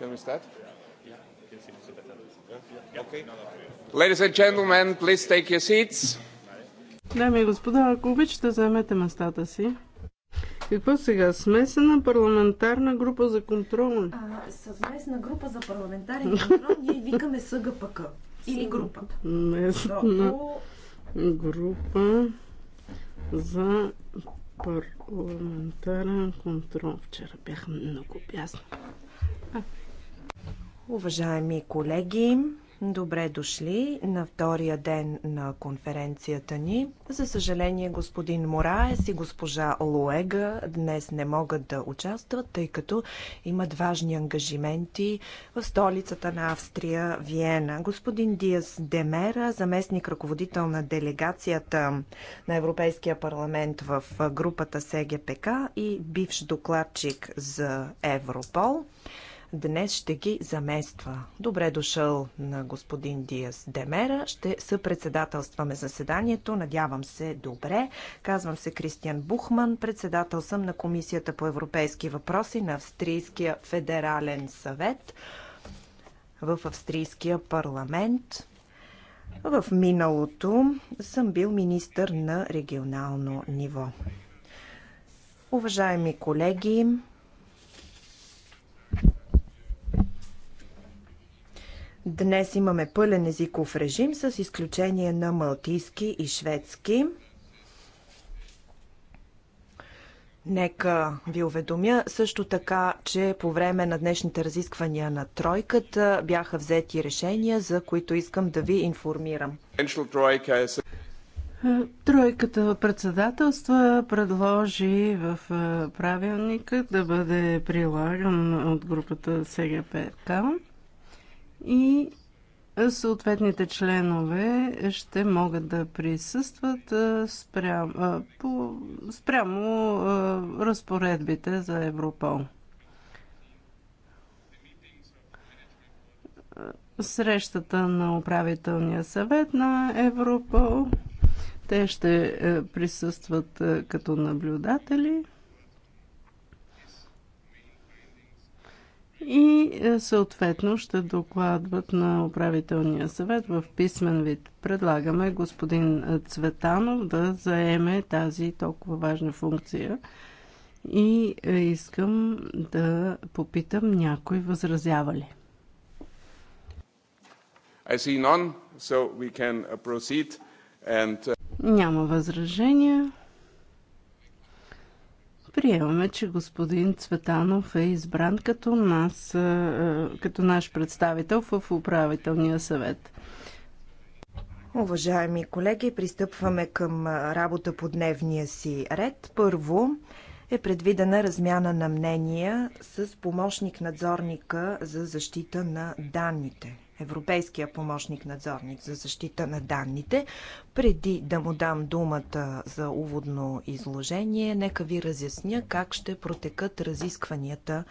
Shall we start? Okay. Ladies and gentlemen, please take your seats. Дами и господа, ако обичате, заемете местата си. Какво сега? Смесена парламентарна група за контрол? А, съвместна група за парламентарен контрол ние викаме СГПК. Или група. Местна група за парламентарен контрол. Вчера бях много бясна. Уважаеми колеги, добре дошли на втория ден на конференцията ни. За съжаление, господин Мораес и госпожа Луега днес не могат да участват, тъй като имат важни ангажименти в столицата на Австрия, Виена. Господин Диас Демера, заместник ръководител на делегацията на Европейския парламент в групата СГПК и бивш докладчик за Европол, днес ще ги замества. Добре дошъл на господин Диас Демера. Ще съпредседателстваме заседанието. Надявам се добре. Казвам се Кристиан Бухман. Председател съм на Комисията по европейски въпроси на Австрийския федерален съвет в Австрийския парламент. В миналото съм бил министър на регионално ниво. Уважаеми колеги, Днес имаме пълен езиков режим с изключение на малтийски и шведски. Нека ви уведомя също така, че по време на днешните разисквания на тройката бяха взети решения, за които искам да ви информирам. Тройката председателства предложи в е, правилника да бъде прилаган от групата СГПК и съответните членове ще могат да присъстват спрямо, по, спрямо разпоредбите за Европол. Срещата на управителния съвет на Европол. Те ще е, присъстват е, като наблюдатели. и е, съответно ще докладват на управителния съвет в писмен вид. Предлагаме господин Цветанов да заеме тази толкова важна функция и е, искам да попитам някой възразява ли. I see none, so we can uh, proceed and... Uh, Няма възражения. Приемаме, че господин Цветанов е избран като, нас, е, е, като наш представител в управителния съвет. Уважаеми колеги, пристъпваме към е, работа по дневния си ред. Първо е предвидена размяна на мнения с помощник надзорника за защита на данните европейския помощник надзорник за защита на данните. Преди да му дам думата за уводно изложение, нека ви разясня как ще протекат разискванията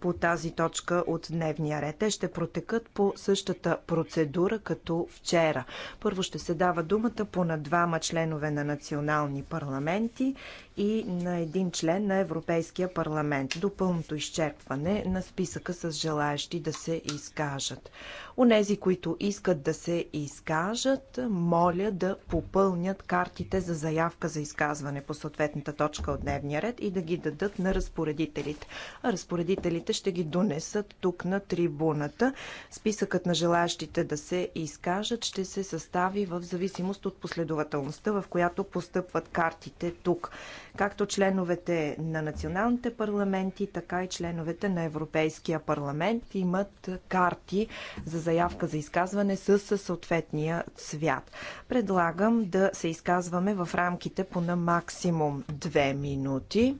по тази точка от дневния ред. Те ще протекат по същата процедура като вчера. Първо ще се дава думата по на двама членове на национални парламенти и на един член на Европейския парламент до пълното изчерпване на списъка с желаящи да се изкажат. Онези, които искат да се изкажат, моля да попълнят картите за заявка за изказване по съответната точка от дневния ред и да ги дадат на разпоредителите. А разпоредителите ще ги донесат тук на трибуната. Списъкът на желаящите да се изкажат ще се състави в зависимост от последователността, в която постъпват картите тук както членовете на националните парламенти, така и членовете на Европейския парламент имат карти за заявка за изказване с съответния цвят. Предлагам да се изказваме в рамките по на максимум две минути.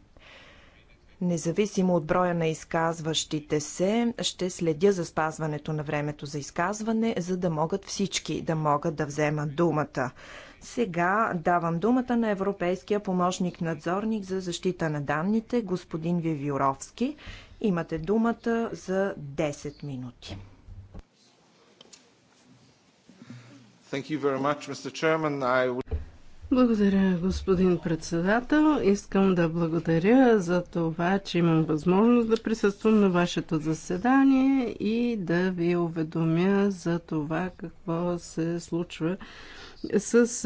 Независимо от броя на изказващите се, ще следя за спазването на времето за изказване, за да могат всички да могат да вземат думата. Сега давам думата на Европейския помощник надзорник за защита на данните, господин Вивюровски. Имате думата за 10 минути. Благодаря, господин председател. Искам да благодаря за това, че имам възможност да присъствам на вашето заседание и да ви уведомя за това какво се случва с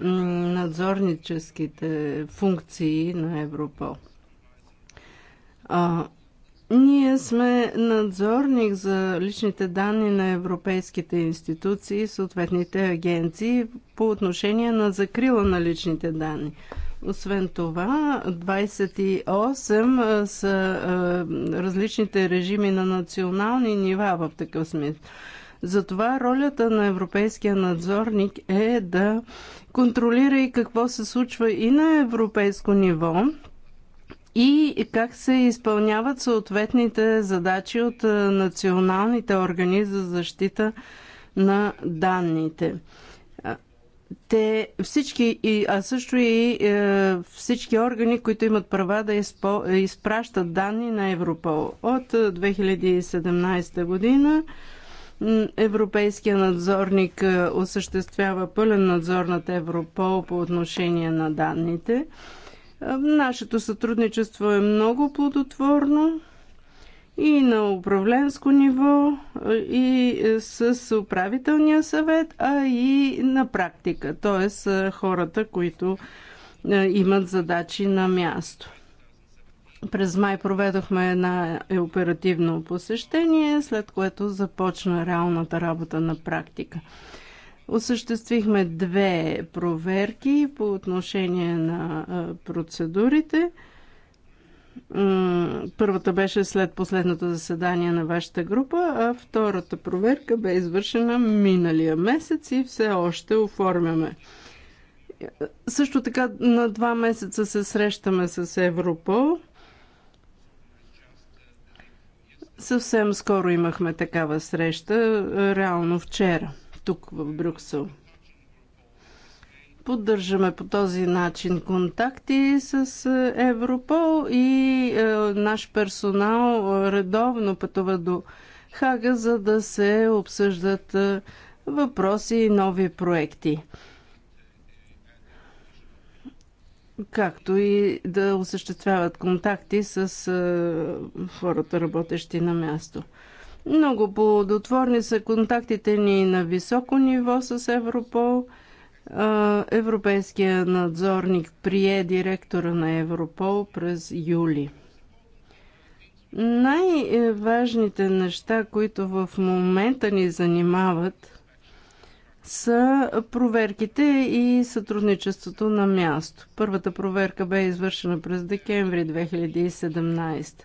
надзорническите функции на Европол. А, ние сме надзорник за личните данни на европейските институции, съответните агенции по отношение на закрила на личните данни. Освен това, 28 са различните режими на национални нива в такъв смисъл. Затова ролята на европейския надзорник е да контролира и какво се случва и на европейско ниво, и как се изпълняват съответните задачи от националните органи за защита на данните. Те всички, а също и е, всички органи, които имат права да изпращат данни на Европол. От 2017 година Европейския надзорник е, осъществява пълен надзор над Европол по отношение на данните. Е, нашето сътрудничество е много плодотворно и на управленско ниво, е, и с управителния съвет, а и на практика, т.е. хората, които имат задачи на място. През май проведохме една оперативно посещение, след което започна реалната работа на практика. Осъществихме две проверки по отношение на процедурите. Първата беше след последното заседание на вашата група, а втората проверка бе извършена миналия месец и все още оформяме. Също така на два месеца се срещаме с Европол Съвсем скоро имахме такава среща, реално вчера, тук в Брюксел. Поддържаме по този начин контакти с Европол и е, наш персонал редовно пътува до Хага, за да се обсъждат въпроси и нови проекти. както и да осъществяват контакти с хората, работещи на място. Много плодотворни са контактите ни на високо ниво с Европол. Европейския надзорник прие директора на Европол през юли. Най-важните неща, които в момента ни занимават, са проверките и сътрудничеството на място. Първата проверка бе извършена през декември 2017.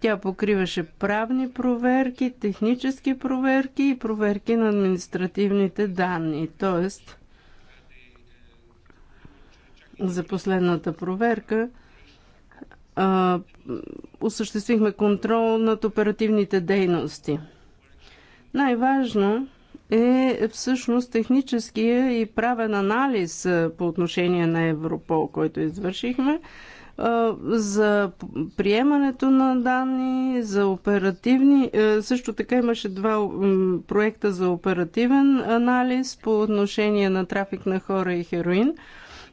Тя покриваше правни проверки, технически проверки и проверки на административните данни. Тоест, за последната проверка а, осъществихме контрол над оперативните дейности. Най-важно е всъщност техническия и правен анализ е, по отношение на Европол, който извършихме е, за приемането на данни, за оперативни. Е, също така имаше два проекта за оперативен анализ по отношение на трафик на хора и хероин,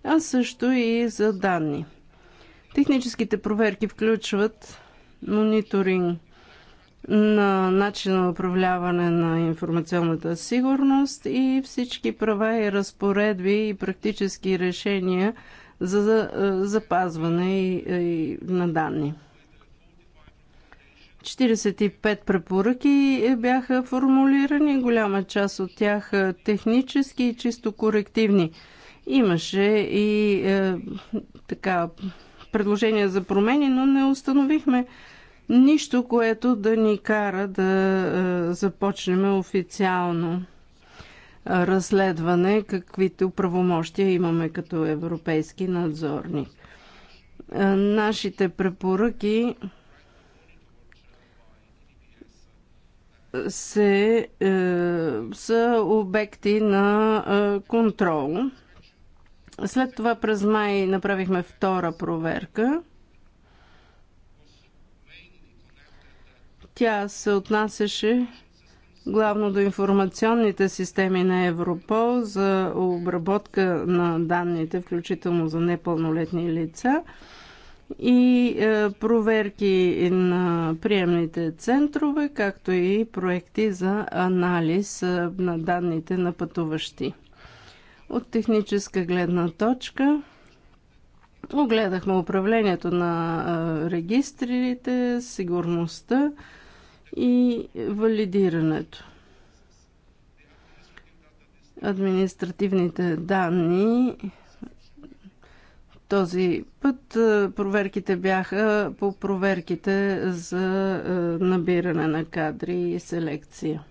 а също и за данни. Техническите проверки включват мониторинг на начин на управляване на информационната сигурност и всички права и разпоредби и практически решения за е, запазване и, и, на данни. 45 препоръки бяха формулирани, голяма част от тях е, технически и чисто корективни. Имаше и е, така предложения за промени, но не установихме Нищо, което да ни кара да е, започнем официално е, разследване, каквито правомощия имаме като европейски надзорник. Е, нашите препоръки се, е, са обекти на е, контрол. След това през май направихме втора проверка Тя се отнасяше главно до информационните системи на Европол за обработка на данните, включително за непълнолетни лица и е, проверки на приемните центрове, както и проекти за анализ е, на данните на пътуващи. От техническа гледна точка огледахме управлението на е, регистрите, сигурността, и валидирането. Административните данни този път проверките бяха по проверките за набиране на кадри и селекция.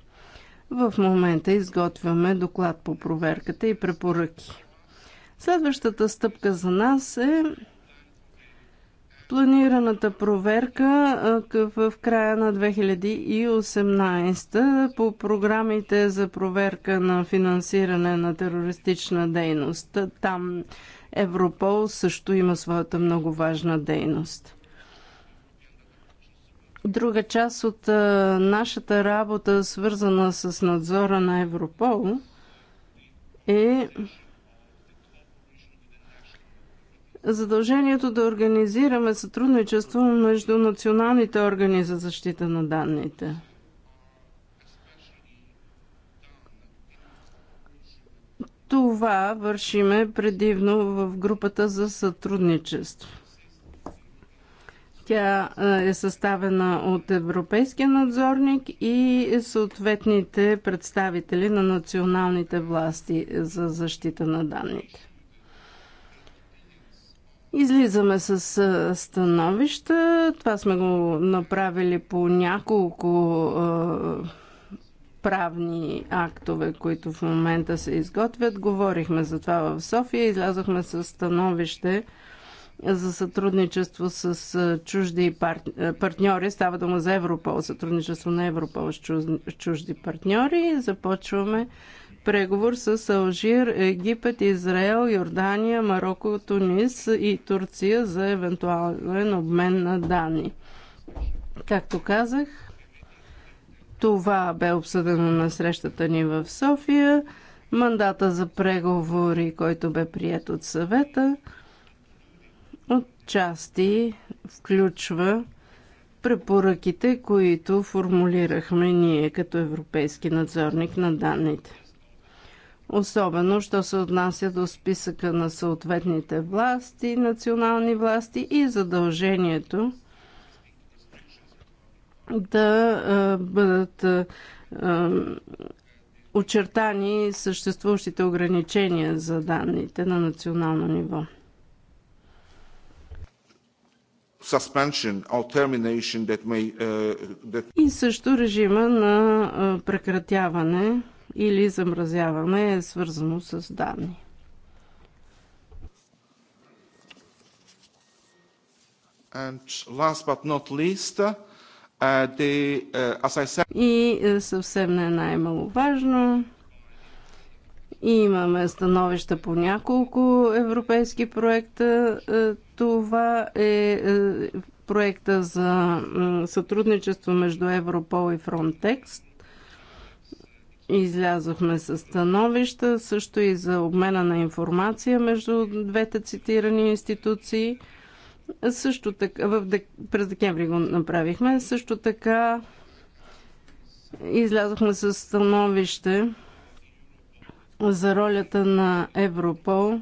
В момента изготвяме доклад по проверката и препоръки. Следващата стъпка за нас е планираната проверка в края на 2018 по програмите за проверка на финансиране на терористична дейност. Там Европол също има своята много важна дейност. Друга част от нашата работа, свързана с надзора на Европол, е задължението да организираме сътрудничество между националните органи за защита на данните. Това вършиме предивно в групата за сътрудничество. Тя е, е съставена от Европейския надзорник и съответните представители на националните власти за защита на данните. Излизаме с становища. Това сме го направили по няколко правни актове, които в момента се изготвят. Говорихме за това в София. Излязохме с становище за сътрудничество с чужди партньори. Става дума за Европол, сътрудничество на Европол с чужди партньори. Започваме преговор с Алжир, Египет, Израел, Йордания, Марокко, Тунис и Турция за евентуален обмен на данни. Както казах, това бе обсъдено на срещата ни в София. Мандата за преговори, който бе прият от съвета, от части включва препоръките, които формулирахме ние като европейски надзорник на данните особено, що се отнася до списъка на съответните власти, национални власти и задължението да бъдат очертани съществуващите ограничения за данните на национално ниво. May, uh, that... И също режима на прекратяване или замразяване е свързано с данни. And last but not least, uh, the, uh, as I said... И е, съвсем не е най-маловажно. важно имаме становища по няколко европейски проекта. Е, това е, е проекта за сътрудничество между Европол и Фронтекст. Излязохме с становища, също и за обмена на информация между двете цитирани институции. Също така, в дек... през декември го направихме. Също така излязохме с становище за ролята на Европол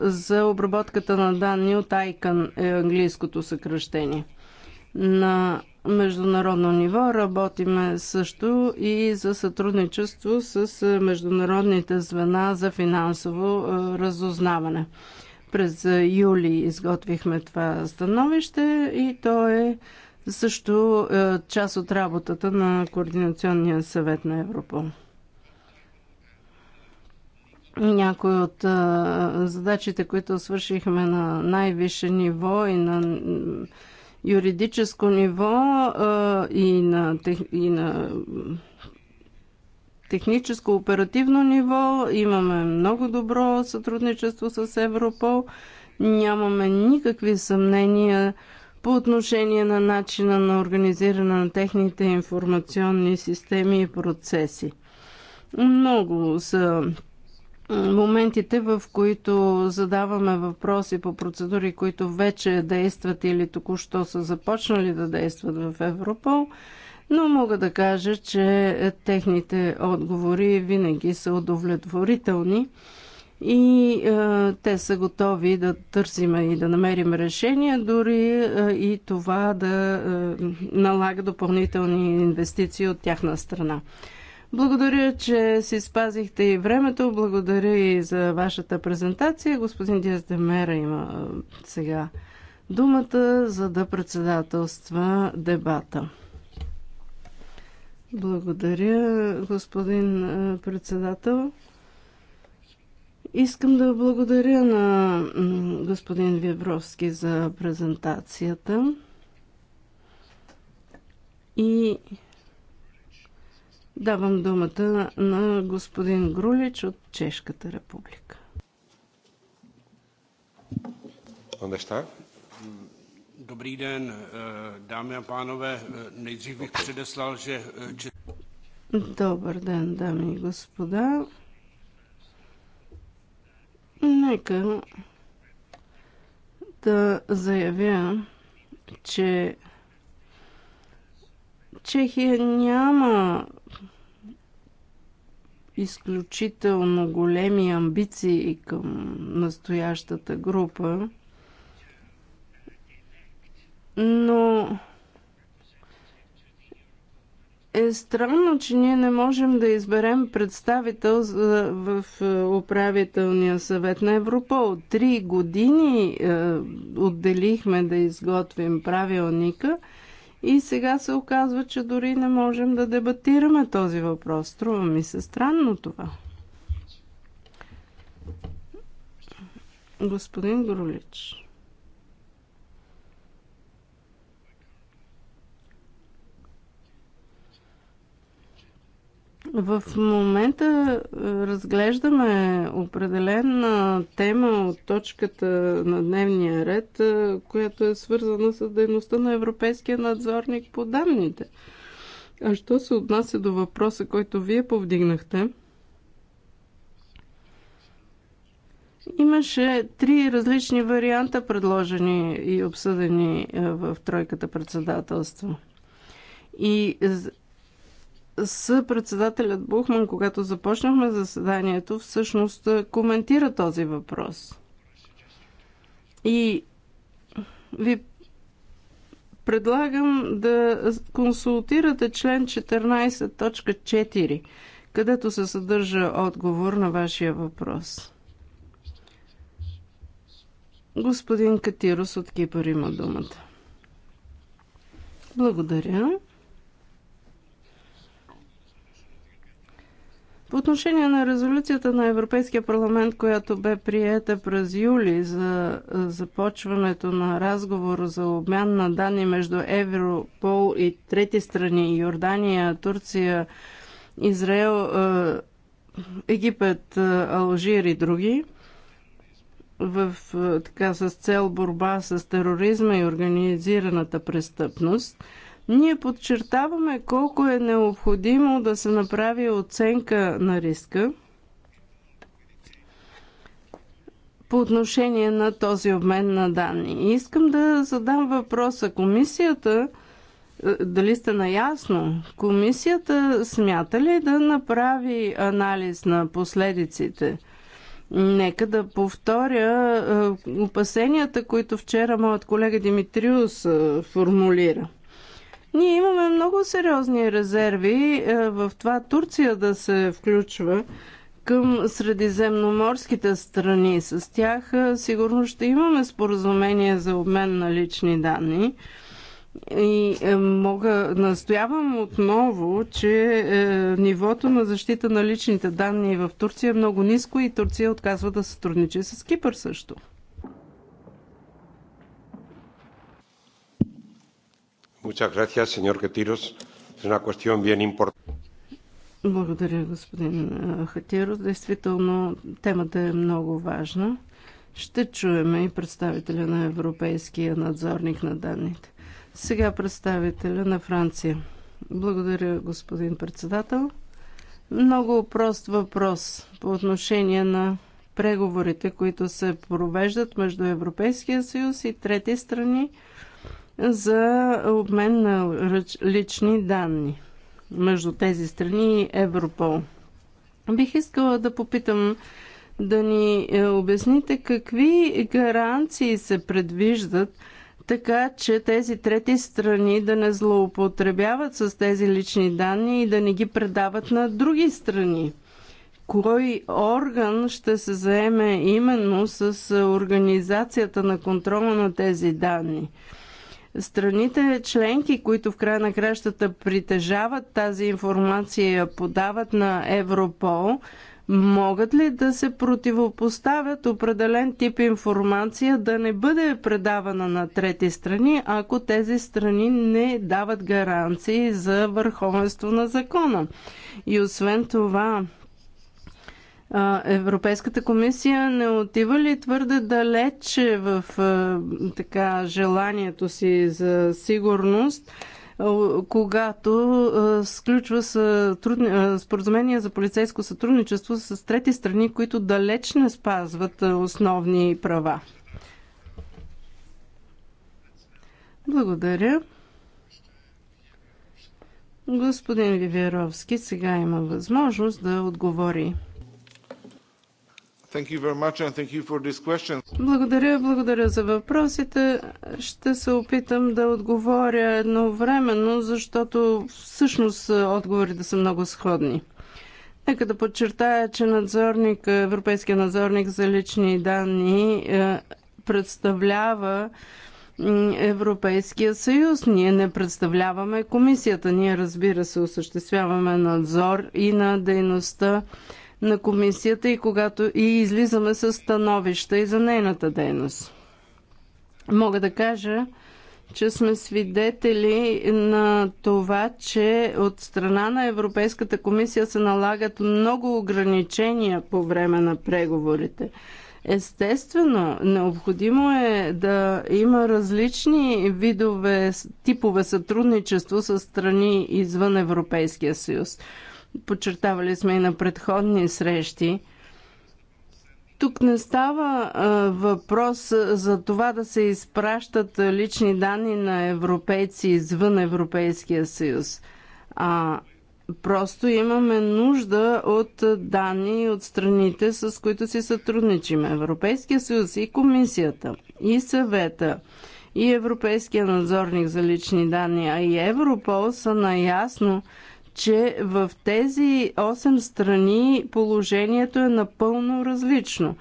за обработката на данни от ICAN е английското съкръщение. На международно ниво. Работиме също и за сътрудничество с е, международните звена за финансово е, разузнаване. През е, юли изготвихме това становище и то е също част от работата на Координационния съвет на Европа. Някои от задачите, които свършихме на най-висше ниво и на юридическо ниво и на, и на техническо оперативно ниво имаме много добро сътрудничество с Европол. Нямаме никакви съмнения по отношение на начина на организиране на техните информационни системи и процеси. Много са моментите, в които задаваме въпроси по процедури, които вече действат или току-що са започнали да действат в Европол, но мога да кажа, че техните отговори винаги са удовлетворителни и е, те са готови да търсим и да намерим решения, дори е, и това да е, налага допълнителни инвестиции от тяхна страна. Благодаря, че си спазихте и времето. Благодаря и за вашата презентация. Господин Диас Демера има сега думата, за да председателства дебата. Благодаря, господин председател. Искам да благодаря на господин Вибровски за презентацията. И Давам думата на господин Грулич от Чешката република. Dobrý den, и панове. не Nejdřív bych předeslal, Че... Eh, Добър ден, дами и господа. Нека да заявя, че Чехия няма изключително големи амбиции към настоящата група, но е странно, че ние не можем да изберем представител в е, управителния съвет на Европол. Три години е, отделихме да изготвим правилника – и сега се оказва, че дори не можем да дебатираме този въпрос. Струва ми се странно това. Господин Горолич. В момента е, разглеждаме определена тема от точката на дневния ред, е, която е свързана с дейността на Европейския надзорник по данните. А що се отнася до въпроса, който вие повдигнахте? Имаше три различни варианта, предложени и обсъдени е, в тройката председателство. И с председателят Бухман, когато започнахме заседанието, всъщност е, коментира този въпрос. И ви предлагам да консултирате член 14.4, където се съдържа отговор на вашия въпрос. Господин Катирос от Кипър има думата. Благодаря. По отношение на резолюцията на Европейския парламент, която бе приета през юли за започването на разговор за обмян на данни между Европол и трети страни Йордания, Турция, Израел, Египет, Алжир и други, в, така, с цел борба с тероризма и организираната престъпност – ние подчертаваме колко е необходимо да се направи оценка на риска по отношение на този обмен на данни. Искам да задам въпроса. Комисията е, дали сте наясно, комисията смята ли да направи анализ на последиците? Нека да повторя е, опасенията, които вчера моят колега Димитриус е, формулира. Ние имаме много сериозни резерви е, в това Турция да се включва към средиземноморските страни. С тях е, сигурно ще имаме споразумение за обмен на лични данни. И е, мога, настоявам отново, че е, нивото на защита на личните данни в Турция е много ниско и Турция отказва да сътрудничи с Кипър също. Muchas gracias, señor Getiros. Es una cuestión bien importante. Благодаря, господин Хатиров. Действително, темата е много важна. Ще чуем и представителя на Европейския надзорник на данните. Сега представителя на Франция. Благодаря, господин председател. Много прост въпрос по отношение на преговорите, които се провеждат между Европейския съюз и трети страни за обмен на лични данни между тези страни и Европол. Бих искала да попитам да ни е, обясните какви гаранции се предвиждат, така че тези трети страни да не злоупотребяват с тези лични данни и да не ги предават на други страни. Кой орган ще се заеме именно с е, организацията на контрола на тези данни? Страните членки, които в края на кращата притежават тази информация и я подават на Европол, могат ли да се противопоставят определен тип информация да не бъде предавана на трети страни, ако тези страни не дават гаранции за върховенство на закона? И освен това, Европейската комисия не отива ли твърде далече в така желанието си за сигурност, когато сключва споразумения за полицейско сътрудничество с трети страни, които далеч не спазват основни права? Благодаря. Господин Вивировски сега има възможност да отговори. Благодаря, благодаря за въпросите. Ще се опитам да отговоря едновременно, защото всъщност отговорите са много сходни. Нека да подчертая, че надзорник, Европейския надзорник за лични данни е, представлява Европейския съюз. Ние не представляваме комисията. Ние, разбира се, осъществяваме надзор и на дейността на комисията и когато и излизаме с становища и за нейната дейност. Мога да кажа, че сме свидетели на това, че от страна на Европейската комисия се налагат много ограничения по време на преговорите. Естествено, необходимо е да има различни видове, типове сътрудничество с страни извън Европейския съюз подчертавали сме и на предходни срещи, тук не става а, въпрос за това да се изпращат лични данни на европейци извън Европейския съюз. А, просто имаме нужда от данни от страните, с които си сътрудничим. Европейския съюз и комисията, и съвета, и Европейския надзорник за лични данни, а и Европол са наясно, че в тези 8 страни положението е напълно различно.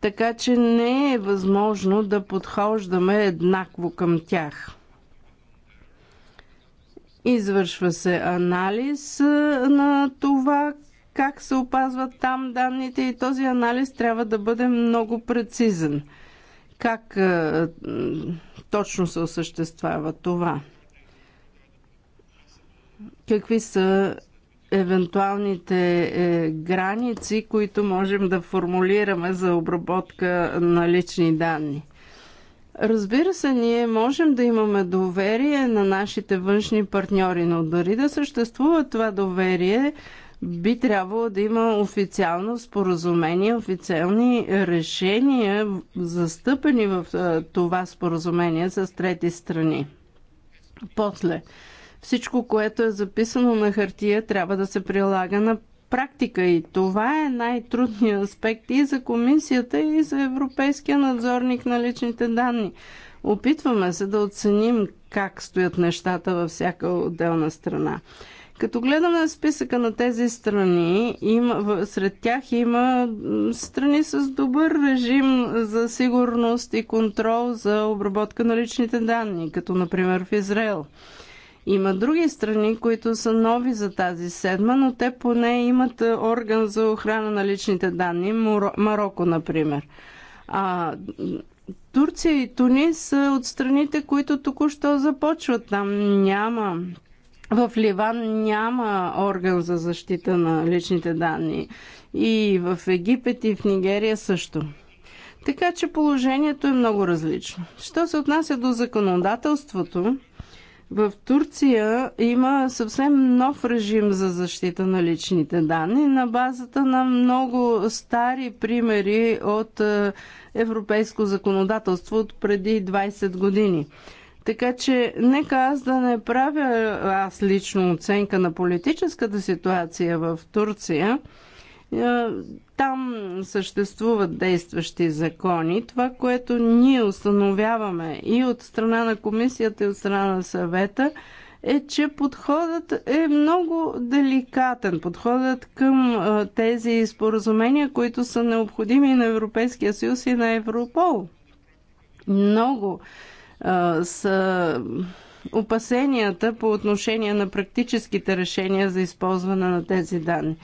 Така че не е възможно да подхождаме еднакво към тях. Извършва се анализ на това как се опазват там данните и този анализ трябва да бъде много прецизен. Как точно се осъществява това? какви са евентуалните е, граници, които можем да формулираме за обработка на лични данни. Разбира се, ние можем да имаме доверие на нашите външни партньори, но дори да съществува това доверие, би трябвало да има официално споразумение, официални решения, застъпени в е, това споразумение с трети страни. После, всичко, което е записано на хартия, трябва да се прилага на практика и това е най-трудният аспект и за комисията, и за Европейския надзорник на личните данни. Опитваме се да оценим как стоят нещата във всяка отделна страна. Като гледаме списъка на тези страни, им, сред тях има страни с добър режим за сигурност и контрол за обработка на личните данни, като например в Израел – има други страни, които са нови за тази седма, но те поне имат е, орган за охрана на личните данни, Марокко, например. А, Турция и Тунис са от страните, които току-що започват. Там няма. В Ливан няма орган за защита на личните данни. И в Египет и в Нигерия също. Така че положението е много различно. Що се отнася до законодателството, в Турция има съвсем нов режим за защита на личните данни на базата на много стари примери от е, европейско законодателство от преди 20 години. Така че нека аз да не правя аз лично оценка на политическата ситуация в Турция – е, там съществуват действащи закони. Това, което ние установяваме и от страна на комисията, и от страна на съвета, е, че подходът е много деликатен. Подходът към е, тези споразумения, които са необходими на Европейския съюз и на Европол. Много е, са опасенията по отношение на практическите решения за използване на тези данни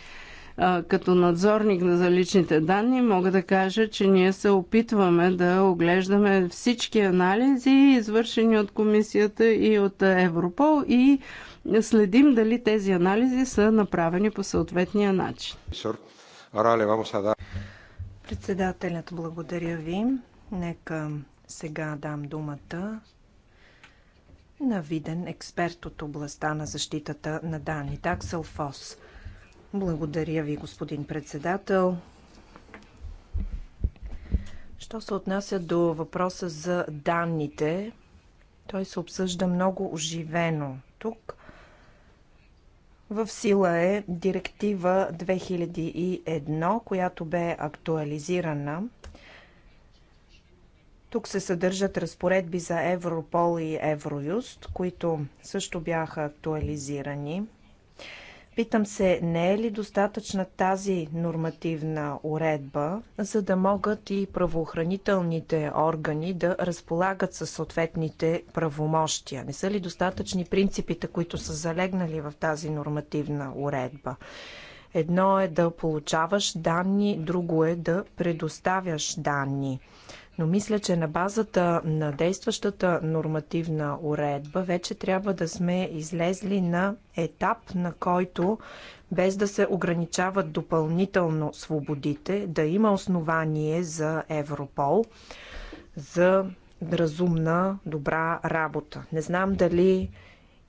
като надзорник за личните данни мога да кажа, че ние се опитваме да оглеждаме всички анализи, извършени от комисията и от Европол и следим дали тези анализи са направени по съответния начин. Председателят, благодаря ви. Нека сега дам думата на виден експерт от областта на защитата на данни, Таксел Фос. Благодаря ви, господин председател. Що се отнася до въпроса за данните, той се обсъжда много оживено тук. В сила е директива 2001, която бе актуализирана. Тук се съдържат разпоредби за Европол и Евроюст, които също бяха актуализирани – Питам се, не е ли достатъчна тази нормативна уредба, за да могат и правоохранителните органи да разполагат със съответните правомощия? Не са ли достатъчни принципите, които са залегнали в тази нормативна уредба? Едно е да получаваш данни, друго е да предоставяш данни но мисля, че на базата на действащата нормативна уредба вече трябва да сме излезли на етап, на който без да се ограничават допълнително свободите, да има основание за Европол, за разумна, добра работа. Не знам дали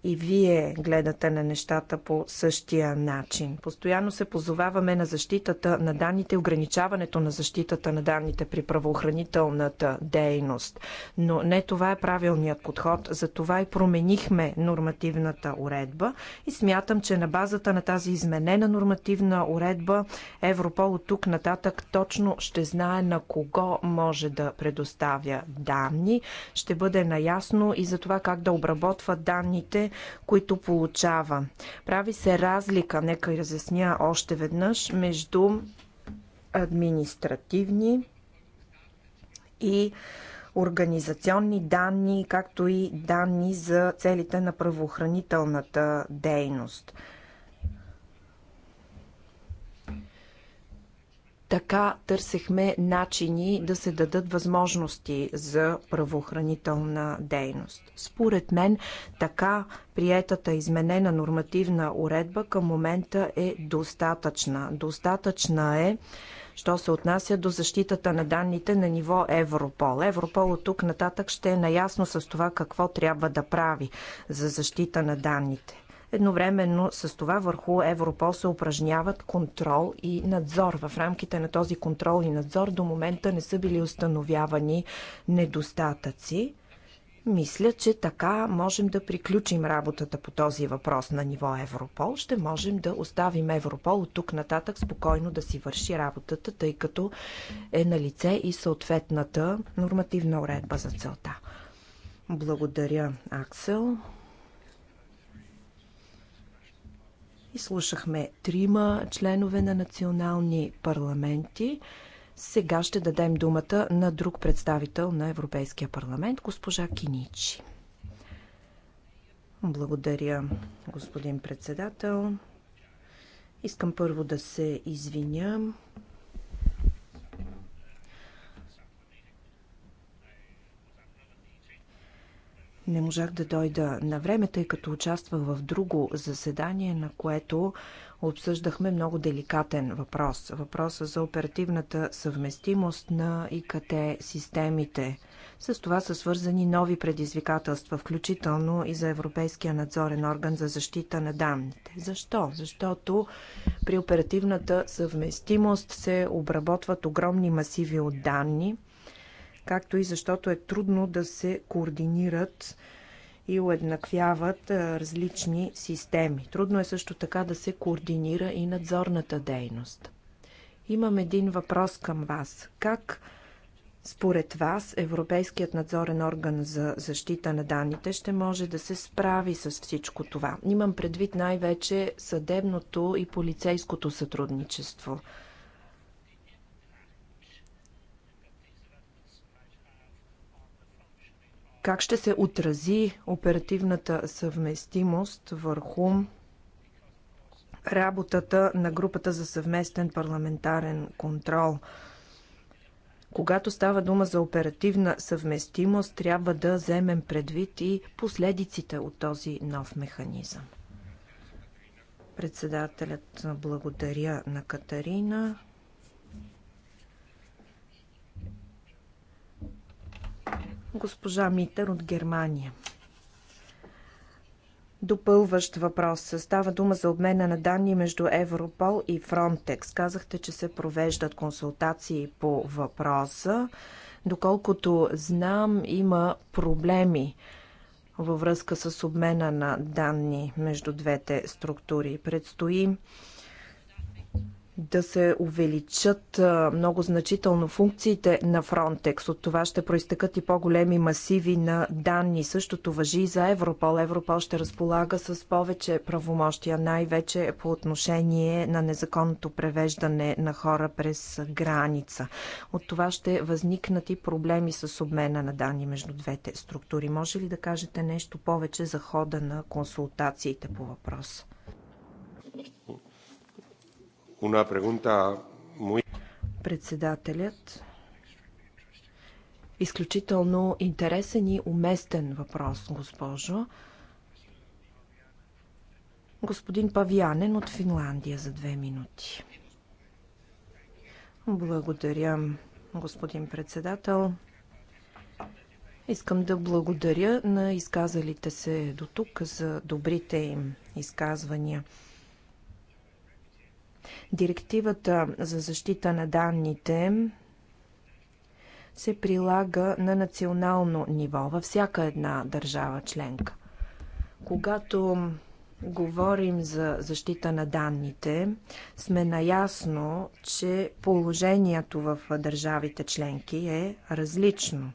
и вие гледате на нещата по същия начин. Постоянно се позоваваме на защитата на данните, ограничаването на защитата на данните при правоохранителната дейност. Но не това е правилният подход. Затова и променихме нормативната уредба и смятам, че на базата на тази изменена нормативна уредба Европол от тук нататък точно ще знае на кого може да предоставя данни, ще бъде наясно и за това как да обработва данните които получава. Прави се разлика, нека разясня още веднъж, между административни и организационни данни, както и данни за целите на правоохранителната дейност. Така търсехме начини да се дадат възможности за правоохранителна дейност. Според мен, така приетата изменена нормативна уредба към момента е достатъчна. Достатъчна е що се отнася до защитата на данните на ниво Европол. Европол от тук нататък ще е наясно с това какво трябва да прави за защита на данните. Едновременно с това върху Европол се упражняват контрол и надзор. В рамките на този контрол и надзор до момента не са били установявани недостатъци. Мисля, че така можем да приключим работата по този въпрос на ниво Европол. Ще можем да оставим Европол от тук нататък спокойно да си върши работата, тъй като е на лице и съответната нормативна уредба за целта. Благодаря, Аксел. Изслушахме трима членове на национални парламенти. Сега ще дадем думата на друг представител на Европейския парламент, госпожа Киничи. Благодаря, господин председател. Искам първо да се извиня Не можах да дойда на време, тъй като участвах в друго заседание, на което обсъждахме много деликатен въпрос. Въпроса за оперативната съвместимост на ИКТ системите. С това са свързани нови предизвикателства, включително и за Европейския надзорен орган за защита на данните. Защо? Защото при оперативната съвместимост се обработват огромни масиви от данни – както и защото е трудно да се координират и уеднаквяват различни системи. Трудно е също така да се координира и надзорната дейност. Имам един въпрос към вас. Как според вас Европейският надзорен орган за защита на данните ще може да се справи с всичко това? Имам предвид най-вече съдебното и полицейското сътрудничество – Как ще се отрази оперативната съвместимост върху работата на групата за съвместен парламентарен контрол? Когато става дума за оперативна съвместимост, трябва да вземем предвид и последиците от този нов механизъм. Председателят благодаря на Катарина. госпожа Митър от Германия. Допълващ въпрос. Става дума за обмена на данни между Европол и Фронтекс. Казахте, че се провеждат консултации по въпроса. Доколкото знам, има проблеми във връзка с обмена на данни между двете структури. Предстои да се увеличат много значително функциите на Frontex. От това ще проистъкат и по-големи масиви на данни. Същото въжи и за Европол. Европол ще разполага с повече правомощия, най-вече по отношение на незаконното превеждане на хора през граница. От това ще възникнат и проблеми с обмена на данни между двете структури. Може ли да кажете нещо повече за хода на консултациите по въпроса? una pregunta muy... Председателят Изключително интересен и уместен въпрос, госпожо. Господин Павянен от Финландия за две минути. Благодаря, господин председател. Искам да благодаря на изказалите се до тук за добрите им изказвания. Директивата за защита на данните се прилага на национално ниво във всяка една държава членка. Когато говорим за защита на данните, сме наясно, че положението в държавите членки е различно.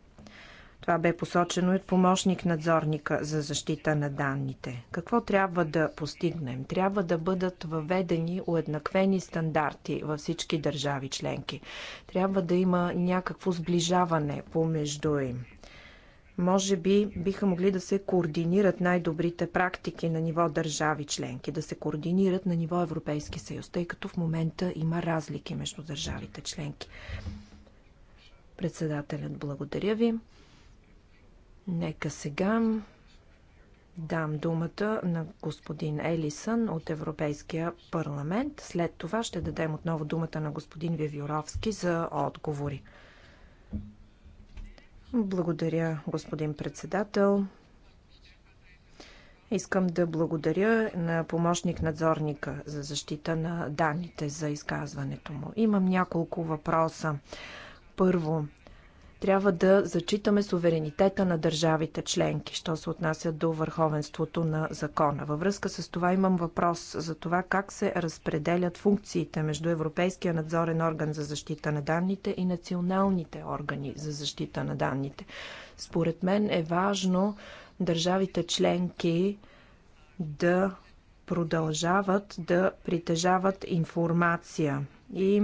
Това бе посочено от помощник надзорника за защита на данните. Какво трябва да постигнем? Трябва да бъдат въведени уеднаквени стандарти във всички държави членки. Трябва да има някакво сближаване помежду им може би биха могли да се координират най-добрите практики на ниво държави членки, да се координират на ниво Европейски съюз, тъй като в момента има разлики между държавите членки. Председателят, благодаря ви. Нека сега дам думата на господин Елисън от Европейския парламент. След това ще дадем отново думата на господин Вивюровски за отговори. Благодаря, господин председател. Искам да благодаря на помощник надзорника за защита на данните за изказването му. Имам няколко въпроса. Първо, трябва да зачитаме суверенитета на държавите членки, що се отнася до върховенството на закона. Във връзка с това имам въпрос за това как се разпределят функциите между Европейския надзорен орган за защита на данните и националните органи за защита на данните. Според мен е важно държавите членки да продължават да притежават информация и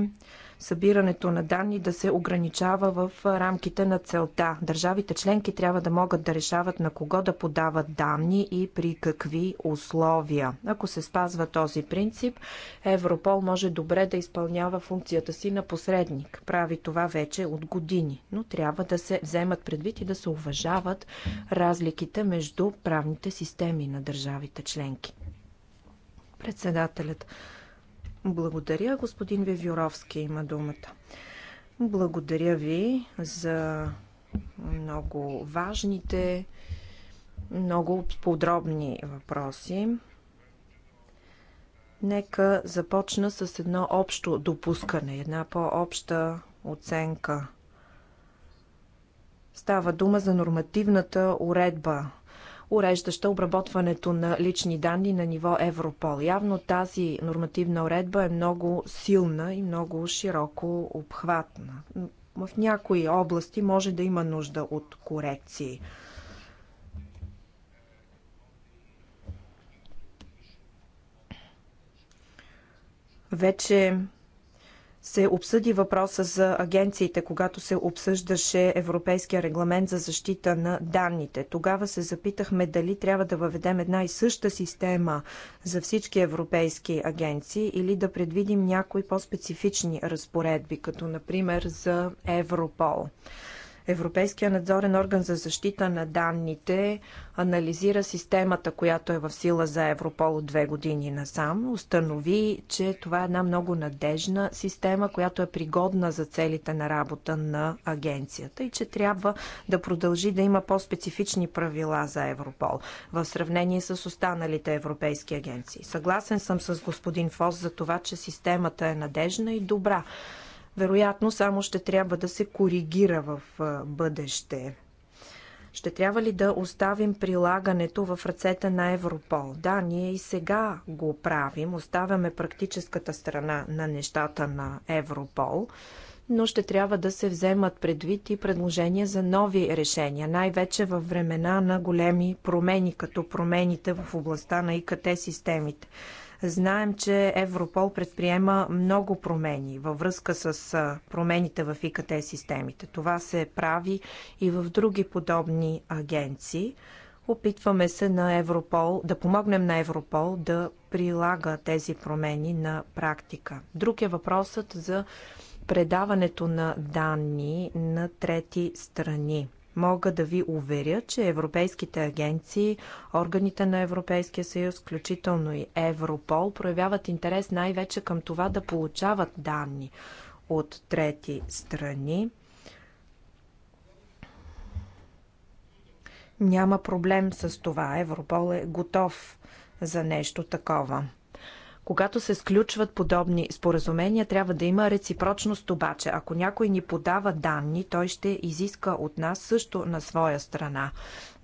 събирането на данни да се ограничава в рамките на целта. Държавите членки трябва да могат да решават на кого да подават данни и при какви условия. Ако се спазва този принцип, Европол може добре да изпълнява функцията си на посредник. Прави това вече от години, но трябва да се вземат предвид и да се уважават разликите между правните системи на държавите членки. Председателят благодаря. Господин Вивюровски има думата. Благодаря ви за много важните, много подробни въпроси. Нека започна с едно общо допускане, една по-обща оценка. Става дума за нормативната уредба уреждаща обработването на лични данни на ниво Европол. Явно тази нормативна уредба е много силна и много широко обхватна. В някои области може да има нужда от корекции. Вече се обсъди въпроса за агенциите, когато се обсъждаше Европейския регламент за защита на данните. Тогава се запитахме дали трябва да въведем една и съща система за всички европейски агенции или да предвидим някои по-специфични разпоредби, като например за Европол. Европейския надзорен орган за защита на данните анализира системата, която е в сила за Европол от две години насам. Установи, че това е една много надежна система, която е пригодна за целите на работа на агенцията и че трябва да продължи да има по-специфични правила за Европол в сравнение с останалите европейски агенции. Съгласен съм с господин Фос за това, че системата е надежна и добра вероятно само ще трябва да се коригира в бъдеще. Ще трябва ли да оставим прилагането в ръцете на Европол? Да, ние и сега го правим. Оставяме практическата страна на нещата на Европол, но ще трябва да се вземат предвид и предложения за нови решения, най-вече във времена на големи промени, като промените в областта на ИКТ системите. Знаем, че Европол предприема много промени във връзка с промените в ИКТ системите. Това се прави и в други подобни агенции. Опитваме се на Европол да помогнем на Европол да прилага тези промени на практика. Друг е въпросът за предаването на данни на трети страни. Мога да ви уверя, че европейските агенции, органите на Европейския съюз, включително и Европол, проявяват интерес най-вече към това да получават данни от трети страни. Няма проблем с това. Европол е готов за нещо такова. Когато се сключват подобни споразумения, трябва да има реципрочност обаче. Ако някой ни подава данни, той ще изиска от нас също на своя страна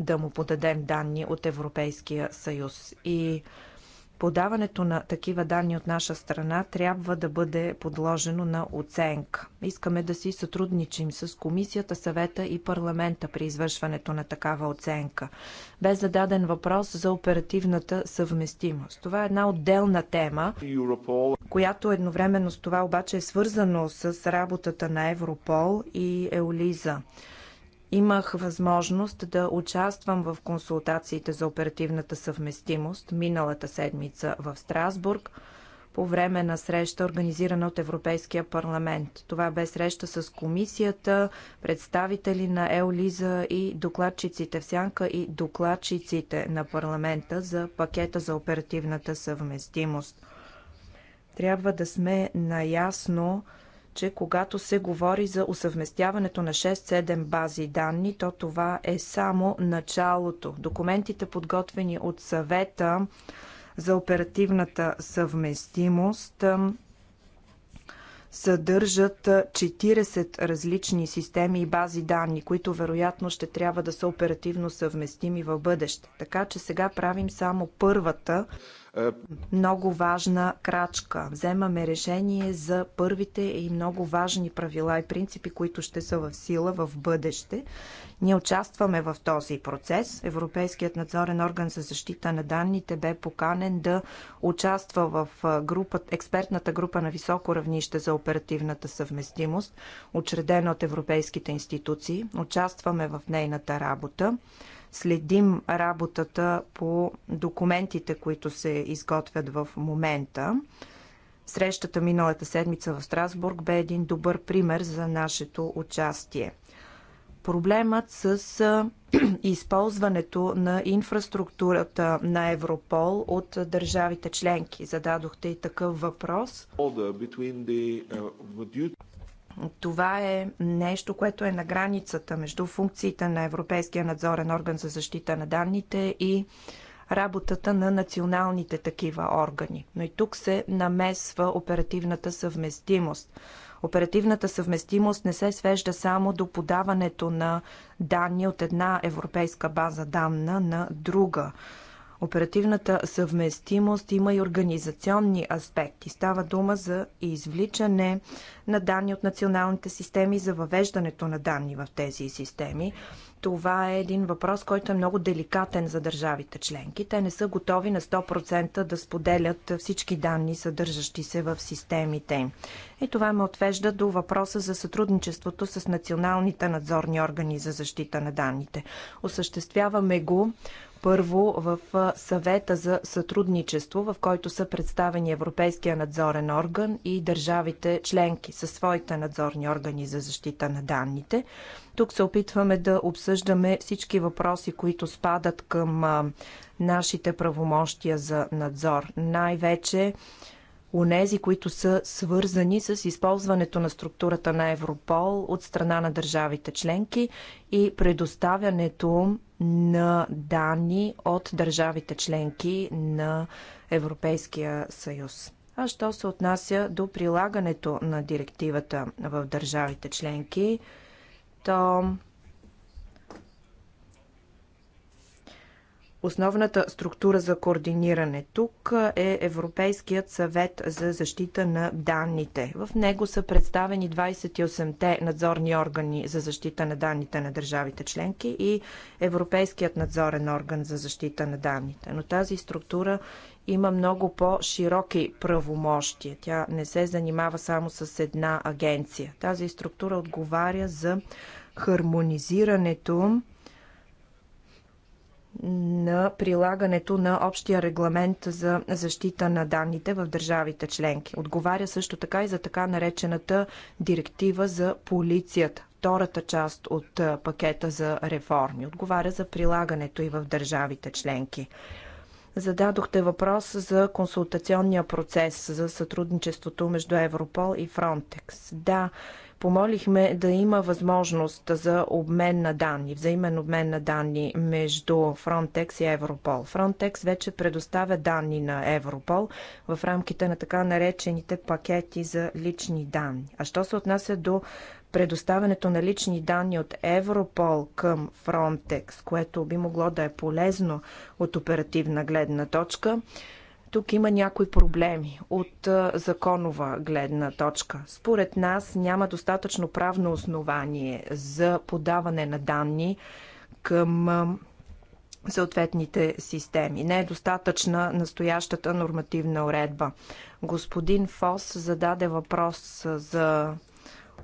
да му подадем данни от Европейския съюз. И Подаването на такива данни от наша страна трябва да бъде подложено на оценка. Искаме да си сътрудничим с Комисията, съвета и парламента при извършването на такава оценка. Бе зададен въпрос за оперативната съвместимост. Това е една отделна тема, която едновременно с това обаче е свързано с работата на Европол и Еолиза. Имах възможност да участвам в консултациите за оперативната съвместимост миналата седмица в Страсбург по време на среща, организирана от Европейския парламент. Това бе среща с комисията, представители на Еолиза и докладчиците в Сянка и докладчиците на парламента за пакета за оперативната съвместимост. Трябва да сме наясно, че когато се говори за усъвместяването на 6-7 бази данни, то това е само началото. Документите, подготвени от съвета за оперативната съвместимост, съдържат 40 различни системи и бази данни, които вероятно ще трябва да са оперативно съвместими в бъдеще. Така че сега правим само първата много важна крачка. Вземаме решение за първите и много важни правила и принципи, които ще са в сила в бъдеще. Ние участваме в този процес. Европейският надзорен орган за защита на данните бе поканен да участва в група, експертната група на високо равнище за оперативната съвместимост, учредена от европейските институции. Участваме в нейната работа следим работата по документите, които се изготвят в момента. Срещата миналата седмица в Страсбург бе един добър пример за нашето участие. Проблемът с използването на инфраструктурата на Европол от държавите членки. Зададохте и такъв въпрос. Това е нещо, което е на границата между функциите на Европейския надзорен орган за защита на данните и работата на националните такива органи. Но и тук се намесва оперативната съвместимост. Оперативната съвместимост не се свежда само до подаването на данни от една европейска база данна на друга. Оперативната съвместимост има и организационни аспекти. Става дума за извличане на данни от националните системи, за въвеждането на данни в тези системи. Това е един въпрос, който е много деликатен за държавите членки. Те не са готови на 100% да споделят всички данни, съдържащи се в системите им. И това ме отвежда до въпроса за сътрудничеството с националните надзорни органи за защита на данните. Осъществяваме го първо в съвета за сътрудничество, в който са представени Европейския надзорен орган и държавите членки със своите надзорни органи за защита на данните. Тук се опитваме да обсъждаме всички въпроси, които спадат към нашите правомощия за надзор. Най-вече унези, които са свързани с използването на структурата на Европол от страна на държавите членки и предоставянето на данни от държавите членки на Европейския съюз. А що се отнася до прилагането на директивата в държавите членки, то Основната структура за координиране тук е Европейският съвет за защита на данните. В него са представени 28-те надзорни органи за защита на данните на държавите членки и Европейският надзорен орган за защита на данните. Но тази структура има много по-широки правомощия. Тя не се занимава само с една агенция. Тази структура отговаря за хармонизирането на прилагането на общия регламент за защита на данните в държавите членки. Отговаря също така и за така наречената директива за полицията втората част от пакета за реформи. Отговаря за прилагането и в държавите членки. Зададохте въпрос за консултационния процес за сътрудничеството между Европол и Фронтекс. Да, помолихме да има възможност за обмен на данни, взаимен обмен на данни между Frontex и Европол. Frontex вече предоставя данни на Европол в рамките на така наречените пакети за лични данни. А що се отнася до предоставянето на лични данни от Европол към Frontex, което би могло да е полезно от оперативна гледна точка, тук има някои проблеми от законова гледна точка. Според нас няма достатъчно правно основание за подаване на данни към съответните системи. Не е достатъчна настоящата нормативна уредба. Господин Фос зададе въпрос за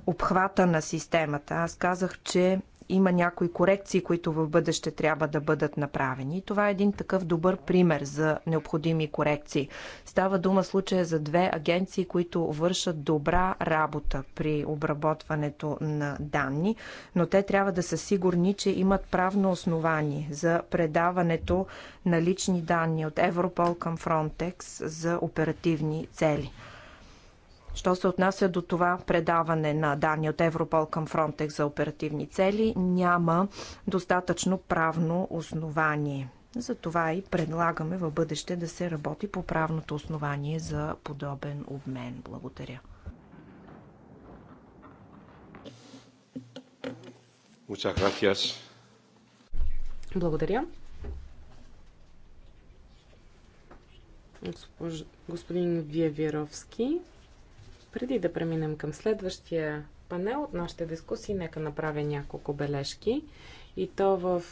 обхвата на системата. Аз казах, че има някои корекции, които в бъдеще трябва да бъдат направени. Това е един такъв добър пример за необходими корекции. Става дума случая за две агенции, които вършат добра работа при обработването на данни, но те трябва да са сигурни, че имат правно основание за предаването на лични данни от Европол към Frontex за оперативни цели. Що се отнася до това предаване на данни от Европол към Фронтекс за оперативни цели, няма достатъчно правно основание. Затова и предлагаме в бъдеще да се работи по правното основание за подобен обмен. Благодаря. Благодаря. Господин Виевировски. Преди да преминем към следващия панел от нашите дискусии, нека направя няколко бележки. И то в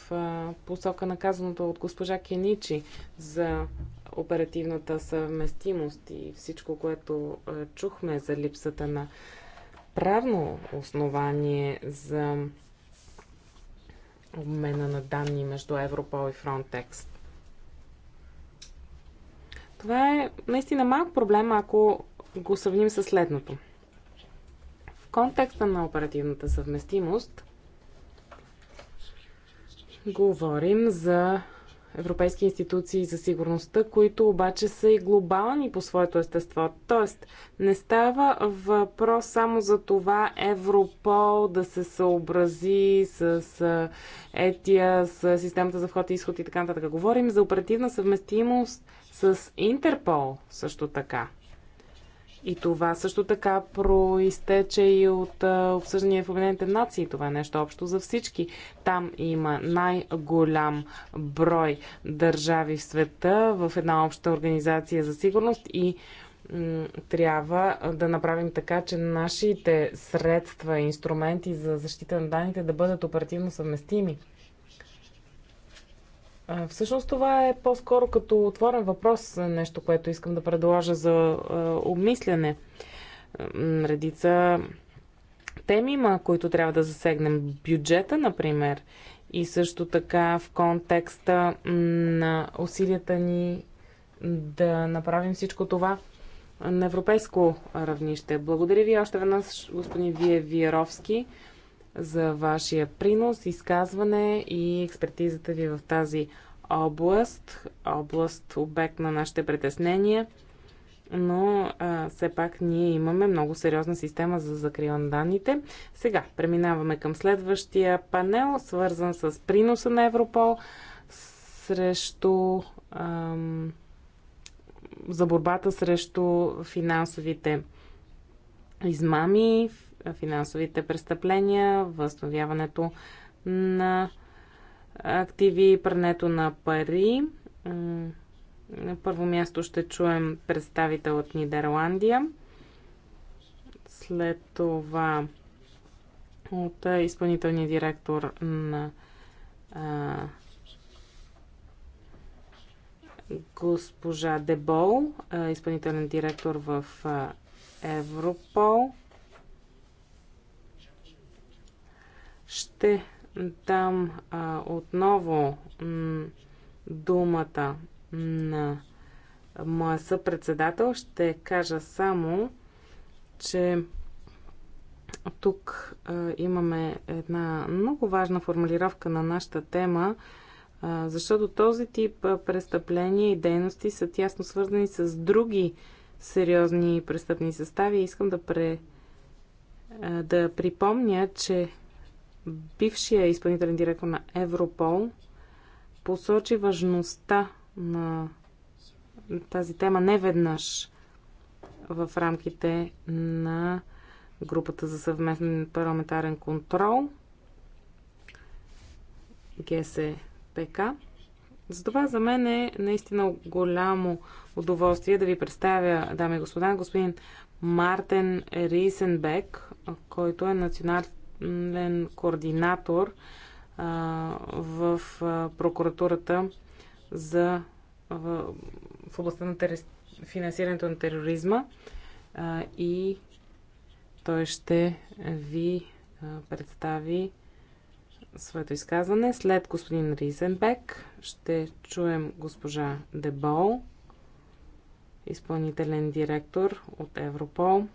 посока на казаното от госпожа Кеничи за оперативната съвместимост и всичко, което чухме за липсата на правно основание за обмена на данни между Европол и Фронтекст. Това е наистина малък проблем, ако го сравним с следното. В контекста на оперативната съвместимост говорим за европейски институции за сигурността, които обаче са и глобални по своето естество. Тоест, не става въпрос само за това Европол да се съобрази с ЕТИА, с системата за вход и изход и така нататък. Говорим за оперативна съвместимост с Интерпол също така. И това също така проистече и от обсъждания в Обединените нации. Това е нещо общо за всички. Там има най-голям брой държави в света в една обща организация за сигурност и трябва да направим така, че нашите средства и инструменти за защита на данните да бъдат оперативно съвместими. Всъщност това е по-скоро като отворен въпрос, нещо, което искам да предложа за обмисляне. Редица теми има, които трябва да засегнем. Бюджета, например, и също така в контекста на усилията ни да направим всичко това на европейско равнище. Благодаря ви още веднъж, господин Вие Виеровски за вашия принос, изказване и експертизата ви в тази област, област обект на нашите притеснения, но а, все пак ние имаме много сериозна система за закрила на данните. Сега преминаваме към следващия панел, свързан с приноса на Европол срещу ам, за борбата срещу финансовите измами, финансовите престъпления, възстановяването на активи и прането на пари. На първо място ще чуем представител от Нидерландия. След това от изпълнителния директор на а, госпожа Дебол, изпълнителен директор в Европол. Ще дам а, отново думата на моя съпредседател. Ще кажа само, че тук а, имаме една много важна формулировка на нашата тема, а, защото този тип престъпления и дейности са тясно свързани с други сериозни престъпни състави. Искам да, пре, а, да припомня, че бившия изпълнителен директор на Европол посочи важността на тази тема не веднъж в рамките на групата за съвместен парламентарен контрол ГСПК. Затова за мен е наистина голямо удоволствие да ви представя, дами и господа, господин Мартен Рисенбек, който е национал, национален координатор в прокуратурата за в, в областта на терес, финансирането на тероризма а, и той ще ви а, представи своето изказване. След господин Ризенбек ще чуем госпожа Дебол, изпълнителен директор от Европол.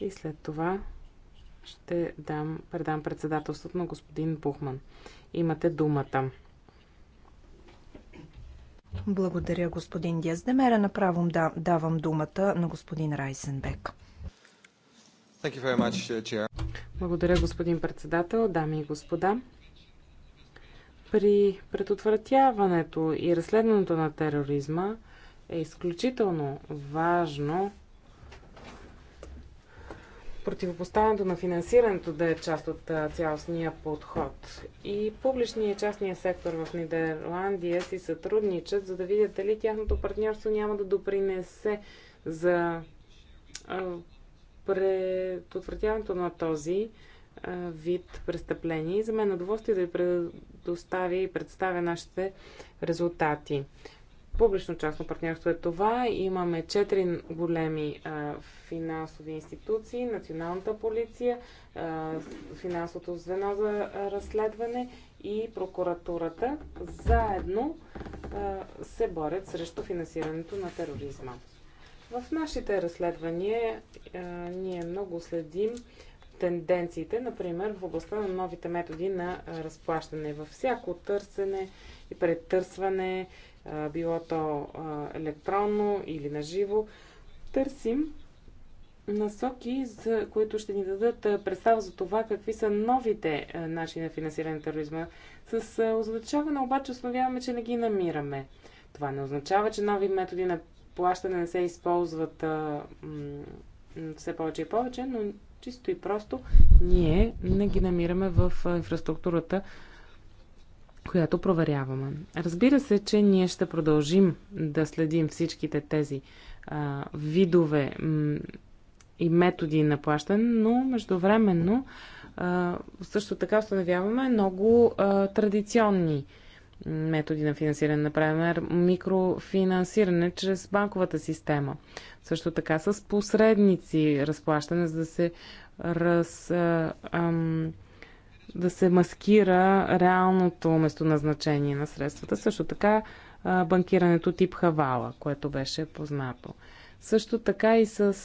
И след това ще дам, предам председателството на господин Бухман. Имате думата. Благодаря, господин Дездемера. Направо да, давам думата на господин Райсенбек. Much, uh, Благодаря, господин председател, дами и господа. При предотвратяването и разследването на тероризма е изключително важно противопоставянето на финансирането да е част от цялостния подход. И публичният и частния сектор в Нидерландия си сътрудничат, за да видят дали тяхното партньорство няма да допринесе за предотвратяването на този вид престъпления. И за мен е удоволствие да ви предоставя и представя нашите резултати. Публично-частно партньорство е това. Имаме четири големи а, финансови институции, Националната полиция, а, финансовото звено за разследване и прокуратурата. Заедно а, се борят срещу финансирането на тероризма. В нашите разследвания а, ние много следим тенденциите, например в областта на новите методи на разплащане. Във всяко търсене и претърсване, било то електронно или наживо, търсим насоки, за които ще ни дадат представа за това какви са новите начини на финансиране на тероризма. С означаване обаче основяваме, че не ги намираме. Това не означава, че нови методи на плащане не се използват а, все повече и повече, но чисто и просто ние не ги намираме в инфраструктурата която проверяваме. Разбира се, че ние ще продължим да следим всичките тези а, видове и методи на плащане, но междувременно а, също така установяваме много а, традиционни методи на финансиране, например микрофинансиране чрез банковата система. Също така с посредници разплащане, за да се раз. А, да се маскира реалното местоназначение на средствата. Също така банкирането тип Хавала, което беше познато. Също така и с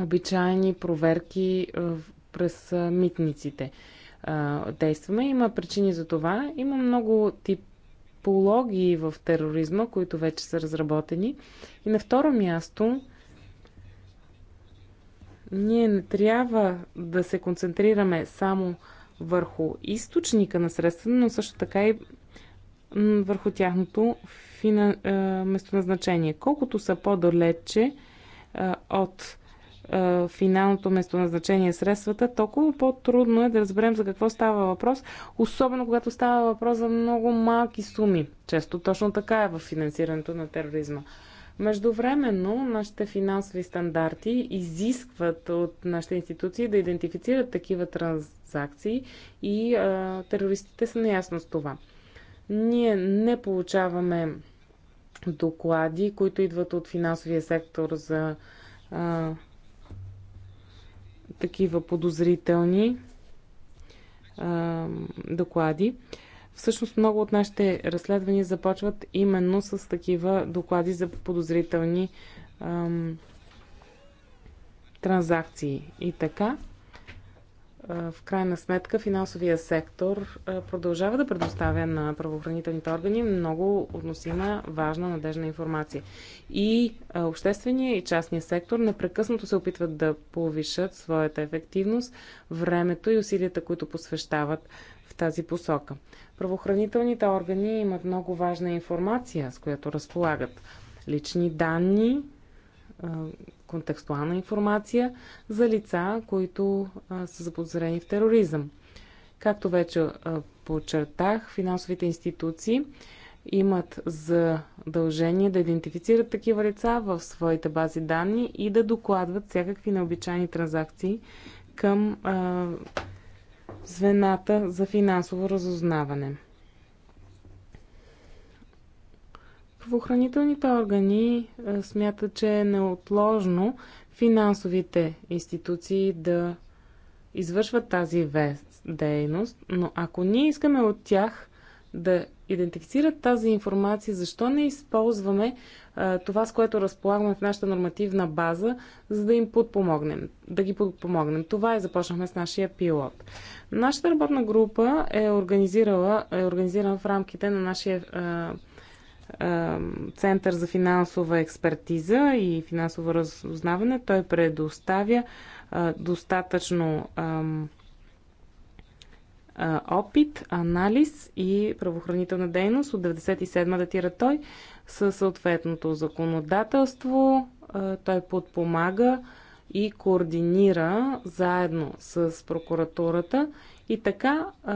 обичайни проверки през митниците действаме. Има причини за това. Има много типологии в тероризма, които вече са разработени. И на второ място ние не трябва да се концентрираме само върху източника на средствата, но също така и върху тяхното фина, местоназначение. Колкото са по-далече от финалното местоназначение средствата, толкова по-трудно е да разберем за какво става въпрос, особено когато става въпрос за много малки суми. Често точно така е в финансирането на тероризма. Междувременно, нашите финансови стандарти изискват от нашите институции да идентифицират такива транзакции и а, терористите са наясно с това. Ние не получаваме доклади, които идват от финансовия сектор за а, такива подозрителни а, доклади. Всъщност много от нашите разследвания започват именно с такива доклади за подозрителни ам, транзакции. И така, в крайна сметка, финансовия сектор продължава да предоставя на правоохранителните органи много относима, важна, надежна информация. И обществения и частния сектор непрекъснато се опитват да повишат своята ефективност, времето и усилията, които посвещават в тази посока. Правоохранителните органи имат много важна информация, с която разполагат. Лични данни, контекстуална информация за лица, които са заподозрени в тероризъм. Както вече подчертах, финансовите институции имат задължение да идентифицират такива лица в своите бази данни и да докладват всякакви необичайни транзакции към а, звената за финансово разузнаване. Правоохранителните органи е, смятат, че е неотложно финансовите институции да извършват тази дейност, но ако ние искаме от тях да идентифицират тази информация, защо не използваме това, с което разполагаме в нашата нормативна база, за да им подпомогнем. Да ги подпомогнем. Това и започнахме с нашия пилот. Нашата работна група е, организирала, е организирана в рамките на нашия Център за финансова експертиза и финансово разузнаване. Той предоставя достатъчно опит, анализ и правоохранителна дейност. От 97 датира той със съответното законодателство. Е, той подпомага и координира заедно с прокуратурата и така е,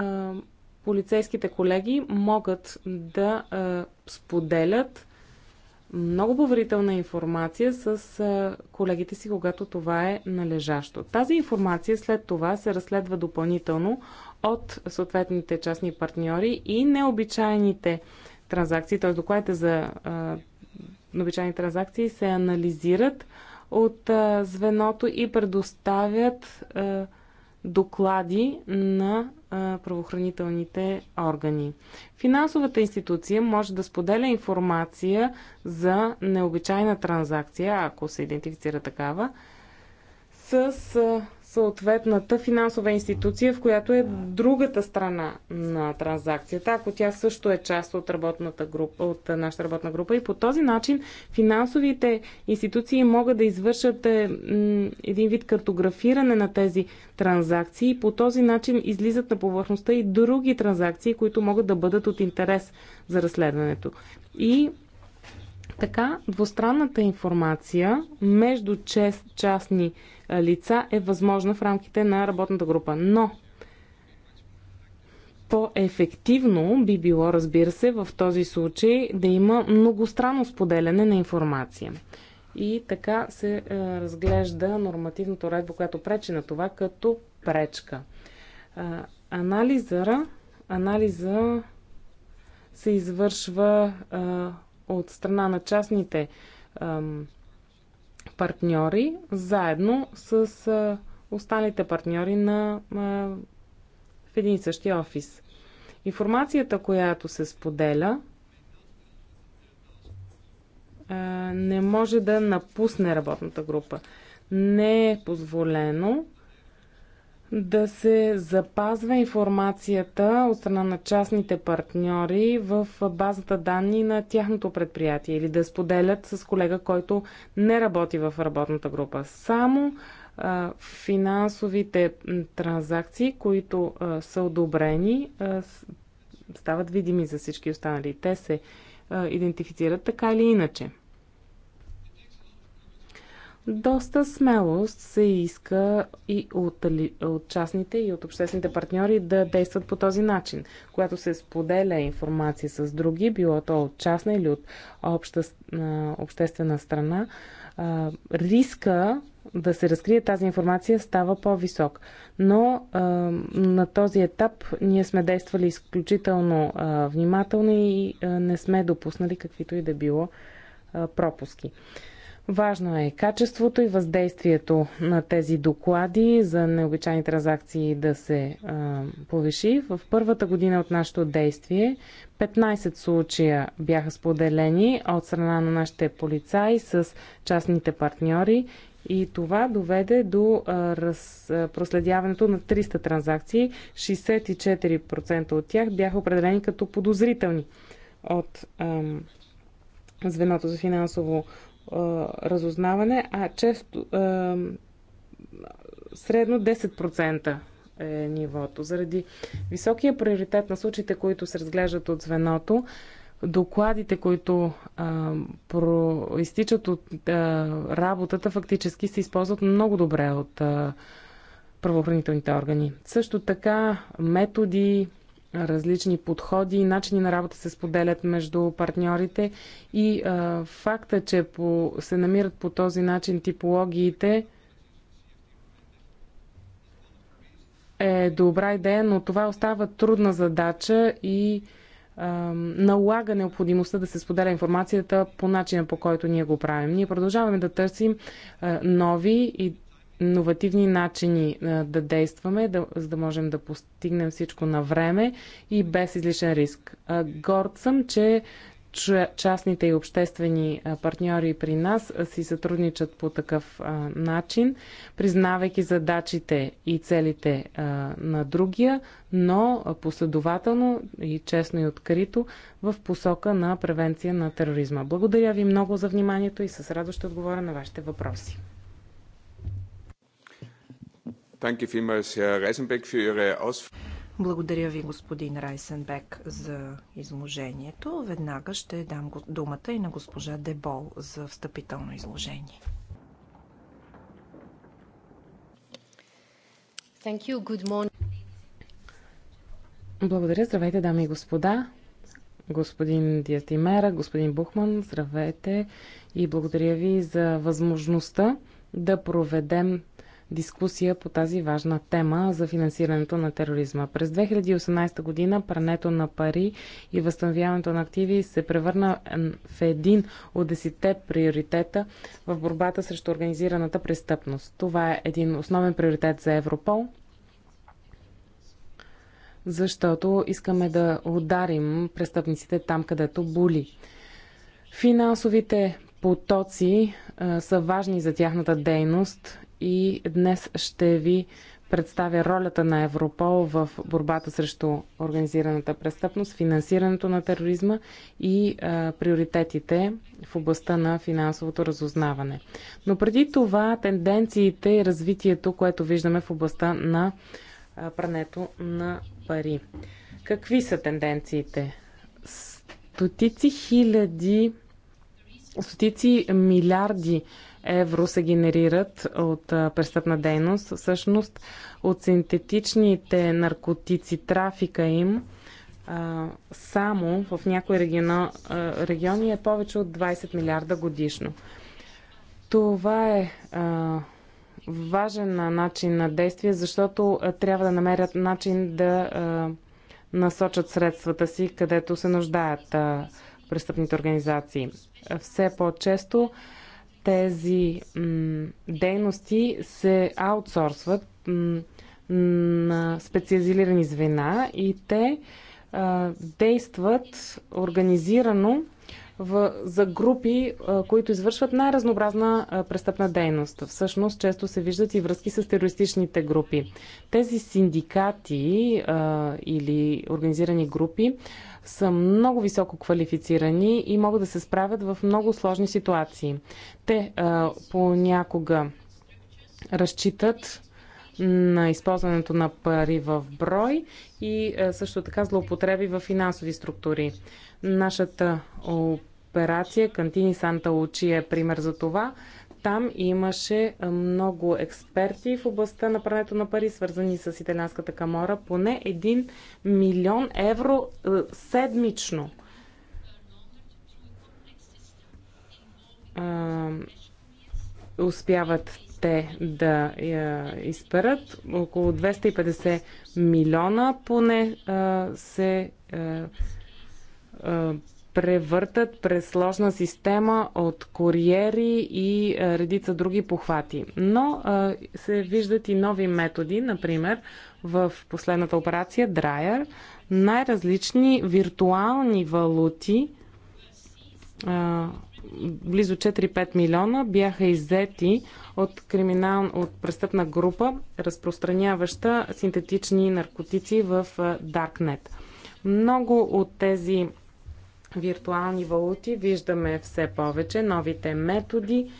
полицейските колеги могат да е, споделят много поверителна информация с колегите си, когато това е належащо. Тази информация след това се разследва допълнително от съответните частни партньори и необичайните транзакции, т.е. докладите за а, обичайни транзакции се анализират от а, звеното и предоставят а, доклади на а, правоохранителните органи. Финансовата институция може да споделя информация за необичайна транзакция, ако се идентифицира такава, с а, съответната финансова институция, в която е другата страна на транзакцията, ако тя също е част от, работната група, от нашата работна група. И по този начин финансовите институции могат да извършат е, един вид картографиране на тези транзакции и по този начин излизат на повърхността и други транзакции, които могат да бъдат от интерес за разследването. И така, двустранната информация между частни лица е възможна в рамките на работната група. Но по-ефективно би било, разбира се, в този случай да има многостранно споделяне на информация. И така се разглежда нормативната уредба, която пречи на това като пречка. Анализъра, анализа се извършва от страна на частните партньори, заедно с останалите партньори на, в един и същи офис. Информацията, която се споделя, не може да напусне работната група. Не е позволено да се запазва информацията от страна на частните партньори в базата данни на тяхното предприятие или да споделят с колега, който не работи в работната група. Само финансовите транзакции, които са одобрени, стават видими за всички останали. Те се идентифицират така или иначе доста смелост се иска и от, от частните и от обществените партньори да действат по този начин. Когато се споделя информация с други, било то от частна или от обща, обществена страна, риска да се разкрие тази информация става по-висок. Но а, на този етап ние сме действали изключително а, внимателно и а, не сме допуснали каквито и да било а, пропуски. Важно е качеството и въздействието на тези доклади за необичайни транзакции да се а, повиши. В първата година от нашето действие 15 случая бяха споделени от страна на нашите полицаи с частните партньори и това доведе до а, раз, а, проследяването на 300 транзакции. 64% от тях бяха определени като подозрителни от. А, звеното за финансово разузнаване, а често средно 10% е нивото. Заради високия приоритет на случаите, които се разглеждат от звеното, докладите, които а, проистичат от а, работата, фактически се използват много добре от а, правоохранителните органи. Също така методи, различни подходи и начини на работа се споделят между партньорите и а, факта, че по, се намират по този начин типологиите е добра идея, но това остава трудна задача и а, налага необходимостта да се споделя информацията по начина по който ние го правим. Ние продължаваме да търсим а, нови и иновативни начини да действаме, да, за да можем да постигнем всичко на време и без излишен риск. Горд съм, че частните и обществени партньори при нас си сътрудничат по такъв начин, признавайки задачите и целите на другия, но последователно и честно и открито в посока на превенция на тероризма. Благодаря ви много за вниманието и с радост ще отговоря на вашите въпроси. Благодаря ви, господин Райсенбек, за изложението. Веднага ще дам думата и на госпожа Дебол за встъпително изложение. Благодаря. Здравейте, дами и господа. Господин Диатимера, господин Бухман, здравейте и благодаря ви за възможността да проведем дискусия по тази важна тема за финансирането на тероризма. През 2018 година прането на пари и възстановяването на активи се превърна в един от десетте приоритета в борбата срещу организираната престъпност. Това е един основен приоритет за Европол, защото искаме да ударим престъпниците там, където боли. Финансовите потоци а, са важни за тяхната дейност и днес ще ви представя ролята на Европол в борбата срещу организираната престъпност, финансирането на тероризма и а, приоритетите в областта на финансовото разузнаване. Но преди това тенденциите и развитието, което виждаме в областта на а, прането на пари. Какви са тенденциите? Стотици хиляди, стотици милиарди евро се генерират от престъпна дейност. Всъщност от синтетичните наркотици, трафика им, само в някои региони е повече от 20 милиарда годишно. Това е важен начин на действие, защото трябва да намерят начин да насочат средствата си, където се нуждаят престъпните организации. Все по-често тези дейности се аутсорсват на специализирани звена и те а, действат организирано в, за групи, които извършват най-разнообразна престъпна дейност. Всъщност, често се виждат и връзки с терористичните групи. Тези синдикати а, или организирани групи са много високо квалифицирани и могат да се справят в много сложни ситуации. Те а, понякога разчитат на използването на пари в брой и също така злоупотреби в финансови структури. Нашата операция. Кантини Санта Лучи е пример за това. Там имаше много експерти в областта на прането на пари, свързани с италианската камора. Поне 1 милион евро седмично Е, успяват те да я изперат. Около 250 милиона поне е, се е, превъртат през сложна система от куриери и е, редица други похвати. Но е, се виждат и нови методи, например в последната операция Драйер, най-различни виртуални валути, е, близо 4-5 милиона, бяха иззети от, криминал, от престъпна група, разпространяваща синтетични наркотици в Darknet. Много от тези виртуални валути виждаме все повече. Новите методи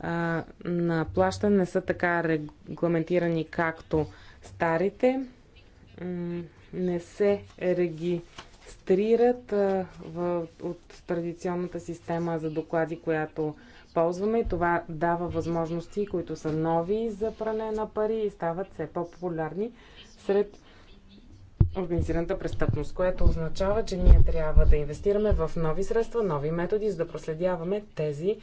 а, на плащане не са така регламентирани, както старите. Не се регистрират а, в, от традиционната система за доклади, която ползваме и това дава възможности, които са нови за пране на пари и стават все по-популярни сред организираната престъпност, което означава, че ние трябва да инвестираме в нови средства, нови методи, за да проследяваме тези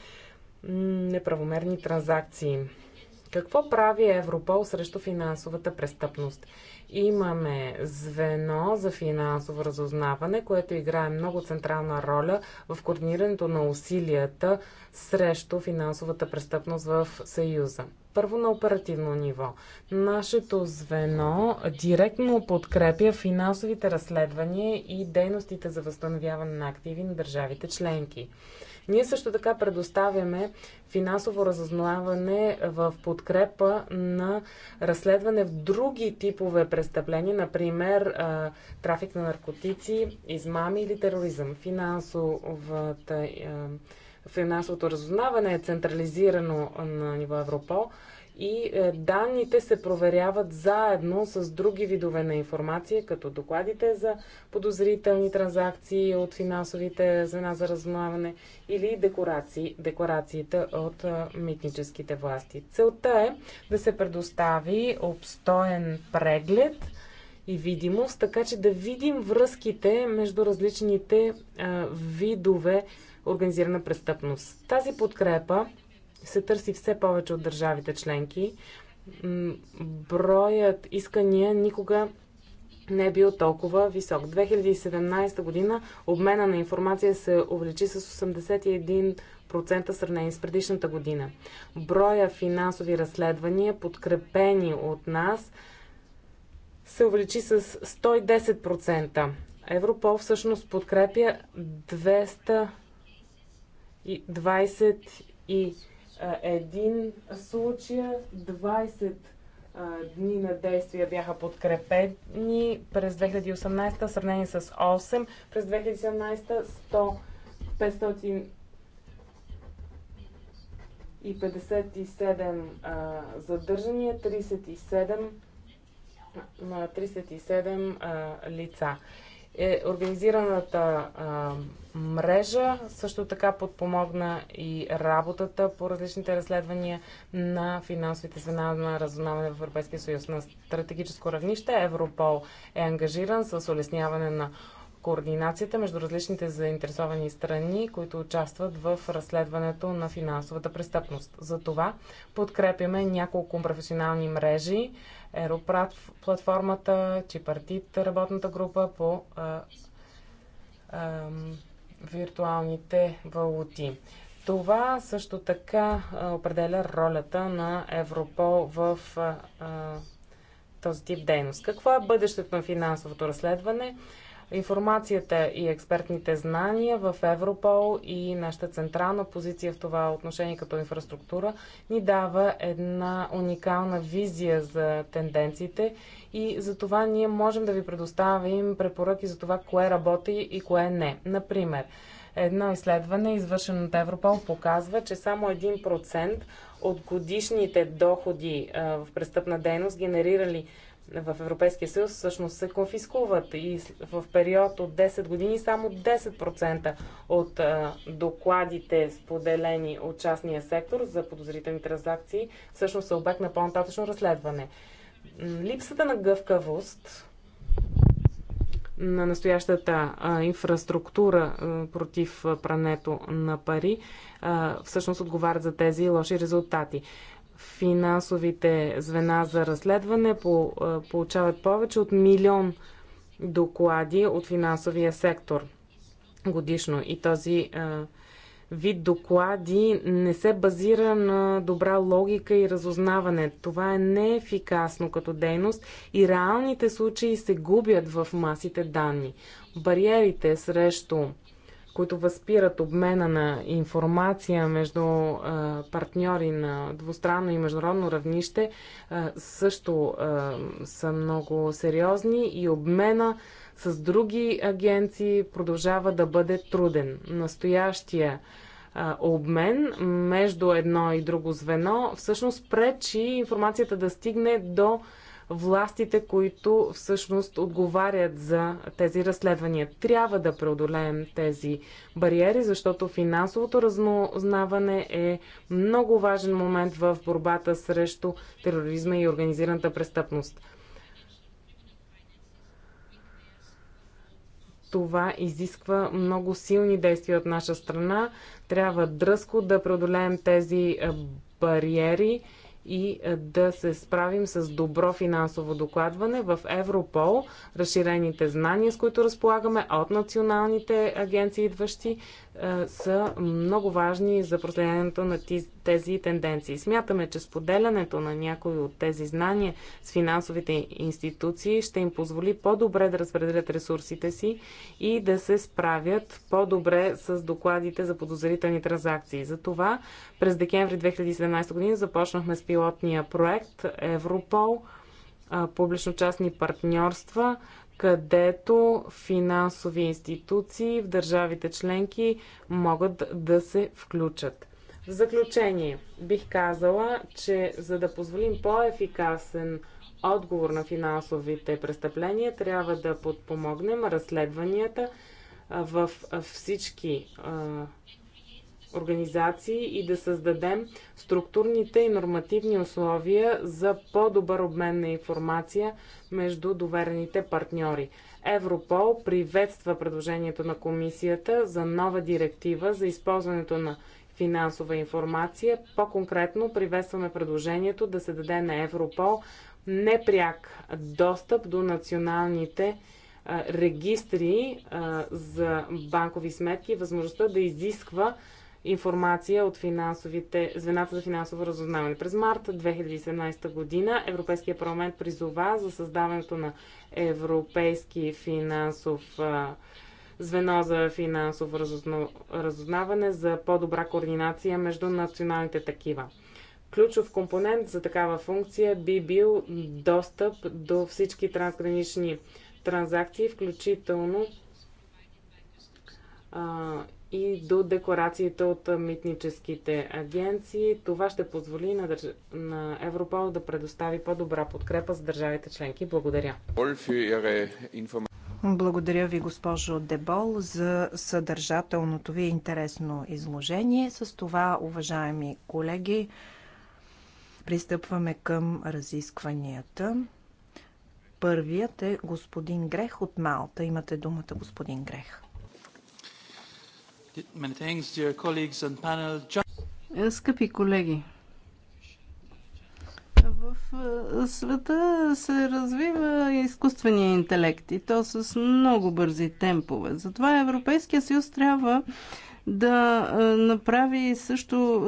неправомерни транзакции. Какво прави Европол срещу финансовата престъпност? Имаме звено за финансово разузнаване, което играе много централна роля в координирането на усилията срещу финансовата престъпност в Съюза първо на оперативно ниво. Нашето звено директно подкрепя финансовите разследвания и дейностите за възстановяване на активи на държавите членки. Ние също така предоставяме финансово разузнаване в подкрепа на разследване в други типове престъпления, например трафик на наркотици, измами или тероризъм. Финансовата финансовото разузнаване е централизирано на ниво Европол и е, данните се проверяват заедно с други видове на информация, като докладите за подозрителни транзакции от финансовите звена за разузнаване или декорации декорациите от е, митническите власти. Целта е да се предостави обстоен преглед и видимост, така че да видим връзките между различните а, е, видове организирана престъпност. Тази подкрепа се търси все повече от държавите членки. Броят искания никога не е бил толкова висок. 2017 година обмена на информация се увеличи с 81% в сравнение с предишната година. Броя финансови разследвания, подкрепени от нас, се увеличи с 110%. Европол всъщност подкрепя 200 21 случая, 20 дни на действия бяха подкрепени през 2018, сравнени с 8 през 2017, 100, 500 и 57 а, задържания, 37 на 37 а, лица е, организираната а, мрежа също така подпомогна и работата по различните разследвания на финансовите звена на разузнаване в Европейския съюз. На стратегическо равнище Европол е ангажиран с улесняване на координацията между различните заинтересовани страни, които участват в разследването на финансовата престъпност. За това подкрепяме няколко професионални мрежи Еропрат платформата, Чипартит работната група по а, а, виртуалните валути. Това също така определя ролята на Европол в а, този тип дейност. Какво е бъдещето на финансовото разследване? информацията и експертните знания в Европол и нашата централна позиция в това отношение като инфраструктура ни дава една уникална визия за тенденциите и за това ние можем да ви предоставим препоръки за това кое работи и кое не. Например, едно изследване, извършено от Европол, показва, че само 1% от годишните доходи а, в престъпна дейност, генерирали в Европейския съюз всъщност се конфискуват и в период от 10 години само 10% от а, докладите, споделени от частния сектор за подозрителни транзакции, всъщност са обект на по-нататъчно разследване. Липсата на гъвкавост на настоящата а, инфраструктура а, против прането на пари всъщност отговарят за тези лоши резултати финансовите звена за разследване по, получават повече от милион доклади от финансовия сектор годишно. И този а, вид доклади не се базира на добра логика и разузнаване. Това е неефикасно като дейност и реалните случаи се губят в масите данни. Бариерите срещу които възпират обмена на информация между партньори на двустранно и международно равнище, също са много сериозни и обмена с други агенции продължава да бъде труден. Настоящия обмен между едно и друго звено всъщност пречи информацията да стигне до властите, които всъщност отговарят за тези разследвания. Трябва да преодолеем тези бариери, защото финансовото разнознаване е много важен момент в борбата срещу тероризма и организираната престъпност. това изисква много силни действия от наша страна. Трябва дръзко да преодолеем тези бариери и е, да се справим с добро финансово докладване в Европол, разширените знания, с които разполагаме от националните агенции идващи, е, са много важни за проследяването на тези тенденции. Смятаме, че споделянето на някои от тези знания с финансовите институции ще им позволи по-добре да разпределят ресурсите си и да се справят по-добре с докладите за подозрителни транзакции. Затова през декември 2017 година започнахме с пилотния проект Европол, е, публично-частни партньорства – където финансови институции в държавите членки могат да се включат. В заключение, бих казала, че за да позволим по-ефикасен отговор на финансовите престъпления, трябва да подпомогнем разследванията в всички организации и да създадем структурните и нормативни условия за по-добър обмен на информация между доверените партньори. Европол приветства предложението на комисията за нова директива за използването на финансова информация. По-конкретно приветстваме предложението да се даде на Европол непряк достъп до националните регистри за банкови сметки и възможността да изисква информация от финансовите, звената за финансово разузнаване. През март 2017 година Европейския парламент призова за създаването на Европейски финансов звено за финансово разузнаване за по-добра координация между националните такива. Ключов компонент за такава функция би бил достъп до всички трансгранични транзакции, включително а, и до декларациите от митническите агенции. Това ще позволи на, държ... на Европол да предостави по-добра подкрепа за държавите членки. Благодаря. Благодаря ви, госпожо Дебол, за съдържателното ви интересно изложение. С това, уважаеми колеги, пристъпваме към разискванията. Първият е господин Грех от Малта. Имате думата, господин Грех. Е, скъпи колеги, в е, света се развива изкуствения интелект и то с много бързи темпове. Затова Европейския съюз трябва да е, направи също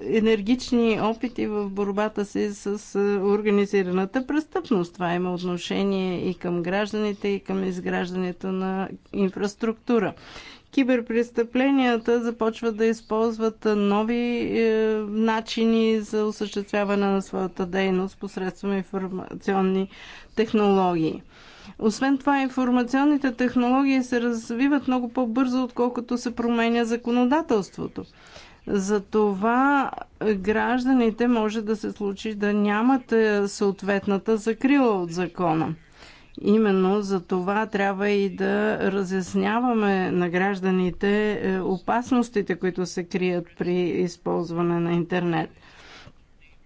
енергични опити в борбата си с организираната престъпност. Това има отношение и към гражданите, и към изграждането на инфраструктура киберпрестъпленията започват да използват нови е, начини за осъществяване на своята дейност посредством информационни технологии. Освен това, информационните технологии се развиват много по-бързо, отколкото се променя законодателството. Затова гражданите може да се случи да нямат е, съответната закрила от закона. Именно за това трябва и да разясняваме на гражданите е, опасностите, които се крият при използване на интернет.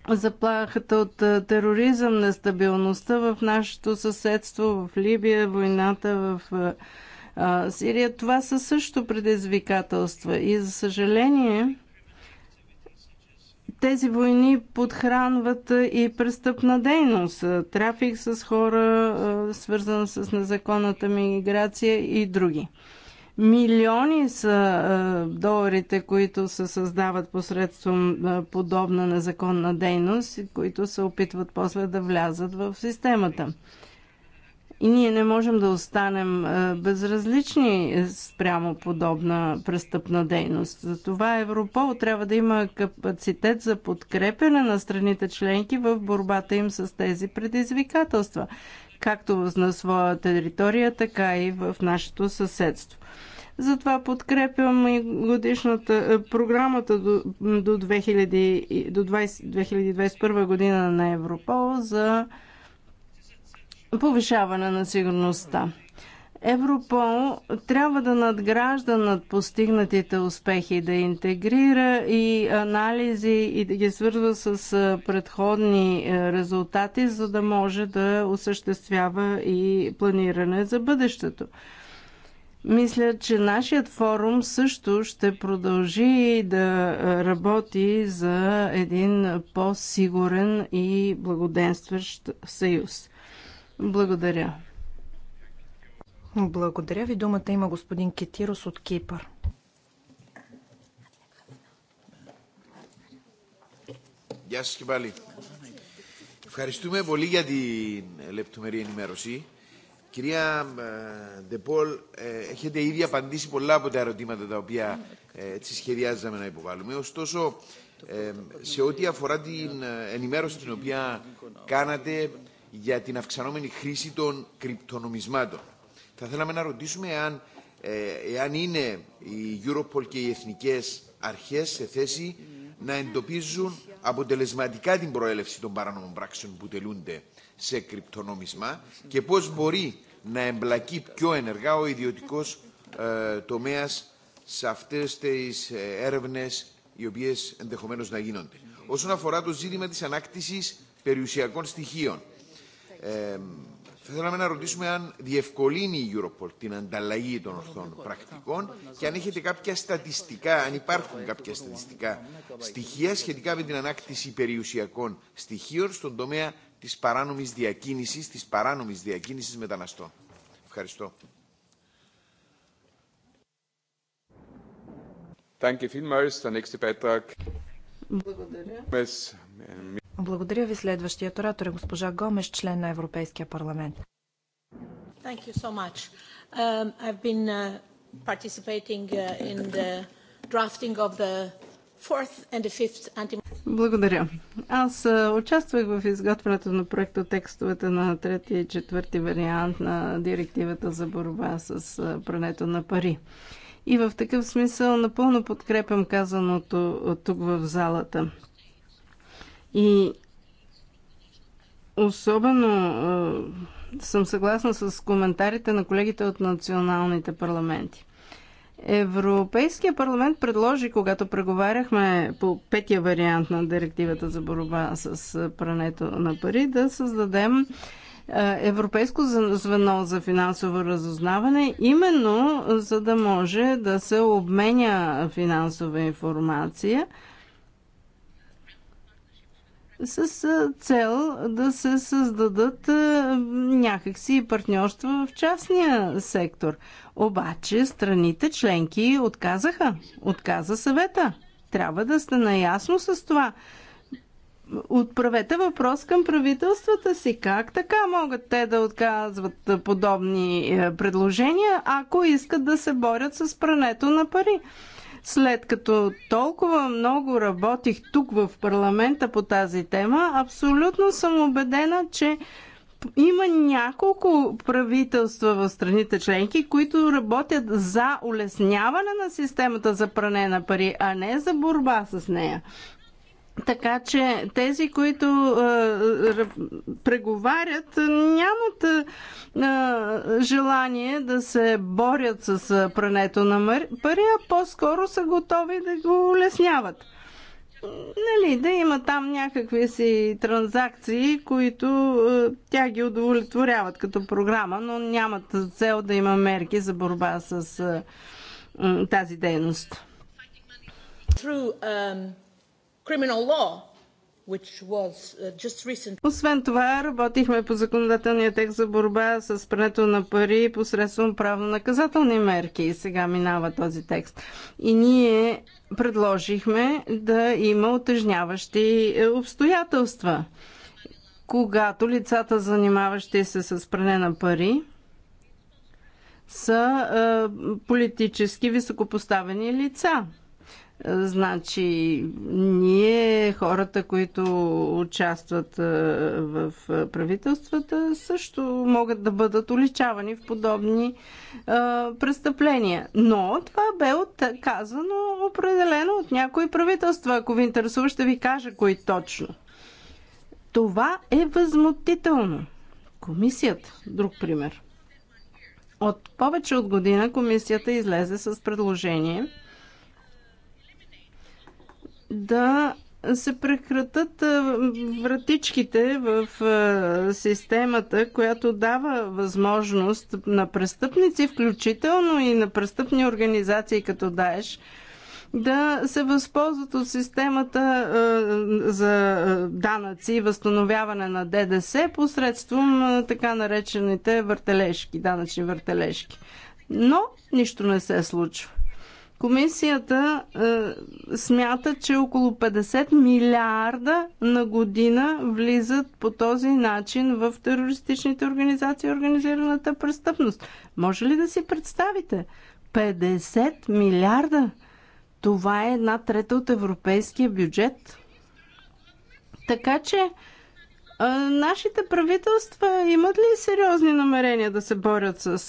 Заплахата от е, тероризъм, нестабилността в нашето съседство, в Либия, войната в е, Сирия, това са също предизвикателства. И за съжаление, тези войни подхранват и престъпна дейност, трафик с хора, свързан с незаконната миграция и други. Милиони са доларите, които се създават посредством подобна незаконна дейност, които се опитват после да влязат в системата. И ние не можем да останем е, безразлични е, спрямо подобна престъпна дейност. Затова Европол трябва да има капацитет за подкрепене на страните членки в борбата им с тези предизвикателства, както на своя територия, така и в нашето съседство. Затова подкрепям и годишната е, програмата до, до, 2000, до 20, 2021 година на Европол за повишаване на сигурността. Европол трябва да надгражда над постигнатите успехи, да интегрира и анализи и да ги свързва с предходни резултати, за да може да осъществява и планиране за бъдещето. Мисля, че нашият форум също ще продължи да работи за един по-сигурен и благоденстващ съюз. Благодаря. Благодаря ви. Думата има господин Кетирос от Кипър. Γεια σας και πάλι. Ευχαριστούμε πολύ για την λεπτομερή ενημέρωση. Κυρία Ντεπόλ, έχετε ήδη απαντήσει πολλά από τα ερωτήματα τα οποία έτσι σχεδιάζαμε να υποβάλουμε. Ωστόσο, σε ό,τι αφορά την ενημέρωση την οποία κάνατε για την αυξανόμενη χρήση των κρυπτονομισμάτων. Θα θέλαμε να ρωτήσουμε εάν, ε, εάν είναι η Europol και οι εθνικές αρχές σε θέση να εντοπίζουν αποτελεσματικά την προέλευση των παράνομων πράξεων που τελούνται σε κρυπτονομισμά και πώς μπορεί να εμπλακεί πιο ενεργά ο ιδιωτικός ε, τομέας σε αυτές τις έρευνες οι οποίες ενδεχομένως να γίνονται. Όσον αφορά το ζήτημα της ανάκτησης περιουσιακών στοιχείων, Ε, θα θέλαμε να ρωτήσουμε αν διευκολύνει η Europol την ανταλλαγή των ορθών πρακτικών και αν έχετε κάποια στατιστικά, αν υπάρχουν κάποια στατιστικά στοιχεία σχετικά με την ανάκτηση περιουσιακών στοιχείων στον τομέα της παράνομης διακίνησης, της παράνομης διακίνησης μεταναστών. Ευχαριστώ. Danke vielmals. Der nächste Beitrag. Благодаря. Благодаря ви. Следващият оратор е госпожа Гомеш, член на Европейския парламент. Thank you so much. Um, I've been uh, participating uh, in the drafting of the fourth and the fifth anti Благодаря. Аз участвах в изготвянето на проекта текстовете на третия и четвърти вариант на директивата за борба с прането на пари. И в такъв смисъл напълно подкрепям казаното тук в залата. И особено съм съгласна с коментарите на колегите от националните парламенти. Европейския парламент предложи, когато преговаряхме по петия вариант на директивата за борба с прането на пари, да създадем Европейско звено за финансово разузнаване, именно за да може да се обменя финансова информация – с цел да се създадат някакси партньорства в частния сектор. Обаче страните членки отказаха. Отказа съвета. Трябва да сте наясно с това. Отправете въпрос към правителствата си. Как така могат те да отказват подобни е, предложения, ако искат да се борят с прането на пари? След като толкова много работих тук в парламента по тази тема, абсолютно съм убедена, че има няколко правителства в страните членки, които работят за улесняване на системата за пране на пари, а не за борба с нея. Така че тези, които а, е, преговарят, нямат а, е, е, желание да се борят с прането на пари, а по-скоро са готови да го улесняват. Нали, да има там някакви си транзакции, които а, тя ги удовлетворяват като програма, но нямат цел да има мерки за борба с а, тази дейност. Through, um Uh, Освен това, работихме по законодателния текст за борба с прането на пари посредством правно-наказателни мерки. И сега минава този текст. И ние предложихме да има отъжняващи е, обстоятелства. Когато лицата, занимаващи се с пране на пари, са е, политически високопоставени лица. Значи, ние, хората, които участват е, в правителствата, също могат да бъдат уличавани в подобни е, престъпления. Но това бе казано определено от някои правителства. Ако ви интересува, ще ви кажа кои точно. Това е възмутително. Комисията, друг пример. От повече от година комисията излезе с предложение – да се прекратат вратичките в системата, която дава възможност на престъпници, включително и на престъпни организации като Даеш, да се възползват от системата за данъци и възстановяване на ДДС посредством така наречените въртележки, данъчни въртележки. Но нищо не се случва. Комисията е, смята, че около 50 милиарда на година влизат по този начин в терористичните организации и организираната престъпност. Може ли да си представите? 50 милиарда! Това е една трета от европейския бюджет. Така че Нашите правителства имат ли сериозни намерения да се борят с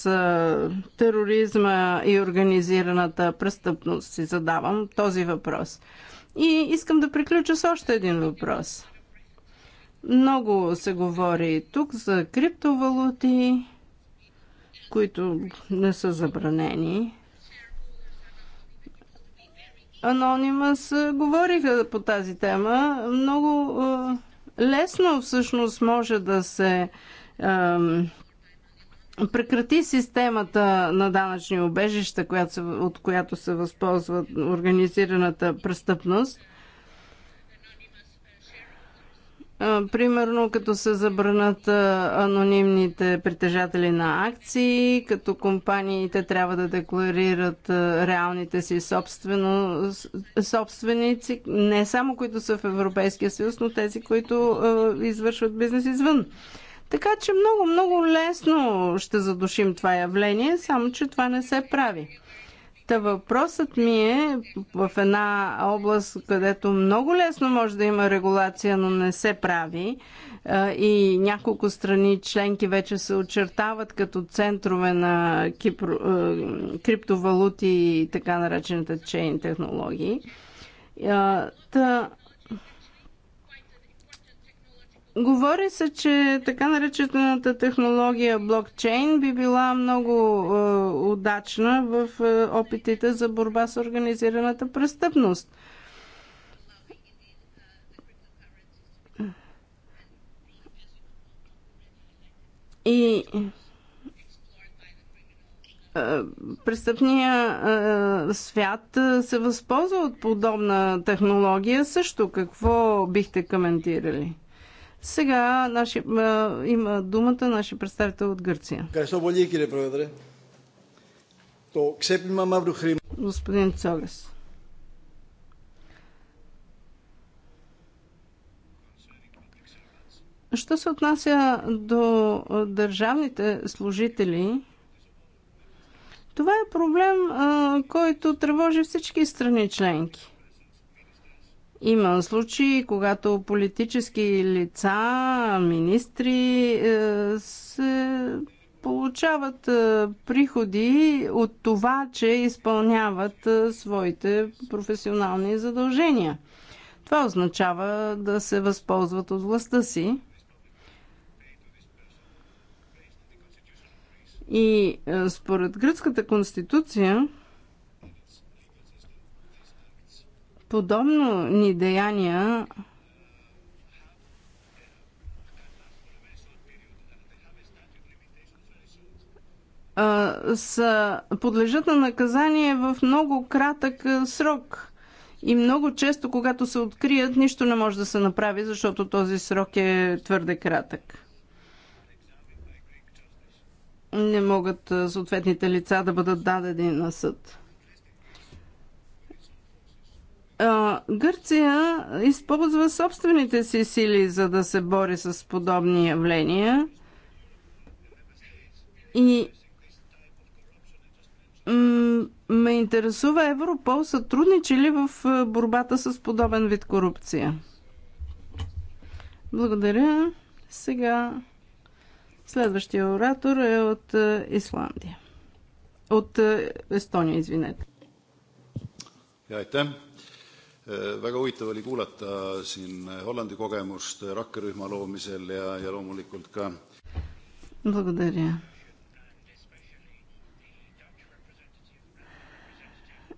тероризма и организираната престъпност? Си задавам този въпрос. И искам да приключа с още един въпрос. Много се говори тук за криптовалути, които не са забранени. Анонимас говориха по тази тема. Много лесно всъщност може да се прекрати системата на данъчни обежища, от която се възползва организираната престъпност. Примерно, като се забранат анонимните притежатели на акции, като компаниите трябва да декларират реалните си собствено, собственици, не само които са в Европейския съюз, но тези, които извършват бизнес извън. Така че много, много лесно ще задушим това явление, само че това не се прави. Та въпросът ми е в една област, където много лесно може да има регулация, но не се прави е, и няколко страни членки вече се очертават като центрове на кипро, е, криптовалути и така наречената чейн технологии. Е, та, Говори се, че така наречената технология блокчейн би била много е, удачна в е, опитите за борба с организираната престъпност. И е, престъпния е, свят е, се възползва от подобна технология също. Какво бихте коментирали? Сега наши, има думата нашия представител от Гърция. Господин Цогас. Що се отнася до държавните служители, това е проблем, който тревожи всички страни членки. Има случаи, когато политически лица, министри е, се получават е, приходи от това, че изпълняват е, своите професионални задължения. Това означава да се възползват от властта си. И според гръцката конституция, подобно ни деяния са, подлежат на наказание в много кратък срок. И много често, когато се открият, нищо не може да се направи, защото този срок е твърде кратък. Не могат съответните лица да бъдат дадени на съд. Гърция използва собствените си сили, за да се бори с подобни явления. И ме интересува Европол сътрудничи ли в борбата с подобен вид корупция? Благодаря. Сега следващия оратор е от Исландия. От Естония, извинете. Яйте. Äh, väga huvitav oli kuulata siin Hollandi kogemust rakkerühma loomisel ja, ja loomulikult ka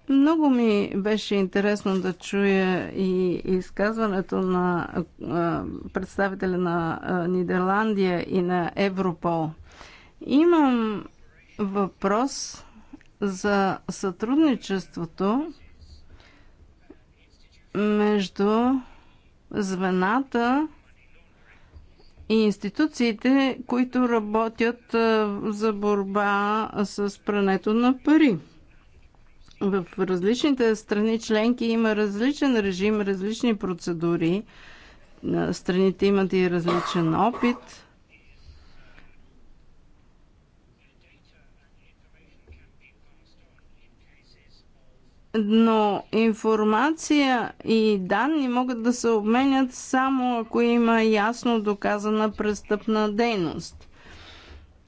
Много ми беше интересно да чуя и изказването на представителя на Нидерландия и на Европол. Имам въпрос за сътрудничеството между звената и институциите, които работят за борба с прането на пари. В различните страни членки има различен режим, различни процедури. Страните имат и различен опит. но информация и данни могат да се обменят само ако има ясно доказана престъпна дейност.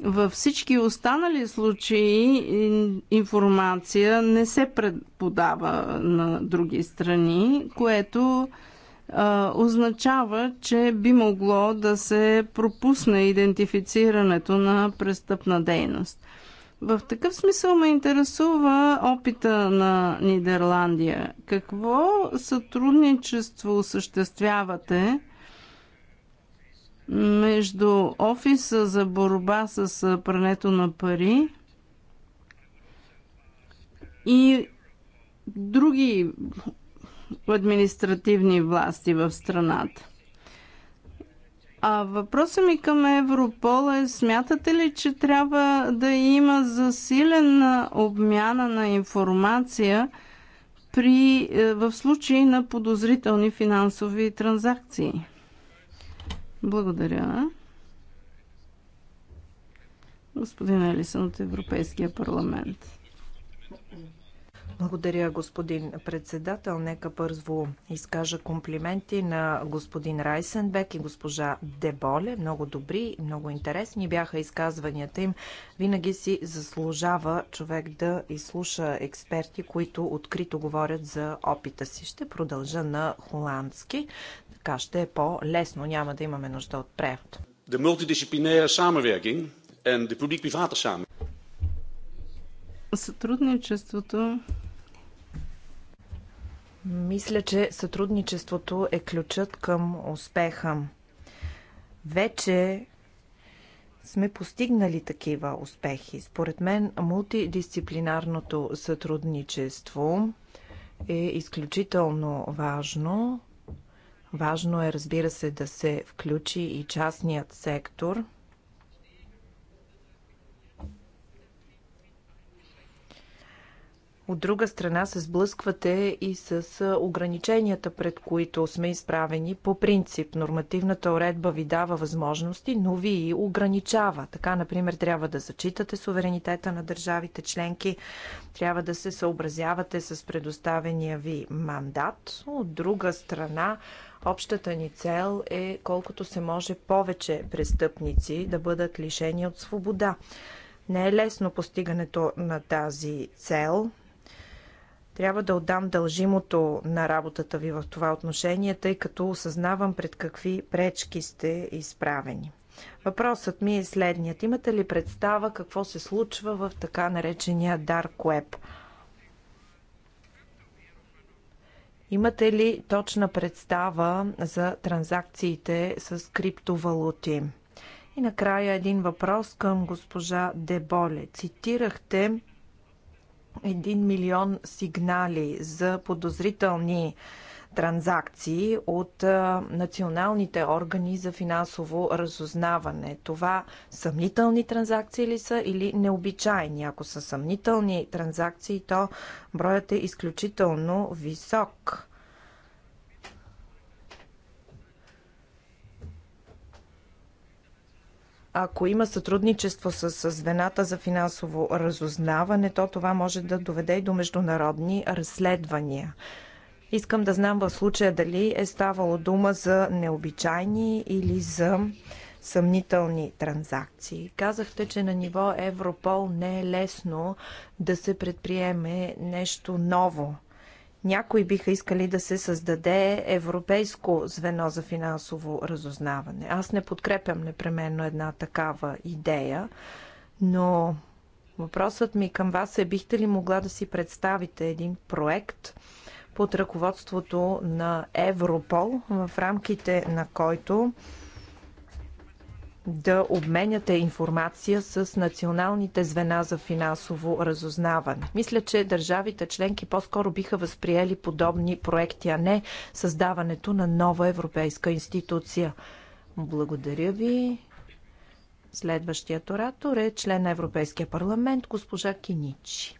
Във всички останали случаи информация не се преподава на други страни, което а, означава, че би могло да се пропусне идентифицирането на престъпна дейност. В такъв смисъл ме интересува опита на Нидерландия. Какво сътрудничество осъществявате между офиса за борба с прането на пари и други административни власти в страната? А въпросът ми към Европол е, смятате ли, че трябва да има засилена обмяна на информация при, е, в случай на подозрителни финансови транзакции? Благодаря. Господин Елисън от Европейския парламент. Благодаря, господин председател. Нека първо изкажа комплименти на господин Райсенбек и госпожа Деболе. Много добри, много интересни бяха изказванията им. Винаги си заслужава човек да изслуша експерти, които открито говорят за опита си. Ще продължа на холандски. Така ще е по-лесно. Няма да имаме нужда от превод. De multidisciplinaire samenwerking en de publiek-private samenwerking Сътрудничеството. Мисля, че сътрудничеството е ключът към успеха. Вече сме постигнали такива успехи. Според мен, мултидисциплинарното сътрудничество е изключително важно. Важно е, разбира се, да се включи и частният сектор – От друга страна се сблъсквате и с ограниченията, пред които сме изправени. По принцип, нормативната уредба ви дава възможности, но ви и ограничава. Така, например, трябва да зачитате суверенитета на държавите членки, трябва да се съобразявате с предоставения ви мандат. От друга страна, Общата ни цел е колкото се може повече престъпници да бъдат лишени от свобода. Не е лесно постигането на тази цел. Трябва да отдам дължимото на работата ви в това отношение, тъй като осъзнавам пред какви пречки сте изправени. Въпросът ми е следният. Имате ли представа какво се случва в така наречения Dark Web? Имате ли точна представа за транзакциите с криптовалути? И накрая един въпрос към госпожа Деболе. Цитирахте 1 милион сигнали за подозрителни транзакции от националните органи за финансово разузнаване. Това съмнителни транзакции ли са или необичайни? Ако са съмнителни транзакции, то броят е изключително висок. Ако има сътрудничество с, с звената за финансово разузнаване, то това може да доведе и до международни разследвания. Искам да знам в случая дали е ставало дума за необичайни или за съмнителни транзакции. Казахте, че на ниво Европол не е лесно да се предприеме нещо ново някои биха искали да се създаде европейско звено за финансово разузнаване. Аз не подкрепям непременно една такава идея, но въпросът ми към вас е бихте ли могла да си представите един проект под ръководството на Европол, в рамките на който да обменяте информация с националните звена за финансово разузнаване. Мисля, че държавите членки по-скоро биха възприели подобни проекти, а не създаването на нова европейска институция. Благодаря ви. Следващият оратор е член на Европейския парламент, госпожа Киничи.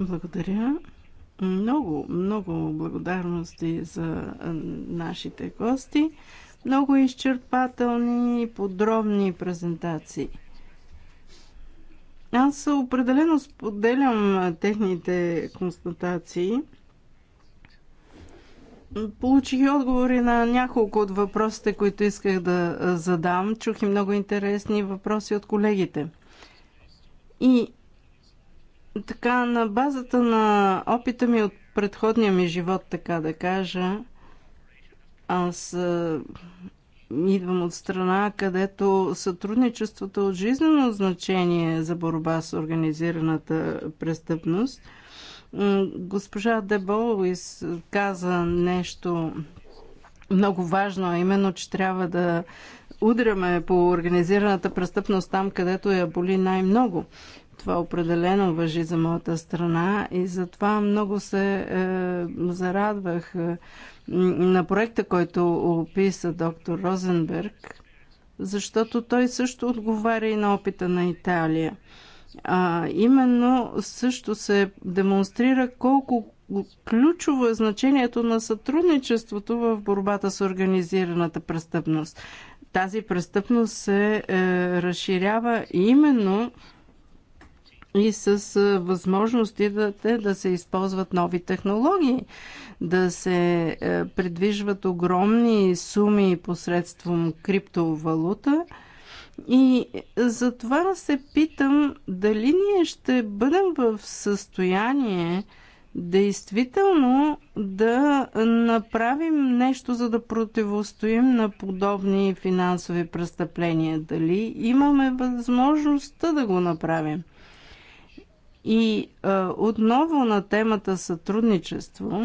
Благодаря. Много, много благодарности за нашите гости. Много изчерпателни и подробни презентации. Аз определено споделям техните констатации. Получих отговори на няколко от въпросите, които исках да задам. Чух и много интересни въпроси от колегите. И така на базата на опита ми от предходния ми живот, така да кажа, аз а, идвам от страна, където сътрудничеството е от жизнено значение за борба с организираната престъпност. Госпожа Деболуис каза нещо много важно, а именно, че трябва да удряме по организираната престъпност там, където я боли най-много. Това определено въжи за моята страна и затова много се е, зарадвах е, на проекта, който описа доктор Розенберг, защото той също отговаря и на опита на Италия. А, именно също се демонстрира колко ключово е значението на сътрудничеството в борбата с организираната престъпност. Тази престъпност се е, разширява именно и с възможности да се използват нови технологии, да се е, придвижват огромни суми посредством криптовалута. И е, затова се питам дали ние ще бъдем в състояние действително да направим нещо, за да противостоим на подобни финансови престъпления. Дали имаме възможността да го направим? И а, отново на темата сътрудничество.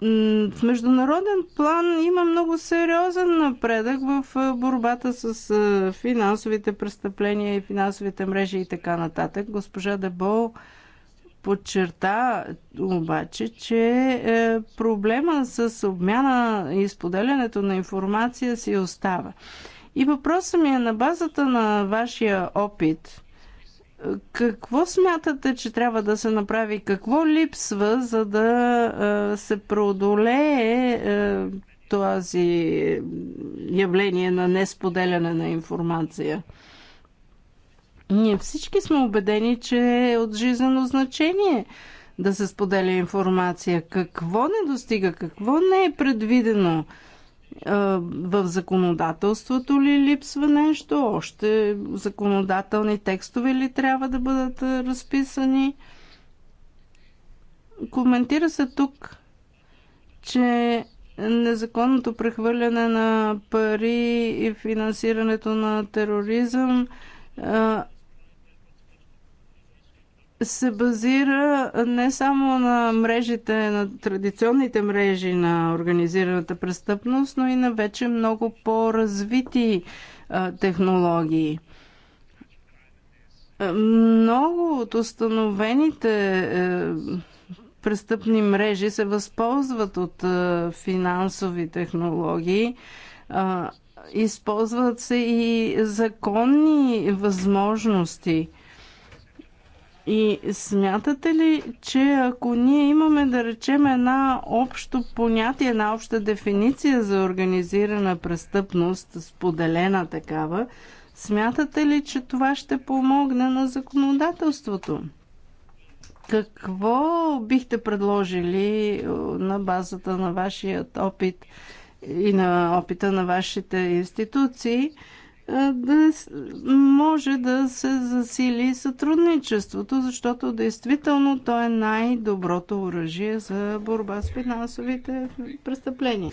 В международен план има много сериозен напредък в борбата с финансовите престъпления и финансовите мрежи и така нататък. Госпожа Дебол подчерта обаче, че е, проблема с обмяна и споделянето на информация си остава. И въпросът ми е на базата на вашия опит – какво смятате, че трябва да се направи? Какво липсва, за да се преодолее този явление на несподеляне на информация? Ние всички сме убедени, че е от жизнено значение да се споделя информация. Какво не достига, какво не е предвидено? в законодателството ли липсва нещо? Още законодателни текстове ли трябва да бъдат разписани? Коментира се тук, че незаконното прехвърляне на пари и финансирането на тероризъм се базира не само на мрежите, на традиционните мрежи на организираната престъпност, но и на вече много по-развити технологии. Много от установените е, престъпни мрежи се възползват от е, финансови технологии. Използват се и законни възможности – и смятате ли, че ако ние имаме, да речем, една общо понятие, една обща дефиниция за организирана престъпност, споделена такава, смятате ли, че това ще помогне на законодателството? Какво бихте предложили на базата на вашият опит и на опита на вашите институции – е, да може да се засили сътрудничеството, защото действително то е най-доброто оръжие за борба с финансовите престъпления.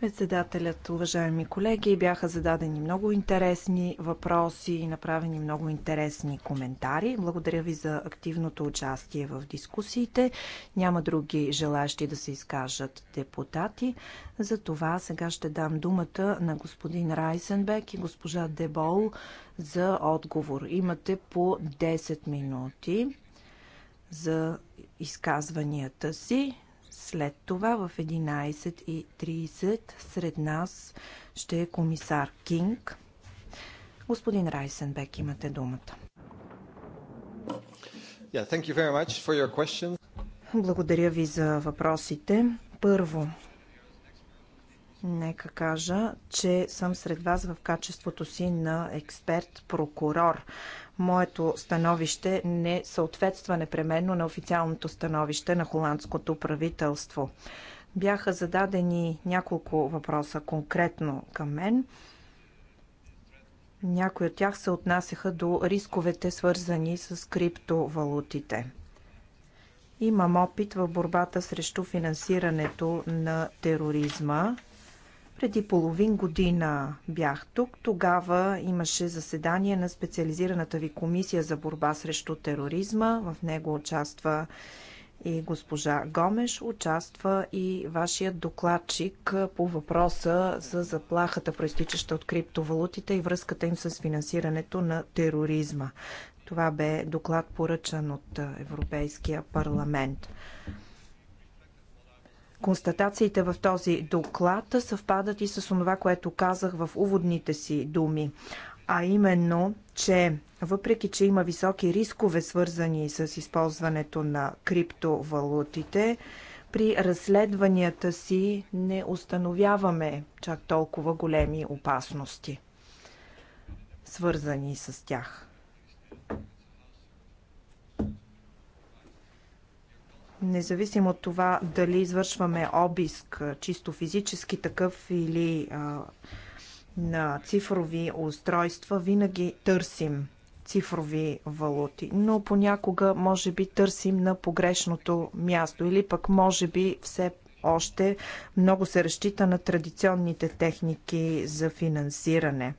Председателят, уважаеми колеги, бяха зададени много интересни въпроси и направени много интересни коментари. Благодаря ви за активното участие в дискусиите. Няма други желащи да се изкажат депутати. За това сега ще дам думата на господин Райсенбек и госпожа Дебол за отговор. Имате по 10 минути за изказванията си. След това в 11.30 сред нас ще е комисар Кинг. Господин Райсенбек, имате думата. Yeah, thank you very much for your Благодаря ви за въпросите. Първо, нека кажа, че съм сред вас в качеството си на експерт-прокурор моето становище не съответства непременно на официалното становище на холандското правителство. Бяха зададени няколко въпроса конкретно към мен. Някои от тях се отнасяха до рисковете, свързани с криптовалутите. Имам опит в борбата срещу финансирането на тероризма. Преди половин година бях тук. Тогава имаше заседание на специализираната ви комисия за борба срещу тероризма. В него участва и госпожа Гомеш, участва и вашия докладчик по въпроса за заплахата, проистичаща от криптовалутите и връзката им с финансирането на тероризма. Това бе доклад поръчан от Европейския парламент. Констатациите в този доклад съвпадат и с това, което казах в уводните си думи, а именно, че въпреки, че има високи рискове свързани с използването на криптовалутите, при разследванията си не установяваме чак толкова големи опасности, свързани с тях. независимо от това дали извършваме обиск, чисто физически такъв или а, на цифрови устройства, винаги търсим цифрови валути, но понякога може би търсим на погрешното място или пък може би все още много се разчита на традиционните техники за финансиране.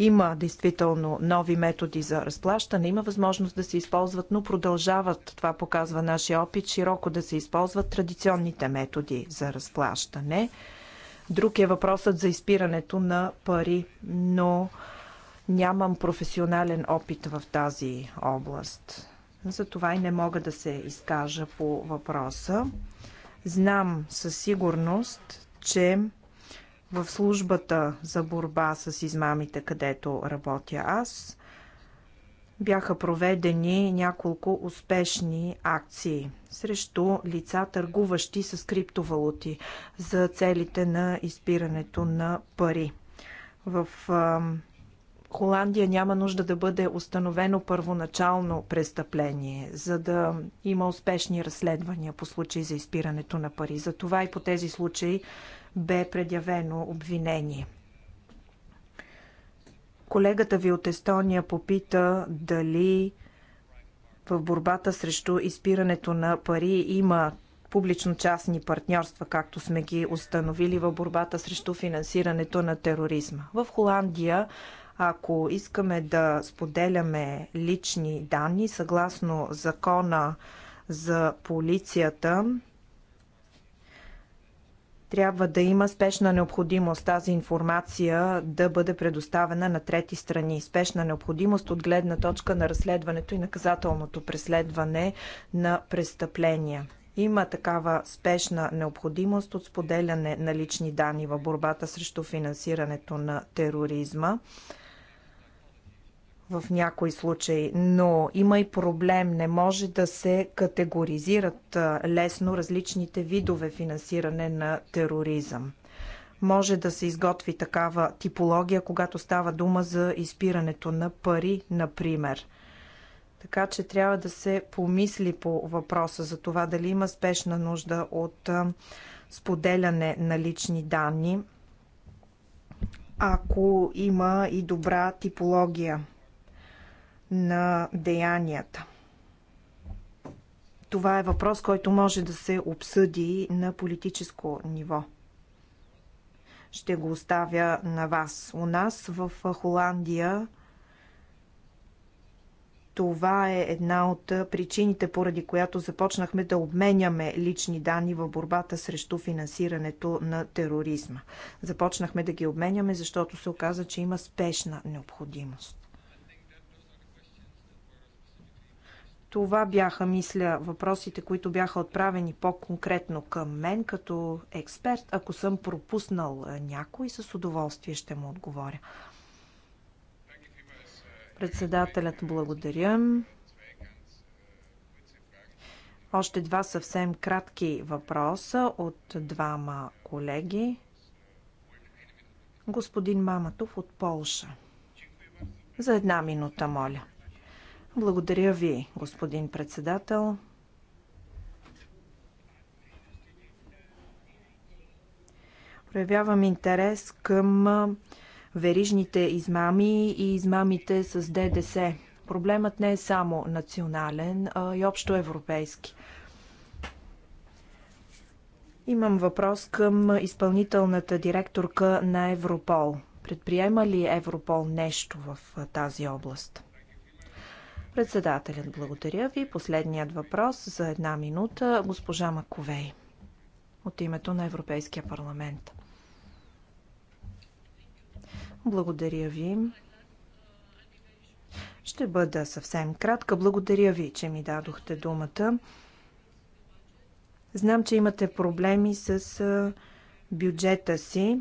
Има действително нови методи за разплащане, има възможност да се използват, но продължават, това показва нашия опит, широко да се използват традиционните методи за разплащане. Друг е въпросът за изпирането на пари, но нямам професионален опит в тази област. Затова и не мога да се изкажа по въпроса. Знам със сигурност, че в службата за борба с измамите, където работя аз, бяха проведени няколко успешни акции срещу лица, търгуващи с криптовалути за целите на изпирането на пари. В Холандия няма нужда да бъде установено първоначално престъпление, за да има успешни разследвания по случаи за изпирането на пари. Затова и по тези случаи бе предявено обвинение. Колегата ви от Естония попита дали в борбата срещу изпирането на пари има публично-частни партньорства, както сме ги установили в борбата срещу финансирането на тероризма. В Холандия, ако искаме да споделяме лични данни, съгласно закона за полицията, трябва да има спешна необходимост тази информация да бъде предоставена на трети страни. Спешна необходимост от гледна точка на разследването и наказателното преследване на престъпления. Има такава спешна необходимост от споделяне на лични данни в борбата срещу финансирането на тероризма в някои случаи, но има и проблем. Не може да се категоризират лесно различните видове финансиране на тероризъм. Може да се изготви такава типология, когато става дума за изпирането на пари, например. Така че трябва да се помисли по въпроса за това дали има спешна нужда от споделяне на лични данни, ако има и добра типология на деянията. Това е въпрос, който може да се обсъди на политическо ниво. Ще го оставя на вас. У нас в Холандия това е една от причините, поради която започнахме да обменяме лични данни в борбата срещу финансирането на тероризма. Започнахме да ги обменяме, защото се оказа, че има спешна необходимост. Това бяха, мисля, въпросите, които бяха отправени по-конкретно към мен като експерт. Ако съм пропуснал е, някой, с удоволствие ще му отговоря. Председателят, благодаря. Още два съвсем кратки въпроса от двама колеги. Господин Маматов от Полша. За една минута, моля. Благодаря ви, господин председател. Проявявам интерес към верижните измами и измамите с ДДС. Проблемът не е само национален, а и общо европейски. Имам въпрос към изпълнителната директорка на Европол. Предприема ли Европол нещо в тази област? Председателят, благодаря ви. Последният въпрос за една минута. Госпожа Маковей от името на Европейския парламент. Благодаря ви. Ще бъда съвсем кратка. Благодаря ви, че ми дадохте думата. Знам, че имате проблеми с бюджета си.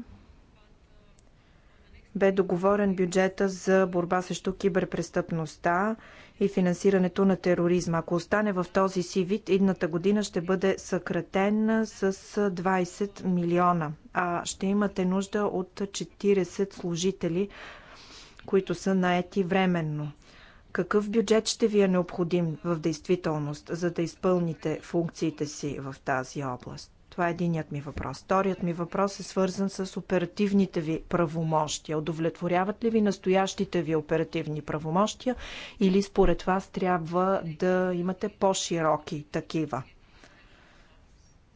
Бе договорен бюджета за борба срещу киберпрестъпността и финансирането на тероризма. Ако остане в този си вид, идната година ще бъде съкратен с 20 милиона, а ще имате нужда от 40 служители, които са наети временно. Какъв бюджет ще ви е необходим в действителност, за да изпълните функциите си в тази област? Това е единият ми въпрос. Вторият ми въпрос е свързан с оперативните ви правомощия. Удовлетворяват ли ви настоящите ви оперативни правомощия или според вас трябва да имате по-широки такива?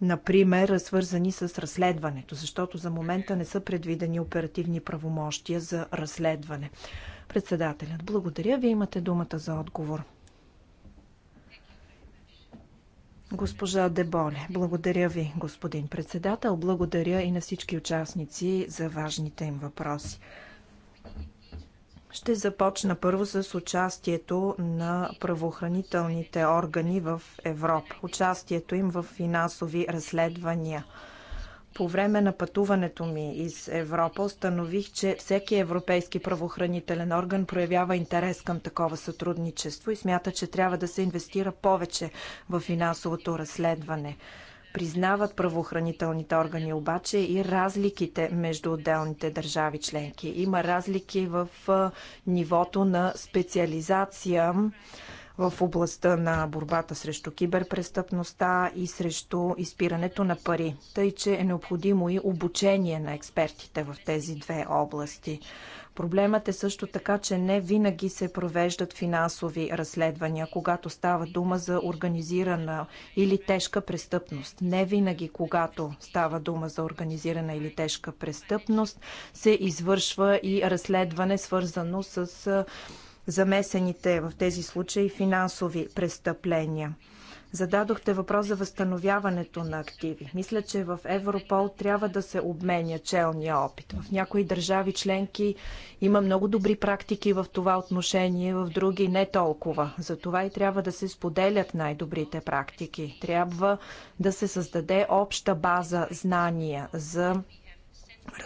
Например, свързани с разследването, защото за момента не са предвидени оперативни правомощия за разследване. Председателят, благодаря ви, имате думата за отговор. Госпожа Деболе, благодаря ви, господин председател. Благодаря и на всички участници за важните им въпроси. Ще започна първо с участието на правоохранителните органи в Европа, участието им в финансови разследвания – по време на пътуването ми из Европа установих, че всеки европейски правоохранителен орган проявява интерес към такова сътрудничество и смята, че трябва да се инвестира повече в финансовото разследване. Признават правоохранителните органи обаче и разликите между отделните държави членки. Има разлики в нивото на специализация в областта на борбата срещу киберпрестъпността и срещу изпирането на пари. Тъй, че е необходимо и обучение на експертите в тези две области. Проблемът е също така, че не винаги се провеждат финансови разследвания, когато става дума за организирана или тежка престъпност. Не винаги, когато става дума за организирана или тежка престъпност, се извършва и разследване, свързано с замесените в тези случаи финансови престъпления. Зададохте въпрос за възстановяването на активи. Мисля, че в Европол трябва да се обменя челния опит. В някои държави членки има много добри практики в това отношение, в други не толкова. Затова и трябва да се споделят най-добрите практики. Трябва да се създаде обща база знания за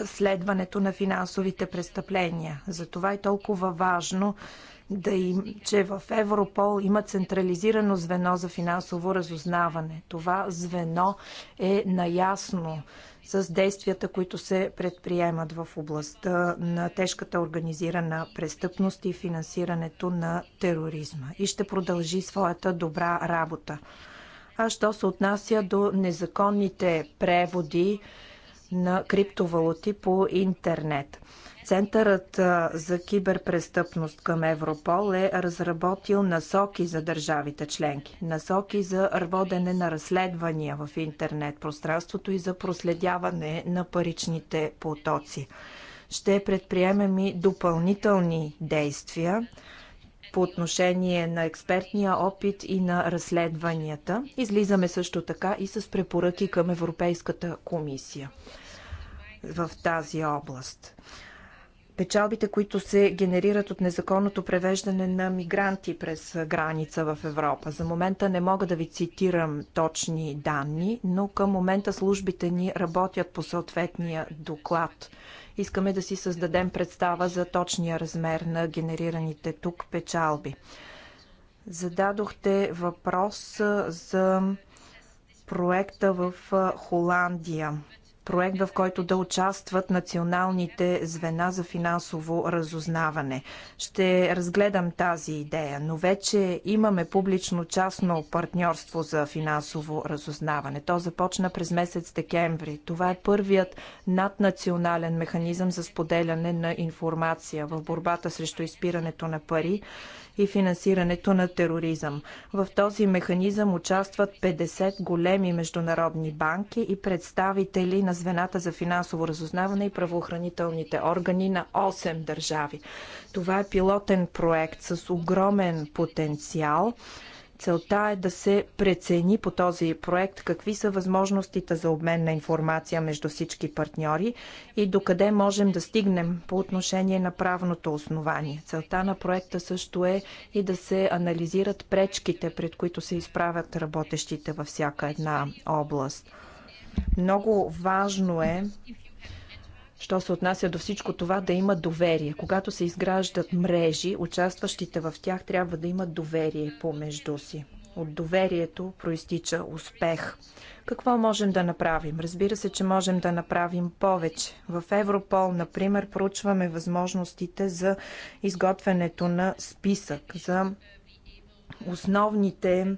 разследването на финансовите престъпления. Затова е толкова важно да им, че в Европол има централизирано звено за финансово разузнаване. Това звено е наясно с действията, които се предприемат в областта на тежката организирана престъпност и финансирането на тероризма. И ще продължи своята добра работа. А що се отнася до незаконните преводи, на криптовалути по интернет. Центърът за киберпрестъпност към Европол е разработил насоки за държавите членки, насоки за водене на разследвания в интернет пространството и за проследяване на паричните потоци. Ще предприемем и допълнителни действия по отношение на експертния опит и на разследванията. Излизаме също така и с препоръки към Европейската комисия в тази област. Печалбите, които се генерират от незаконното превеждане на мигранти през граница в Европа. За момента не мога да ви цитирам точни данни, но към момента службите ни работят по съответния доклад Искаме да си създадем представа за точния размер на генерираните тук печалби. Зададохте въпрос за проекта в Холандия проект, в който да участват националните звена за финансово разузнаване. Ще разгледам тази идея, но вече имаме публично-частно партньорство за финансово разузнаване. То започна през месец декември. Това е първият наднационален механизъм за споделяне на информация в борбата срещу изпирането на пари и финансирането на тероризъм. В този механизъм участват 50 големи международни банки и представители на звената за финансово разузнаване и правоохранителните органи на 8 държави. Това е пилотен проект с огромен потенциал Целта е да се прецени по този проект какви са възможностите за обмен на информация между всички партньори и докъде можем да стигнем по отношение на правното основание. Целта на проекта също е и да се анализират пречките, пред които се изправят работещите във всяка една област. Много важно е що се отнася до всичко това, да има доверие. Когато се изграждат мрежи, участващите в тях трябва да имат доверие помежду си. От доверието проистича успех. Какво можем да направим? Разбира се, че можем да направим повече. В Европол, например, проучваме възможностите за изготвянето на списък, за основните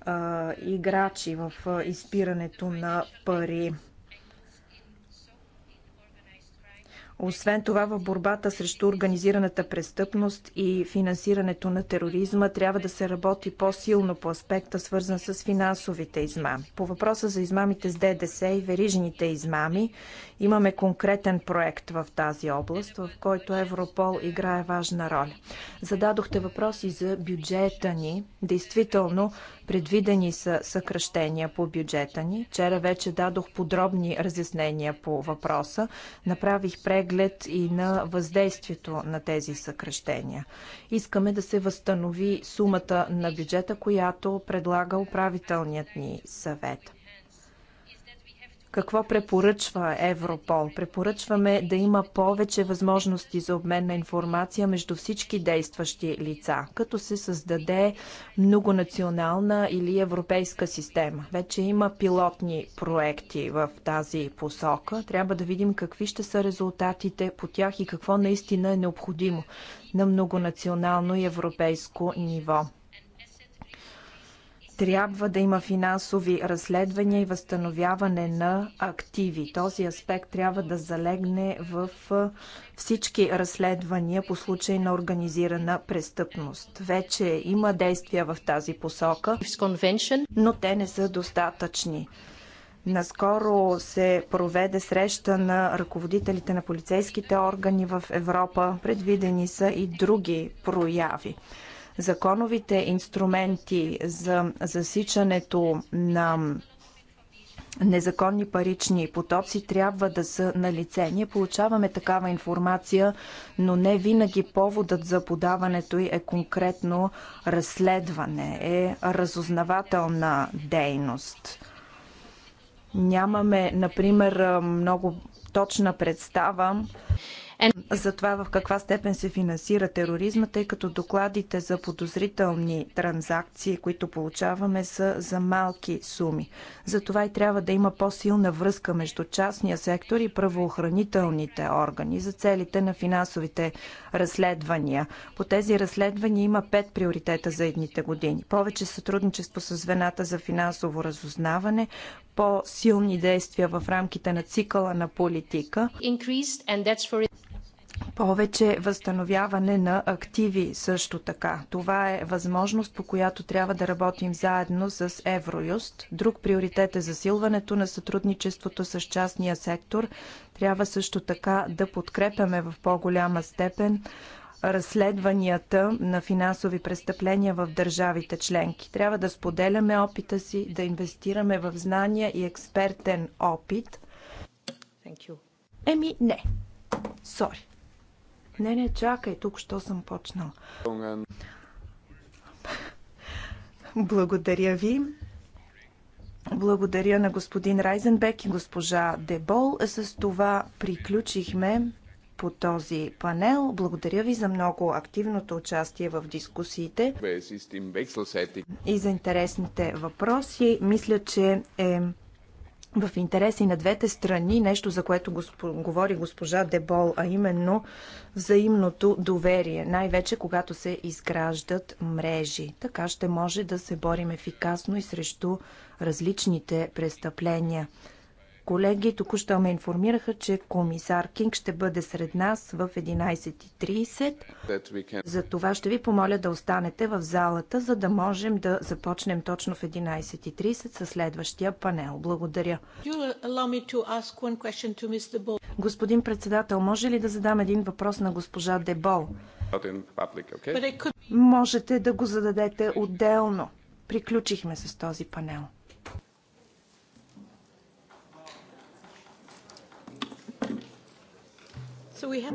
а, играчи в изпирането на пари. Освен това, в борбата срещу организираната престъпност и финансирането на тероризма трябва да се работи по-силно по аспекта, свързан с финансовите измами. По въпроса за измамите с ДДС и верижните измами, имаме конкретен проект в тази област, в който Европол играе важна роля. Зададохте въпроси за бюджета ни. Действително, предвидени са съкръщения по бюджета ни. Вчера вече дадох подробни разяснения по въпроса. Направих преглед преглед и на въздействието на тези съкрещения. Искаме да се възстанови сумата на бюджета, която предлага управителният ни съвет. Какво препоръчва Европол? Препоръчваме да има повече възможности за обмен на информация между всички действащи лица, като се създаде многонационална или европейска система. Вече има пилотни проекти в тази посока. Трябва да видим какви ще са резултатите по тях и какво наистина е необходимо на многонационално и европейско ниво трябва да има финансови разследвания и възстановяване на активи. Този аспект трябва да залегне в всички разследвания по случай на организирана престъпност. Вече има действия в тази посока, но те не са достатъчни. Наскоро се проведе среща на ръководителите на полицейските органи в Европа. Предвидени са и други прояви законовите инструменти за засичането на незаконни парични потоци трябва да са на лице. Ние получаваме такава информация, но не винаги поводът за подаването е конкретно разследване, е разузнавателна дейност. Нямаме, например, много точна представа за това в каква степен се финансира тероризма, тъй като докладите за подозрителни транзакции, които получаваме, са за малки суми. Затова и трябва да има по-силна връзка между частния сектор и правоохранителните органи за целите на финансовите разследвания. По тези разследвания има пет приоритета за едните години. Повече сътрудничество с звената за финансово разузнаване, по-силни действия в рамките на цикъла на политика, повече възстановяване на активи също така. Това е възможност, по която трябва да работим заедно с Евроюст. Друг приоритет е засилването на сътрудничеството с частния сектор. Трябва също така да подкрепяме в по-голяма степен разследванията на финансови престъпления в държавите членки. Трябва да споделяме опита си, да инвестираме в знания и експертен опит. Еми, не. Сори. Не, не, чакай, тук що съм почнал. Благодаря ви. Благодаря на господин Райзенбек и госпожа Дебол. С това приключихме по този панел. Благодаря ви за много активното участие в дискусиите и за интересните въпроси. Мисля, че е в интереси на двете страни, нещо за което госпо... говори госпожа Дебол, а именно взаимното доверие, най-вече когато се изграждат мрежи. Така ще може да се борим ефикасно и срещу различните престъпления. Колеги току-що ме информираха, че комисар Кинг ще бъде сред нас в 11.30. За това ще ви помоля да останете в залата, за да можем да започнем точно в 11.30 със следващия панел. Благодаря. Господин председател, може ли да задам един въпрос на госпожа Дебол? Можете да го зададете отделно. Приключихме с този панел. So we have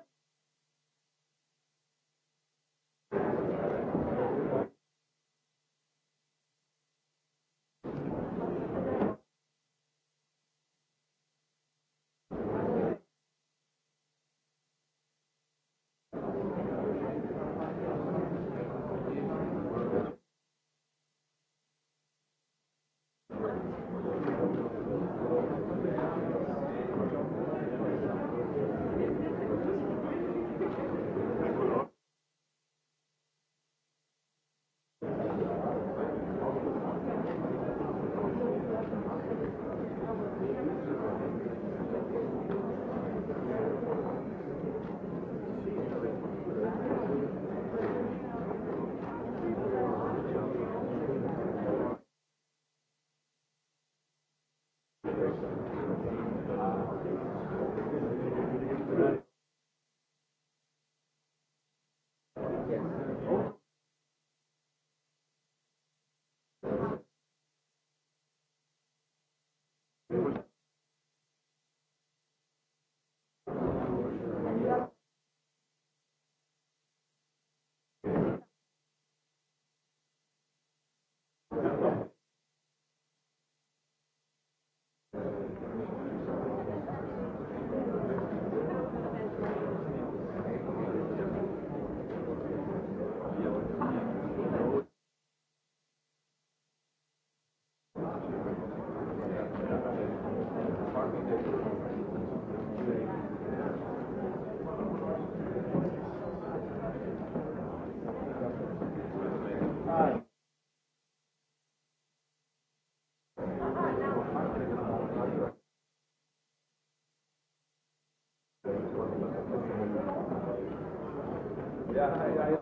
Thank you. Yeah, ja, ja.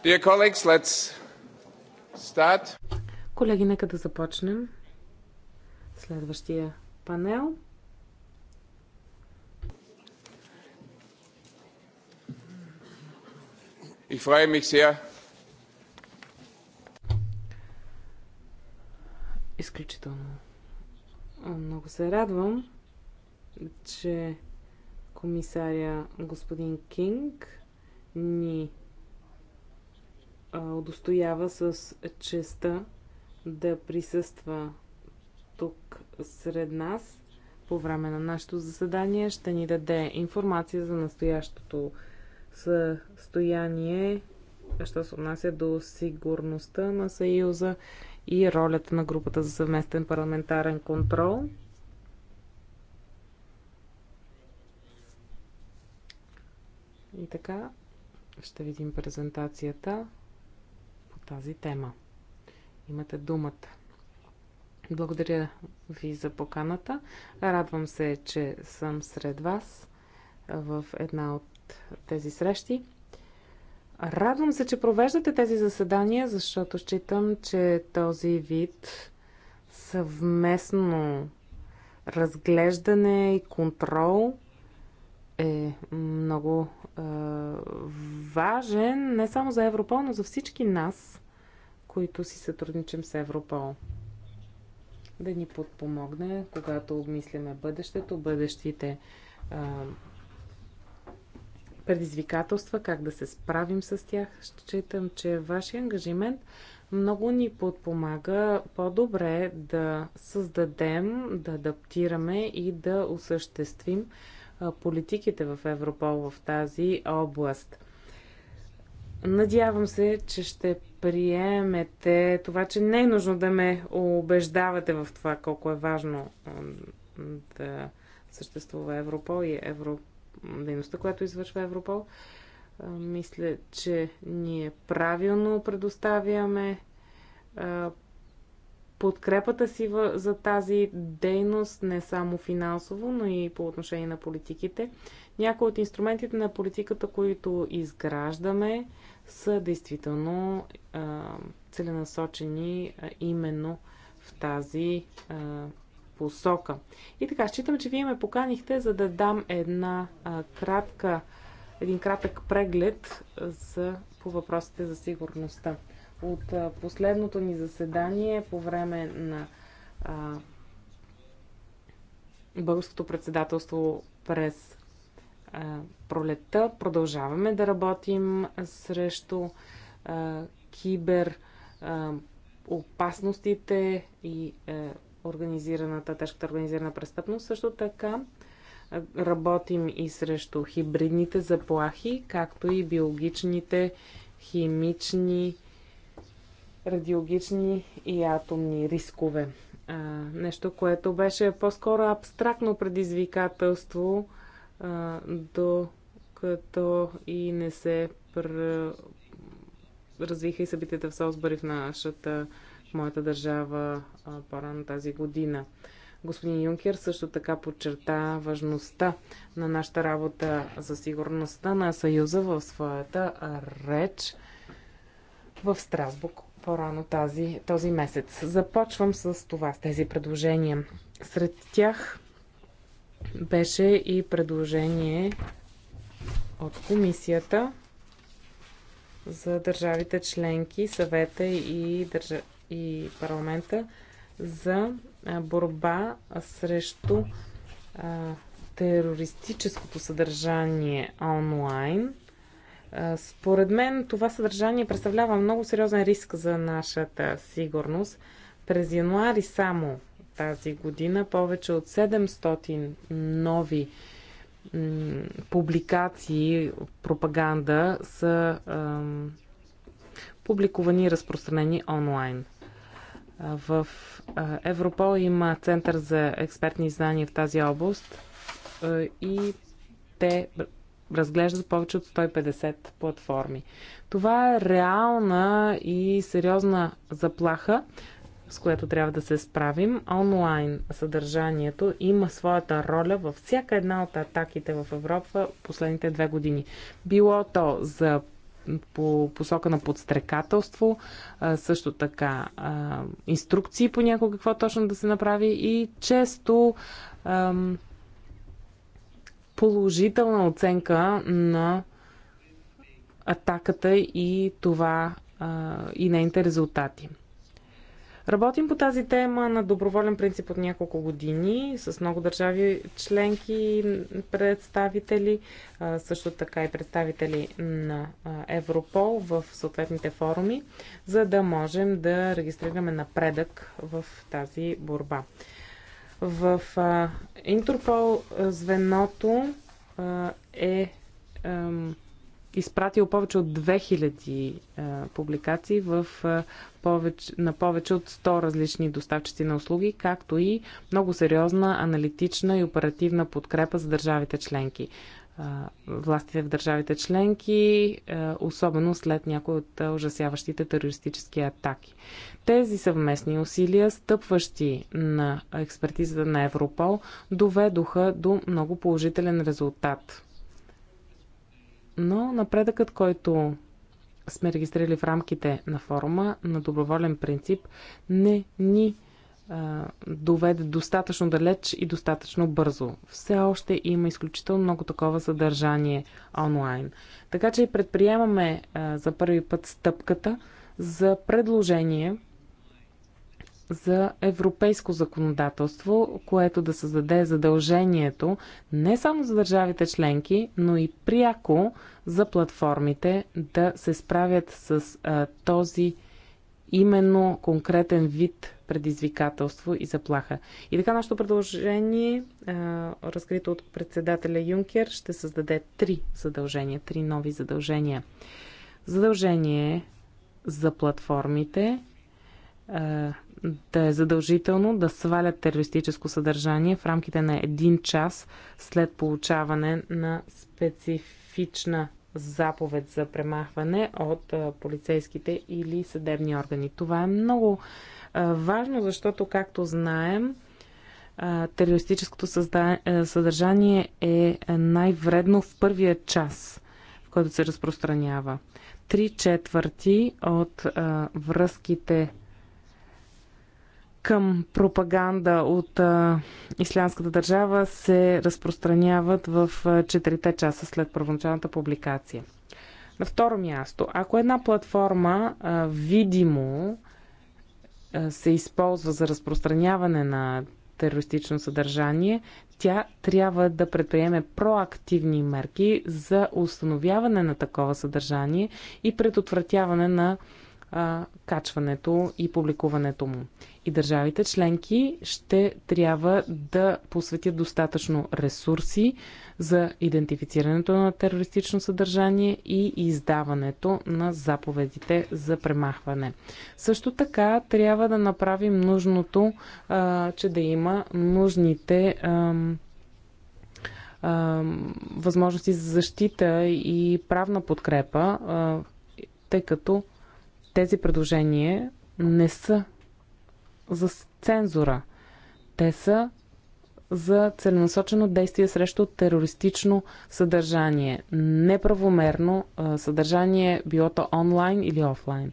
Dear colleagues, let's start. Колеги, нека да започнем следващия панел. Ich freue mich sehr. Изключително. Много се радвам, че комисаря господин Кинг ни удостоява с честа да присъства тук сред нас по време на нашето заседание. Ще ни даде информация за настоящото състояние, що се отнася до сигурността на Съюза и ролята на групата за съвместен парламентарен контрол. И така, ще видим презентацията тази тема. Имате думата. Благодаря ви за поканата. Радвам се, че съм сред вас в една от тези срещи. Радвам се, че провеждате тези заседания, защото считам, че този вид съвместно разглеждане и контрол – е много е, важен не само за Европол, но за всички нас, които си сътрудничим с Европол. Да ни подпомогне, когато обмисляме бъдещето, бъдещите е, предизвикателства, как да се справим с тях. Считам, че вашия ангажимент много ни подпомага по-добре да създадем, да адаптираме и да осъществим политиките в Европол в тази област. Надявам се, че ще приемете това, че не е нужно да ме убеждавате в това колко е важно да съществува Европол и Евро... дейността, която извършва Европол. Мисля, че ние правилно предоставяме подкрепата си за тази дейност, не само финансово, но и по отношение на политиките. Някои от инструментите на политиката, които изграждаме, са действително а, целенасочени а, именно в тази а, посока. И така, считам, че вие ме поканихте, за да дам една а, кратка, един кратък преглед за, по въпросите за сигурността от последното ни заседание по време на а, българското председателство през а, пролетта. Продължаваме да работим срещу а, кибер а, опасностите и а, е, организираната, тежката организирана престъпност. Също така е, работим и срещу хибридните заплахи, както и биологичните, химични радиологични и атомни рискове. А, нещо, което беше по-скоро абстрактно предизвикателство, а, докато и не се пр... развиха и събитията в Солсбъри в нашата, в моята държава по-рано тази година. Господин Юнкер също така подчерта важността на нашата работа за сигурността на Съюза в своята реч в Страсбург по-рано тази, този месец. Започвам с това, с тези предложения. Сред тях беше и предложение от комисията за държавите членки, съвета и, държа... и парламента за борба срещу а, терористическото съдържание онлайн – според мен това съдържание представлява много сериозен риск за нашата сигурност. През януари само тази година повече от 700 нови публикации, пропаганда са ем, публикувани и разпространени онлайн. В Европол има център за експертни знания в тази област и те разглеждат повече от 150 платформи. Това е реална и сериозна заплаха, с която трябва да се справим. Онлайн съдържанието има своята роля във всяка една от атаките в Европа последните две години. Било то за по посока на подстрекателство, също така инструкции по някога какво точно да се направи и често ам, положителна оценка на атаката и това и нейните резултати. Работим по тази тема на доброволен принцип от няколко години с много държави членки, представители, също така и представители на Европол в съответните форуми, за да можем да регистрираме напредък в тази борба. В а, Интерпол звеното а, е а, изпратил повече от 2000 а, публикации в, а, повече, на повече от 100 различни доставчици на услуги, както и много сериозна аналитична и оперативна подкрепа за държавите членки властите в държавите членки, особено след някои от ужасяващите терористически атаки. Тези съвместни усилия, стъпващи на експертизата на Европол, доведоха до много положителен резултат. Но напредъкът, който сме регистрирали в рамките на форума на доброволен принцип, не ни доведе достатъчно далеч и достатъчно бързо. Все още има изключително много такова съдържание онлайн. Така че предприемаме а, за първи път стъпката за предложение за европейско законодателство, което да създаде задължението не само за държавите членки, но и пряко за платформите да се справят с а, този именно конкретен вид предизвикателство и заплаха. И така нашето предложение, разкрито от председателя Юнкер, ще създаде три задължения, три нови задължения. Задължение за платформите да е задължително да свалят терористическо съдържание в рамките на един час след получаване на специфична заповед за премахване от полицейските или съдебни органи. Това е много важно, защото, както знаем, терористическото съдържание е най-вредно в първия час, в който се разпространява. Три четвърти от връзките към пропаганда от а, Ислямската държава се разпространяват в четирите часа след първоначалната публикация. На второ място, ако една платформа а, видимо а, се използва за разпространяване на терористично съдържание, тя трябва да предприеме проактивни мерки за установяване на такова съдържание и предотвратяване на а, качването и публикуването му. И държавите членки ще трябва да посветят достатъчно ресурси за идентифицирането на терористично съдържание и издаването на заповедите за премахване. Също така трябва да направим нужното, а, че да има нужните. А, възможности за защита и правна подкрепа, тъй като тези предложения не са за цензура. Те са за целенасочено действие срещу терористично съдържание. Неправомерно съдържание, било то онлайн или офлайн.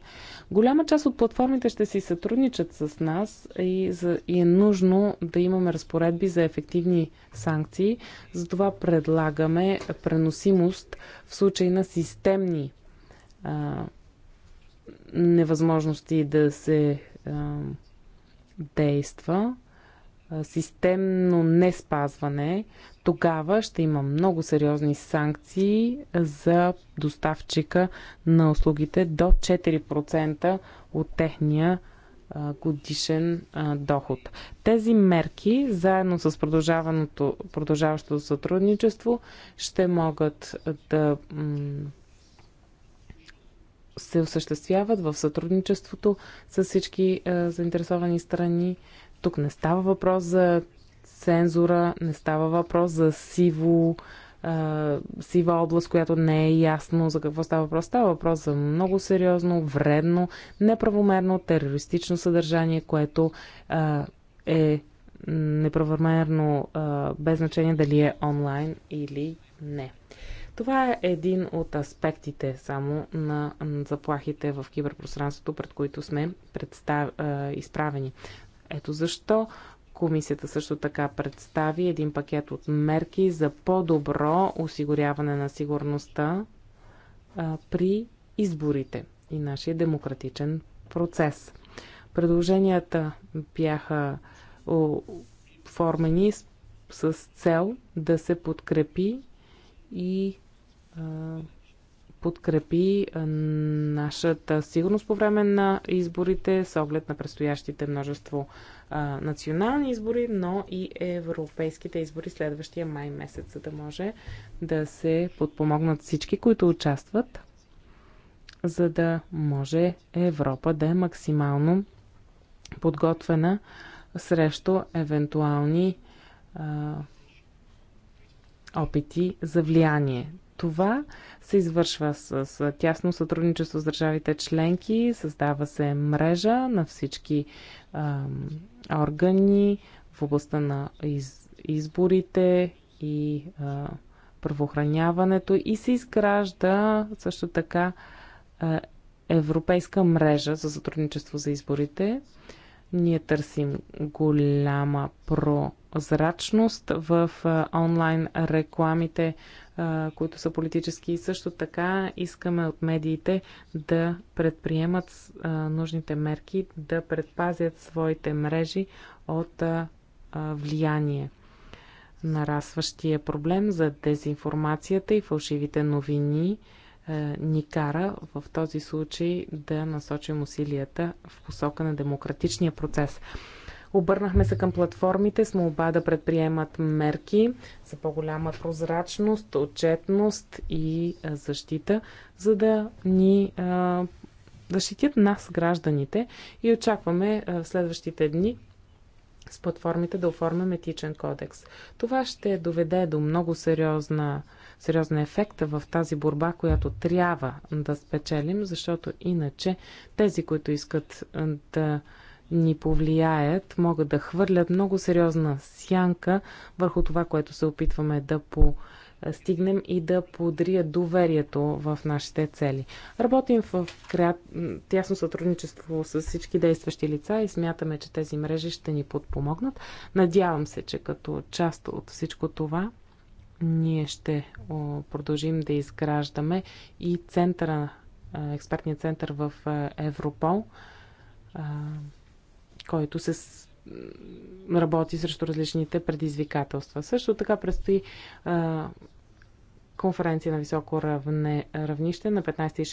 Голяма част от платформите ще си сътрудничат с нас и, за, и е нужно да имаме разпоредби за ефективни санкции. Затова предлагаме преносимост в случай на системни а, невъзможности да се а, действа, а, системно не спазване, тогава ще има много сериозни санкции за доставчика на услугите до 4% от техния а, годишен а, доход. Тези мерки, заедно с продължаващото сътрудничество, ще могат да се осъществяват в сътрудничеството с всички е, заинтересовани страни. Тук не става въпрос за цензура, не става въпрос за сиво, е, сива област, която не е ясно за какво става въпрос. Става въпрос за много сериозно, вредно, неправомерно, терористично съдържание, което е, е неправомерно, е, без значение дали е онлайн или не. Това е един от аспектите само на заплахите в киберпространството, пред които сме представ... изправени. Ето защо Комисията също така представи един пакет от мерки за по-добро осигуряване на сигурността а, при изборите и нашия демократичен процес. Предложенията бяха оформени с, с цел да се подкрепи и подкрепи нашата сигурност по време на изборите с оглед на предстоящите множество национални избори, но и европейските избори следващия май месец, за да може да се подпомогнат всички, които участват, за да може Европа да е максимално подготвена срещу евентуални опити за влияние. Това се извършва с, с тясно сътрудничество с държавите членки, създава се мрежа на всички а, органи в областта на из, изборите и а, правоохраняването и се изгражда също така а, европейска мрежа за сътрудничество за изборите. Ние търсим голяма прозрачност в онлайн рекламите, които са политически и също така искаме от медиите да предприемат нужните мерки, да предпазят своите мрежи от влияние. Нарастващия проблем за дезинформацията и фалшивите новини – е, ни кара в този случай да насочим усилията в посока на демократичния процес. Обърнахме се към платформите с молба да предприемат мерки за по-голяма прозрачност, отчетност и е, защита, за да ни е, защитят нас, гражданите, и очакваме в следващите дни с платформите да оформим етичен кодекс. Това ще доведе до много сериозна Сериозна ефекта в тази борба, която трябва да спечелим, защото иначе тези, които искат да ни повлияят, могат да хвърлят много сериозна сянка върху това, което се опитваме да по стигнем и да подрият доверието в нашите цели. Работим в тясно сътрудничество с всички действащи лица и смятаме, че тези мрежи ще ни подпомогнат. Надявам се, че като част от всичко това ние ще продължим да изграждаме и центъра, експертния център в Европол, който се работи срещу различните предизвикателства. Също така предстои конференция на високо равне, равнище на 15 и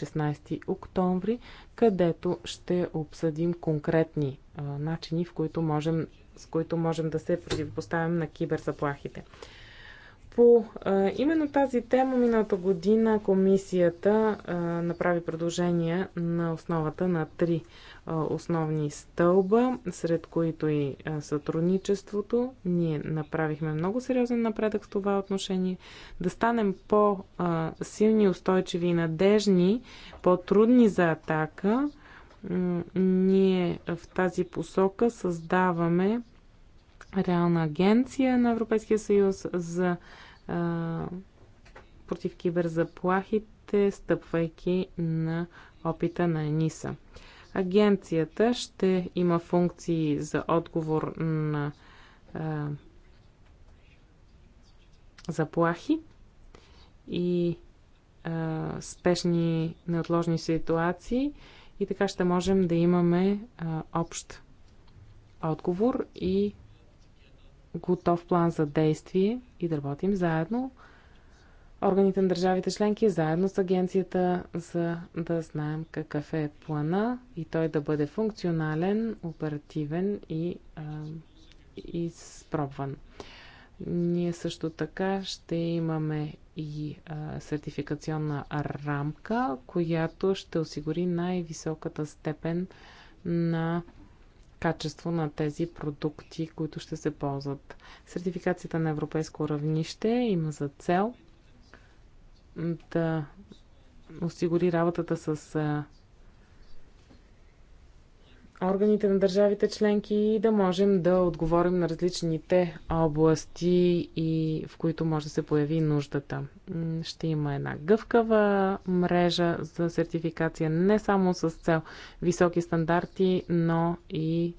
16 октомври, където ще обсъдим конкретни а, начини, в които можем, с които можем да се противопоставим на киберзаплахите. По а, именно тази тема миналата година комисията а, направи предложение на основата на три а, основни стълба, сред които и а, сътрудничеството. Ние направихме много сериозен напредък в това отношение. Да станем по-силни, устойчиви и надежни, по-трудни за атака, ние в тази посока създаваме реална агенция на Европейския съюз за а, против киберзаплахите, стъпвайки на опита на ЕНИСА. Агенцията ще има функции за отговор на а, заплахи и а, спешни неотложни ситуации и така ще можем да имаме а, общ отговор и готов план за действие и да работим заедно. Органите на държавите членки заедно с агенцията, за да знаем какъв е плана и той да бъде функционален, оперативен и а, изпробван. Ние също така ще имаме и а, сертификационна рамка, която ще осигури най-високата степен на качество на тези продукти, които ще се ползват. Сертификацията на европейско равнище има за цел да осигури работата с органите на държавите членки и да можем да отговорим на различните области и в които може да се появи нуждата. Ще има една гъвкава мрежа за сертификация не само с цел високи стандарти, но и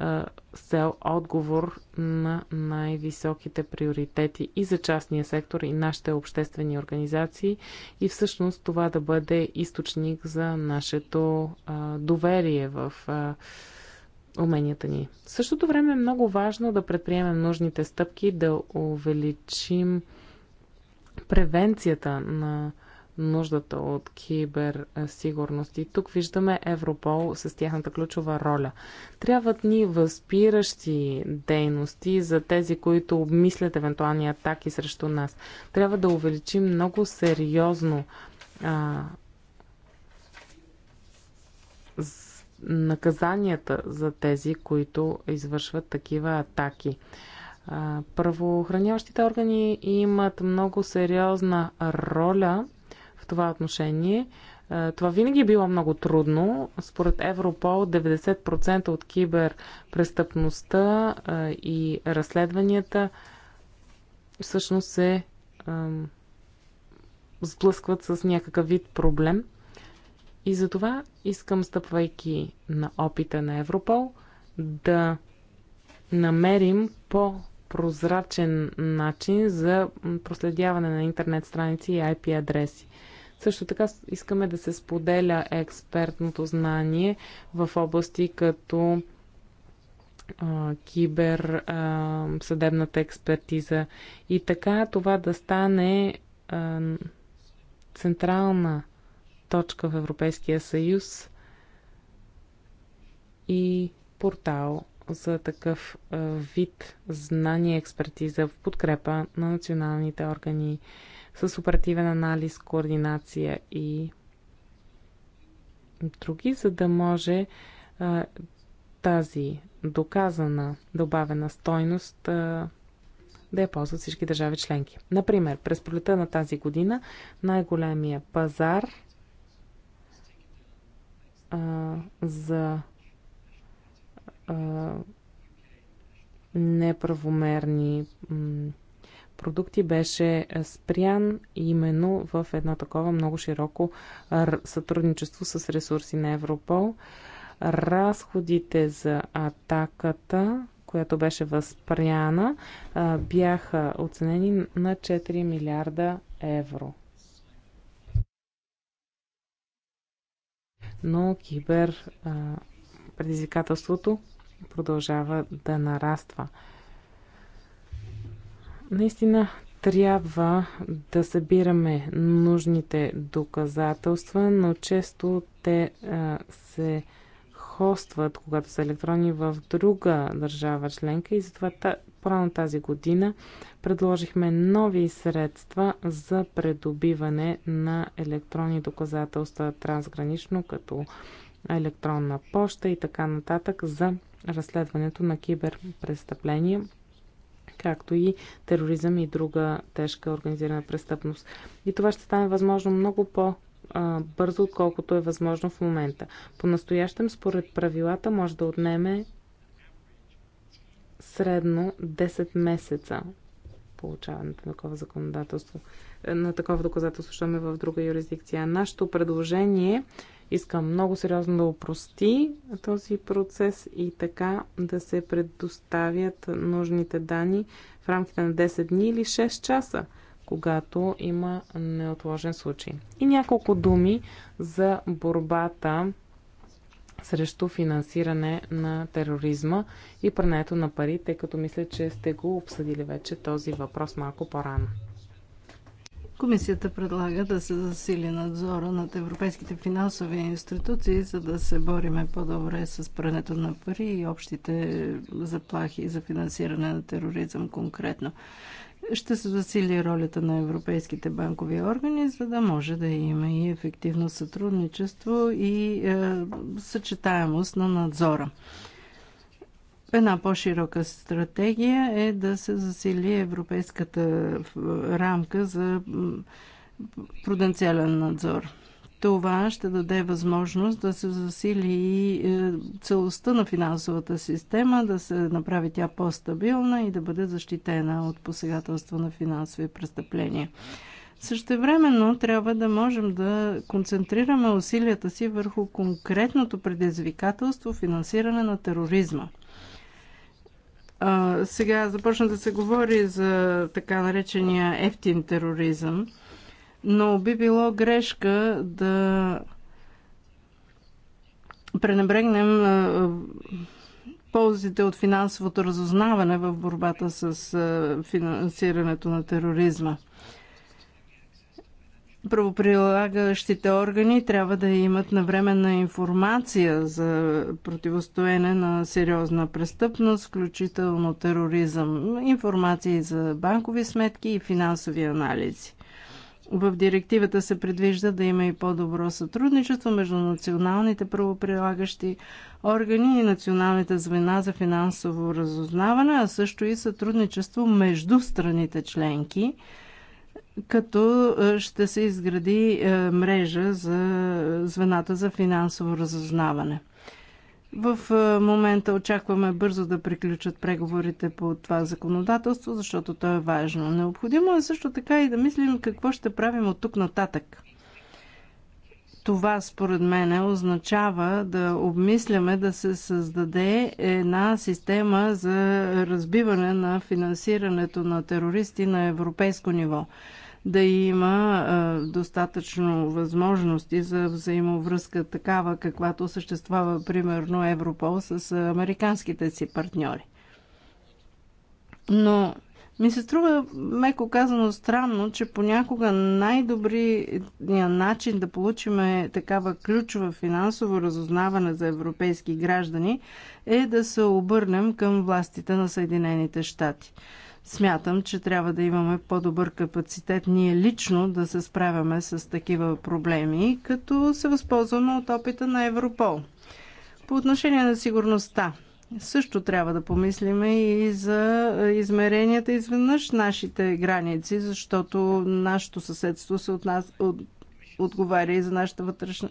с цел отговор на най-високите приоритети и за частния сектор и нашите обществени организации и всъщност това да бъде източник за нашето а, доверие в а, уменията ни. В същото време е много важно да предприемем нужните стъпки, да увеличим превенцията на нуждата от киберсигурност. И тук виждаме Европол с тяхната ключова роля. Трябват ни възпиращи дейности за тези, които обмислят евентуални атаки срещу нас. Трябва да увеличим много сериозно а, наказанията за тези, които извършват такива атаки. Правоохраняващите органи имат много сериозна роля това отношение. Е, това винаги е било много трудно. Според Европол 90% от киберпрестъпността е, и разследванията всъщност се сблъскват с някакъв вид проблем. И затова искам, стъпвайки на опита на Европол, да намерим по-прозрачен начин за проследяване на интернет страници и IP адреси. Също така искаме да се споделя експертното знание в области като кибер, съдебната експертиза и така това да стане централна точка в Европейския съюз и портал за такъв вид знание и експертиза в подкрепа на националните органи с оперативен анализ, координация и други, за да може а, тази доказана добавена стойност а, да я ползват всички държави членки. Например, през пролета на тази година най-големия пазар а, за а, неправомерни продукти беше е, спрян именно в едно такова много широко сътрудничество с ресурси на Европол. Разходите за атаката, която беше възпряна, е, бяха оценени на 4 милиарда евро. Но кибер е, предизвикателството продължава да нараства. Наистина трябва да събираме нужните доказателства, но често те а, се хостват, когато са електронни в друга държава членка и затова та, порано тази година предложихме нови средства за предобиване на електронни доказателства трансгранично, като електронна поща и така нататък за разследването на киберпрестъпления както и тероризъм и друга тежка организирана престъпност. И това ще стане възможно много по- бързо, отколкото е възможно в момента. По-настоящем, според правилата, може да отнеме средно 10 месеца получаването на такова законодателство, на такова доказателство, защото е в друга юрисдикция. Нашето предложение е иска много сериозно да упрости този процес и така да се предоставят нужните данни в рамките на 10 дни или 6 часа, когато има неотложен случай. И няколко думи за борбата срещу финансиране на тероризма и прането на пари, тъй като мисля, че сте го обсъдили вече този въпрос малко по-рано. Комисията предлага да се засили надзора над европейските финансови институции, за да се бориме по-добре с прането на пари и общите заплахи за финансиране на тероризъм конкретно. Ще се засили ролята на европейските банкови органи, за да може да има и ефективно сътрудничество и е, съчетаемост на надзора. Една по-широка стратегия е да се засили европейската рамка за пруденциален надзор. Това ще даде възможност да се засили и е, целостта на финансовата система, да се направи тя по-стабилна и да бъде защитена от посегателство на финансови престъпления. Същевременно трябва да можем да концентрираме усилията си върху конкретното предизвикателство финансиране на тероризма – а, сега започна да се говори за така наречения ефтин тероризъм, но би било грешка да пренебрегнем ползите от финансовото разузнаване в борбата с финансирането на тероризма правоприлагащите органи трябва да имат навременна информация за противостоене на сериозна престъпност, включително тероризъм, информации за банкови сметки и финансови анализи. В директивата се предвижда да има и по-добро сътрудничество между националните правоприлагащи органи и националните звена за финансово разузнаване, а също и сътрудничество между страните членки – като е, ще се изгради е, мрежа за звената за финансово разузнаване. В е, момента очакваме бързо да приключат преговорите по това законодателство, защото то е важно. Необходимо е също така и да мислим какво ще правим от тук нататък. Това според мен означава да обмисляме да се създаде една система за разбиване на финансирането на терористи на европейско ниво. Да има е, достатъчно възможности за взаимовръзка такава, каквато съществува примерно Европол с американските си партньори. Но ми се струва, меко казано, странно, че понякога най-добрият начин да получим такава ключова финансово разузнаване за европейски граждани е да се обърнем към властите на Съединените щати. Смятам, че трябва да имаме по-добър капацитет ние лично да се справяме с такива проблеми, като се възползваме от опита на Европол. По отношение на сигурността, също трябва да помислим и за измеренията изведнъж нашите граници, защото нашето съседство се от нас, от, отговаря и за нашата вътрешна.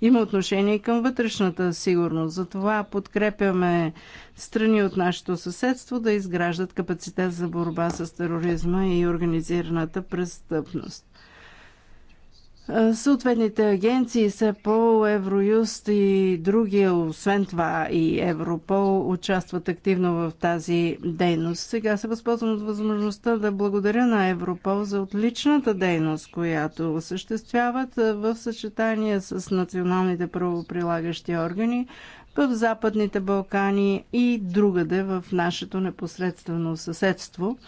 Има отношение и към вътрешната сигурност. Затова подкрепяме страни от нашето съседство да изграждат капацитет за борба с тероризма и организираната престъпност. Съответните агенции са по Евроюст и други, освен това и Европол, участват активно в тази дейност. Сега се възползвам от възможността да благодаря на Европол за отличната дейност, която осъществяват в съчетание с националните правоприлагащи органи в Западните Балкани и другаде в нашето непосредствено съседство,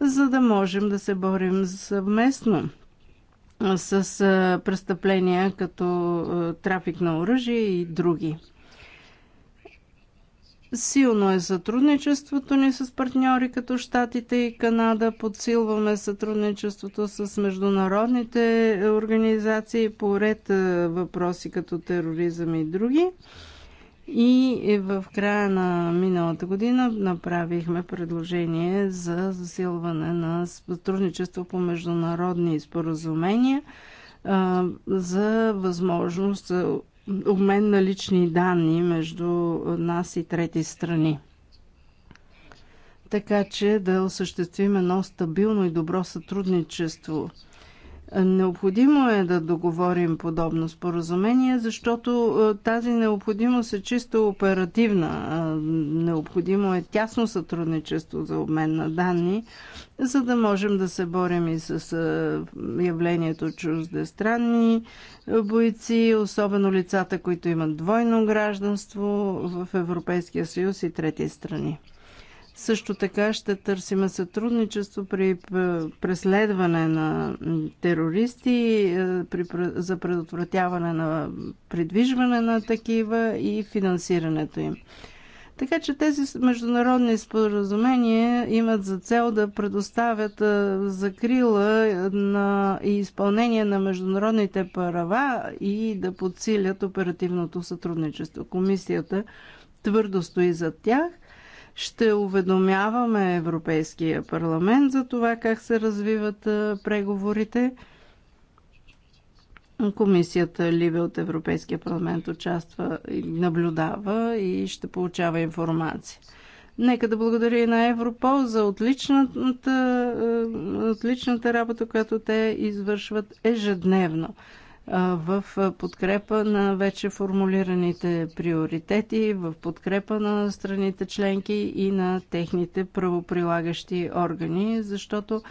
за да можем да се борим съвместно с престъпления като трафик на оръжие и други. Силно е сътрудничеството ни с партньори като Штатите и Канада. Подсилваме сътрудничеството с международните организации по ред въпроси като тероризъм и други. И в края на миналата година направихме предложение за засилване на сътрудничество по международни споразумения за възможност за обмен на лични данни между нас и трети страни. Така че да осъществим едно стабилно и добро сътрудничество – Необходимо е да договорим подобно споразумение, защото е, тази необходимост е чисто оперативна. Е, необходимо е тясно сътрудничество за обмен на данни, за да можем да се борим и с е, явлението чуждестранни бойци, особено лицата, които имат двойно гражданство в Европейския съюз и трети страни. Също така ще търсим сътрудничество при е, преследване на терористи, е, за предотвратяване на придвижване на такива и финансирането им. Така че тези международни споразумения имат за цел да предоставят е, закрила на и изпълнение на международните права и да подсилят оперативното сътрудничество. Комисията твърдо стои зад тях – ще уведомяваме Европейския парламент за това как се развиват преговорите. Комисията Либе от Европейския парламент участва и наблюдава и ще получава информация. Нека да благодаря и на Европол за отличната, отличната работа, която те извършват ежедневно в подкрепа на вече формулираните приоритети, в подкрепа на страните членки и на техните правоприлагащи органи, защото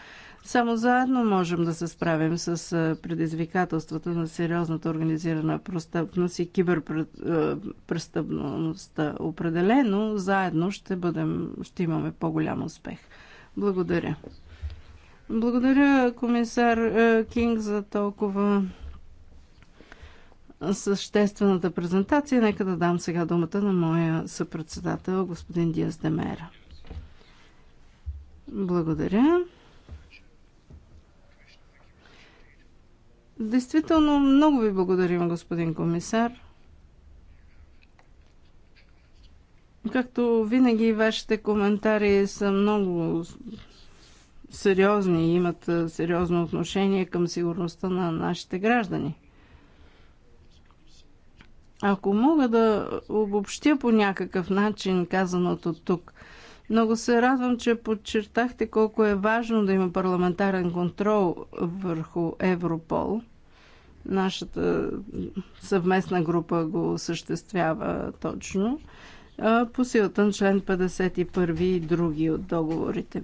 само заедно можем да се справим с предизвикателствата на сериозната организирана престъпност и киберпрестъпността. Определено заедно ще, бъдем, ще имаме по-голям успех. Благодаря. Благодаря, комисар Кинг, за толкова съществената презентация, нека да дам сега думата на моя съпредседател, господин Диас Демера. Благодаря. Действително, много ви благодарим, господин комисар. Както винаги, вашите коментари са много сериозни и имат сериозно отношение към сигурността на нашите граждани. Ако мога да обобщя по някакъв начин казаното тук, много се радвам, че подчертахте колко е важно да има парламентарен контрол върху Европол. Нашата съвместна група го осъществява точно по силата на член 51 и други от договорите.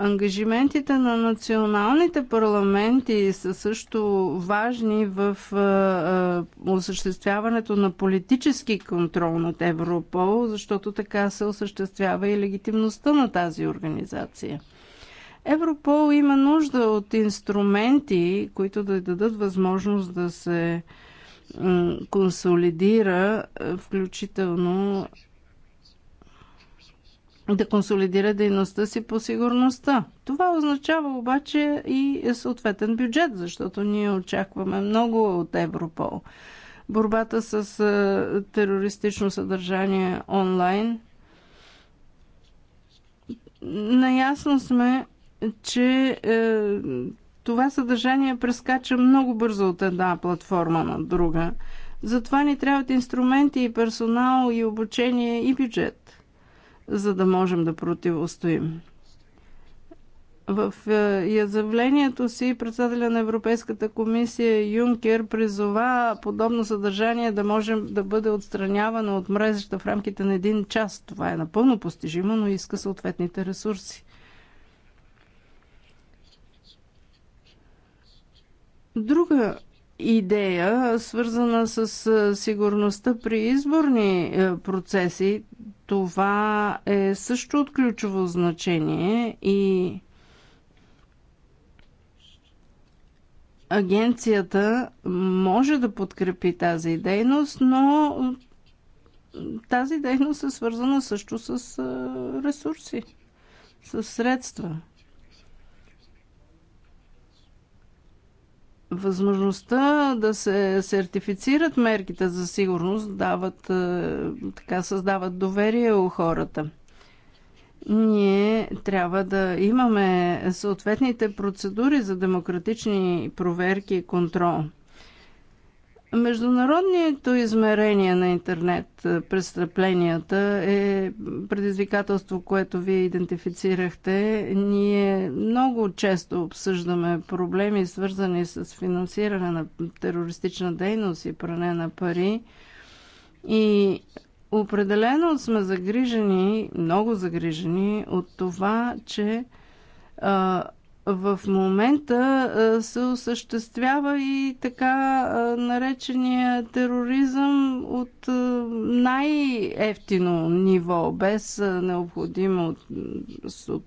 Ангажиментите на националните парламенти са също важни в осъществяването на политически контрол над Европол, защото така се осъществява и легитимността на тази организация. Европол има нужда от инструменти, които да дадат възможност да се консолидира, включително да консолидира дейността си по сигурността. Това означава обаче и съответен бюджет, защото ние очакваме много от Европол. Борбата с терористично съдържание онлайн. Наясно сме, че е, това съдържание прескача много бързо от една платформа на друга. Затова ни трябват инструменти и персонал, и обучение, и бюджет за да можем да противостоим. В е, изявлението си председателя на Европейската комисия Юнкер призова подобно съдържание да може да бъде отстранявано от мрежата в рамките на един час. Това е напълно постижимо, но иска съответните ресурси. Друга идея, свързана с е, сигурността при изборни е, процеси, това е също от ключово значение и агенцията може да подкрепи тази дейност, но тази дейност е свързана също с ресурси, с средства. възможността да се сертифицират мерките за сигурност дават, е, така създават доверие у хората. Ние трябва да имаме съответните процедури за демократични проверки и контрол – Международното измерение на интернет е, престъпленията е предизвикателство, което вие идентифицирахте. Ние много често обсъждаме проблеми, свързани с финансиране на терористична дейност и пране на пари. И определено сме загрижени, много загрижени от това, че а, в момента се осъществява и така наречения тероризъм от най-ефтино ниво, без необходима от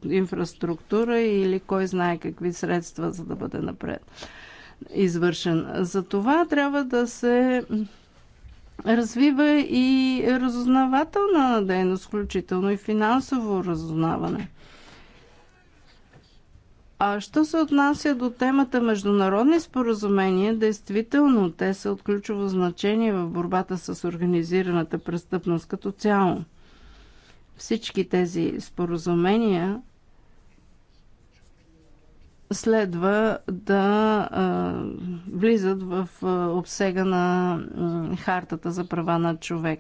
инфраструктура или кой знае какви средства, за да бъде напред извършен. За това трябва да се развива и разузнавателна дейност, включително и финансово разузнаване. А що се отнася до темата международни споразумения, действително те са от ключово значение в борбата с организираната престъпност като цяло. Всички тези споразумения следва да а, влизат в а, обсега на а, хартата за права на човек.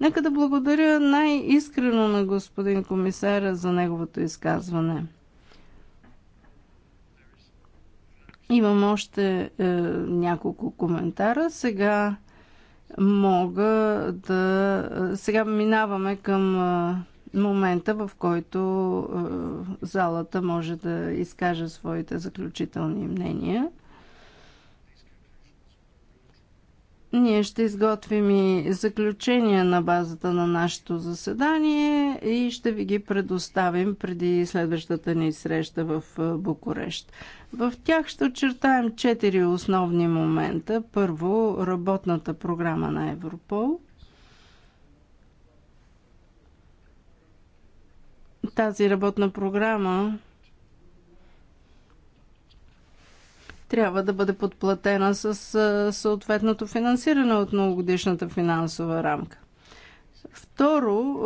Нека да благодаря най-искрено на господин комисара за неговото изказване. Имам още е, няколко коментара. Сега мога да. Е, сега минаваме към е, момента, в който е, залата може да изкаже своите заключителни мнения. Ние ще изготвим и заключения на базата на нашето заседание и ще ви ги предоставим преди следващата ни среща в Букурещ. В тях ще очертаем четири основни момента. Първо, работната програма на Европол. Тази работна програма трябва да бъде подплатена с съответното финансиране от многогодишната финансова рамка. Второ,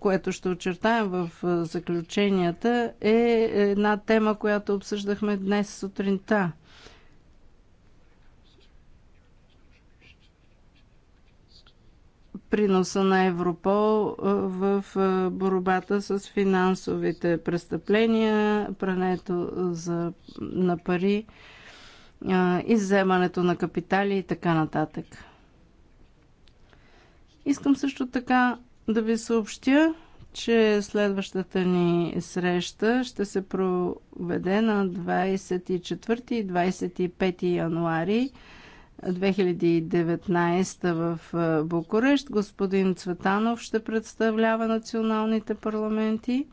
което ще очертаем в заключенията, е една тема, която обсъждахме днес сутринта. Приноса на Европол в борбата с финансовите престъпления, прането за, на пари изземането на капитали и така нататък. Искам също така да ви съобщя, че следващата ни среща ще се проведе на 24 и 25 януари 2019 в Букурещ. Господин Цветанов ще представлява националните парламенти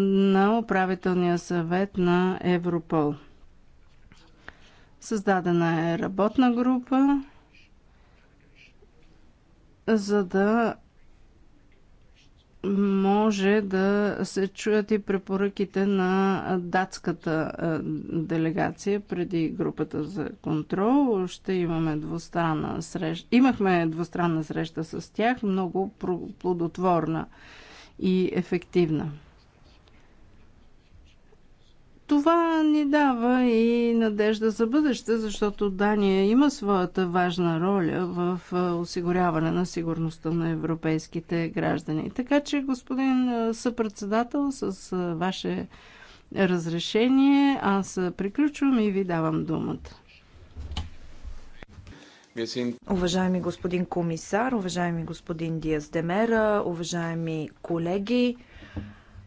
на управителния съвет на Европол. Създадена е работна група, за да може да се чуят и препоръките на датската делегация преди групата за контрол. Ще имаме двустранна среща. Имахме двустранна среща с тях, много плодотворна и ефективна. Това ни дава и надежда за бъдеще, защото Дания има своята важна роля в осигуряване на сигурността на европейските граждани. Така че, господин съпредседател, с ваше разрешение, аз приключвам и ви давам думата. Уважаеми господин комисар, уважаеми господин Диас Демера, уважаеми колеги,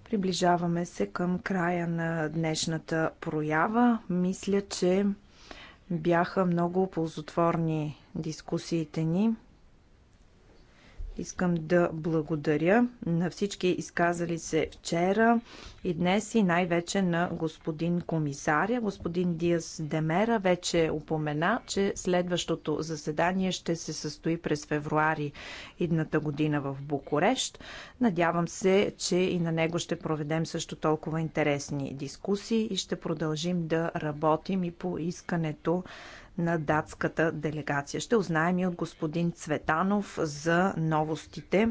Приближаваме се към края на днешната проява. Мисля, че бяха много ползотворни дискусиите ни. Искам да благодаря на всички изказали се вчера и днес и най-вече на господин комисаря. Господин Диас Демера вече упомена, че следващото заседание ще се състои през февруари идната година в Букурещ. Надявам се, че и на него ще проведем също толкова интересни дискусии и ще продължим да работим и по искането на датската делегация. Ще узнаем и от господин Цветанов за новостите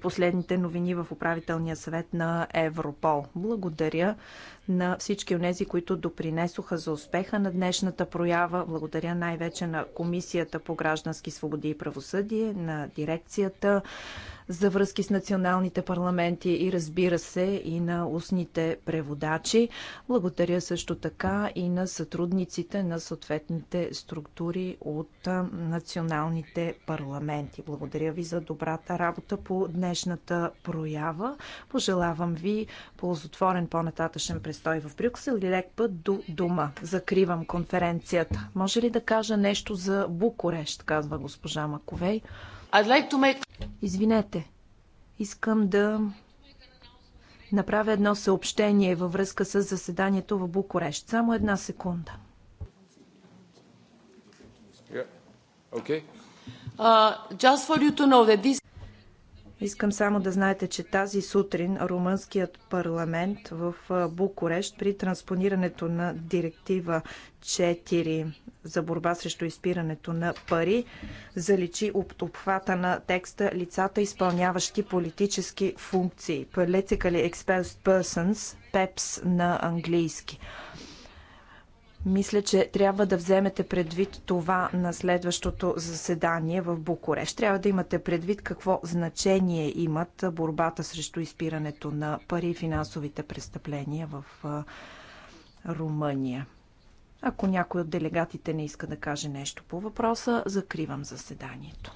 последните новини в управителния съвет на Европол. Благодаря на всички от тези, които допринесоха за успеха на днешната проява. Благодаря най-вече на Комисията по граждански свободи и правосъдие, на дирекцията за връзки с националните парламенти и разбира се и на устните преводачи. Благодаря също така и на сътрудниците на съответните структури от националните парламенти. Благодаря ви за добрата работа по днешната проява. Пожелавам ви ползотворен по-нататъчен през престой в Брюксел или лек път до дома. Закривам конференцията. Може ли да кажа нещо за Букурещ, казва госпожа Маковей. Like make... Извинете, искам да направя едно съобщение във връзка с заседанието в Букурещ. Само една секунда. Yeah. Okay. Uh, this... Искам само да знаете, че тази сутрин румънският парламент в Букурещ при транспонирането на директива 4 за борба срещу изпирането на пари заличи от обхвата на текста лицата, изпълняващи политически функции. Political exposed persons, PEPS на английски. Мисля, че трябва да вземете предвид това на следващото заседание в Букурещ. Трябва да имате предвид какво значение имат борбата срещу изпирането на пари и финансовите престъпления в Румъния. Ако някой от делегатите не иска да каже нещо по въпроса, закривам заседанието.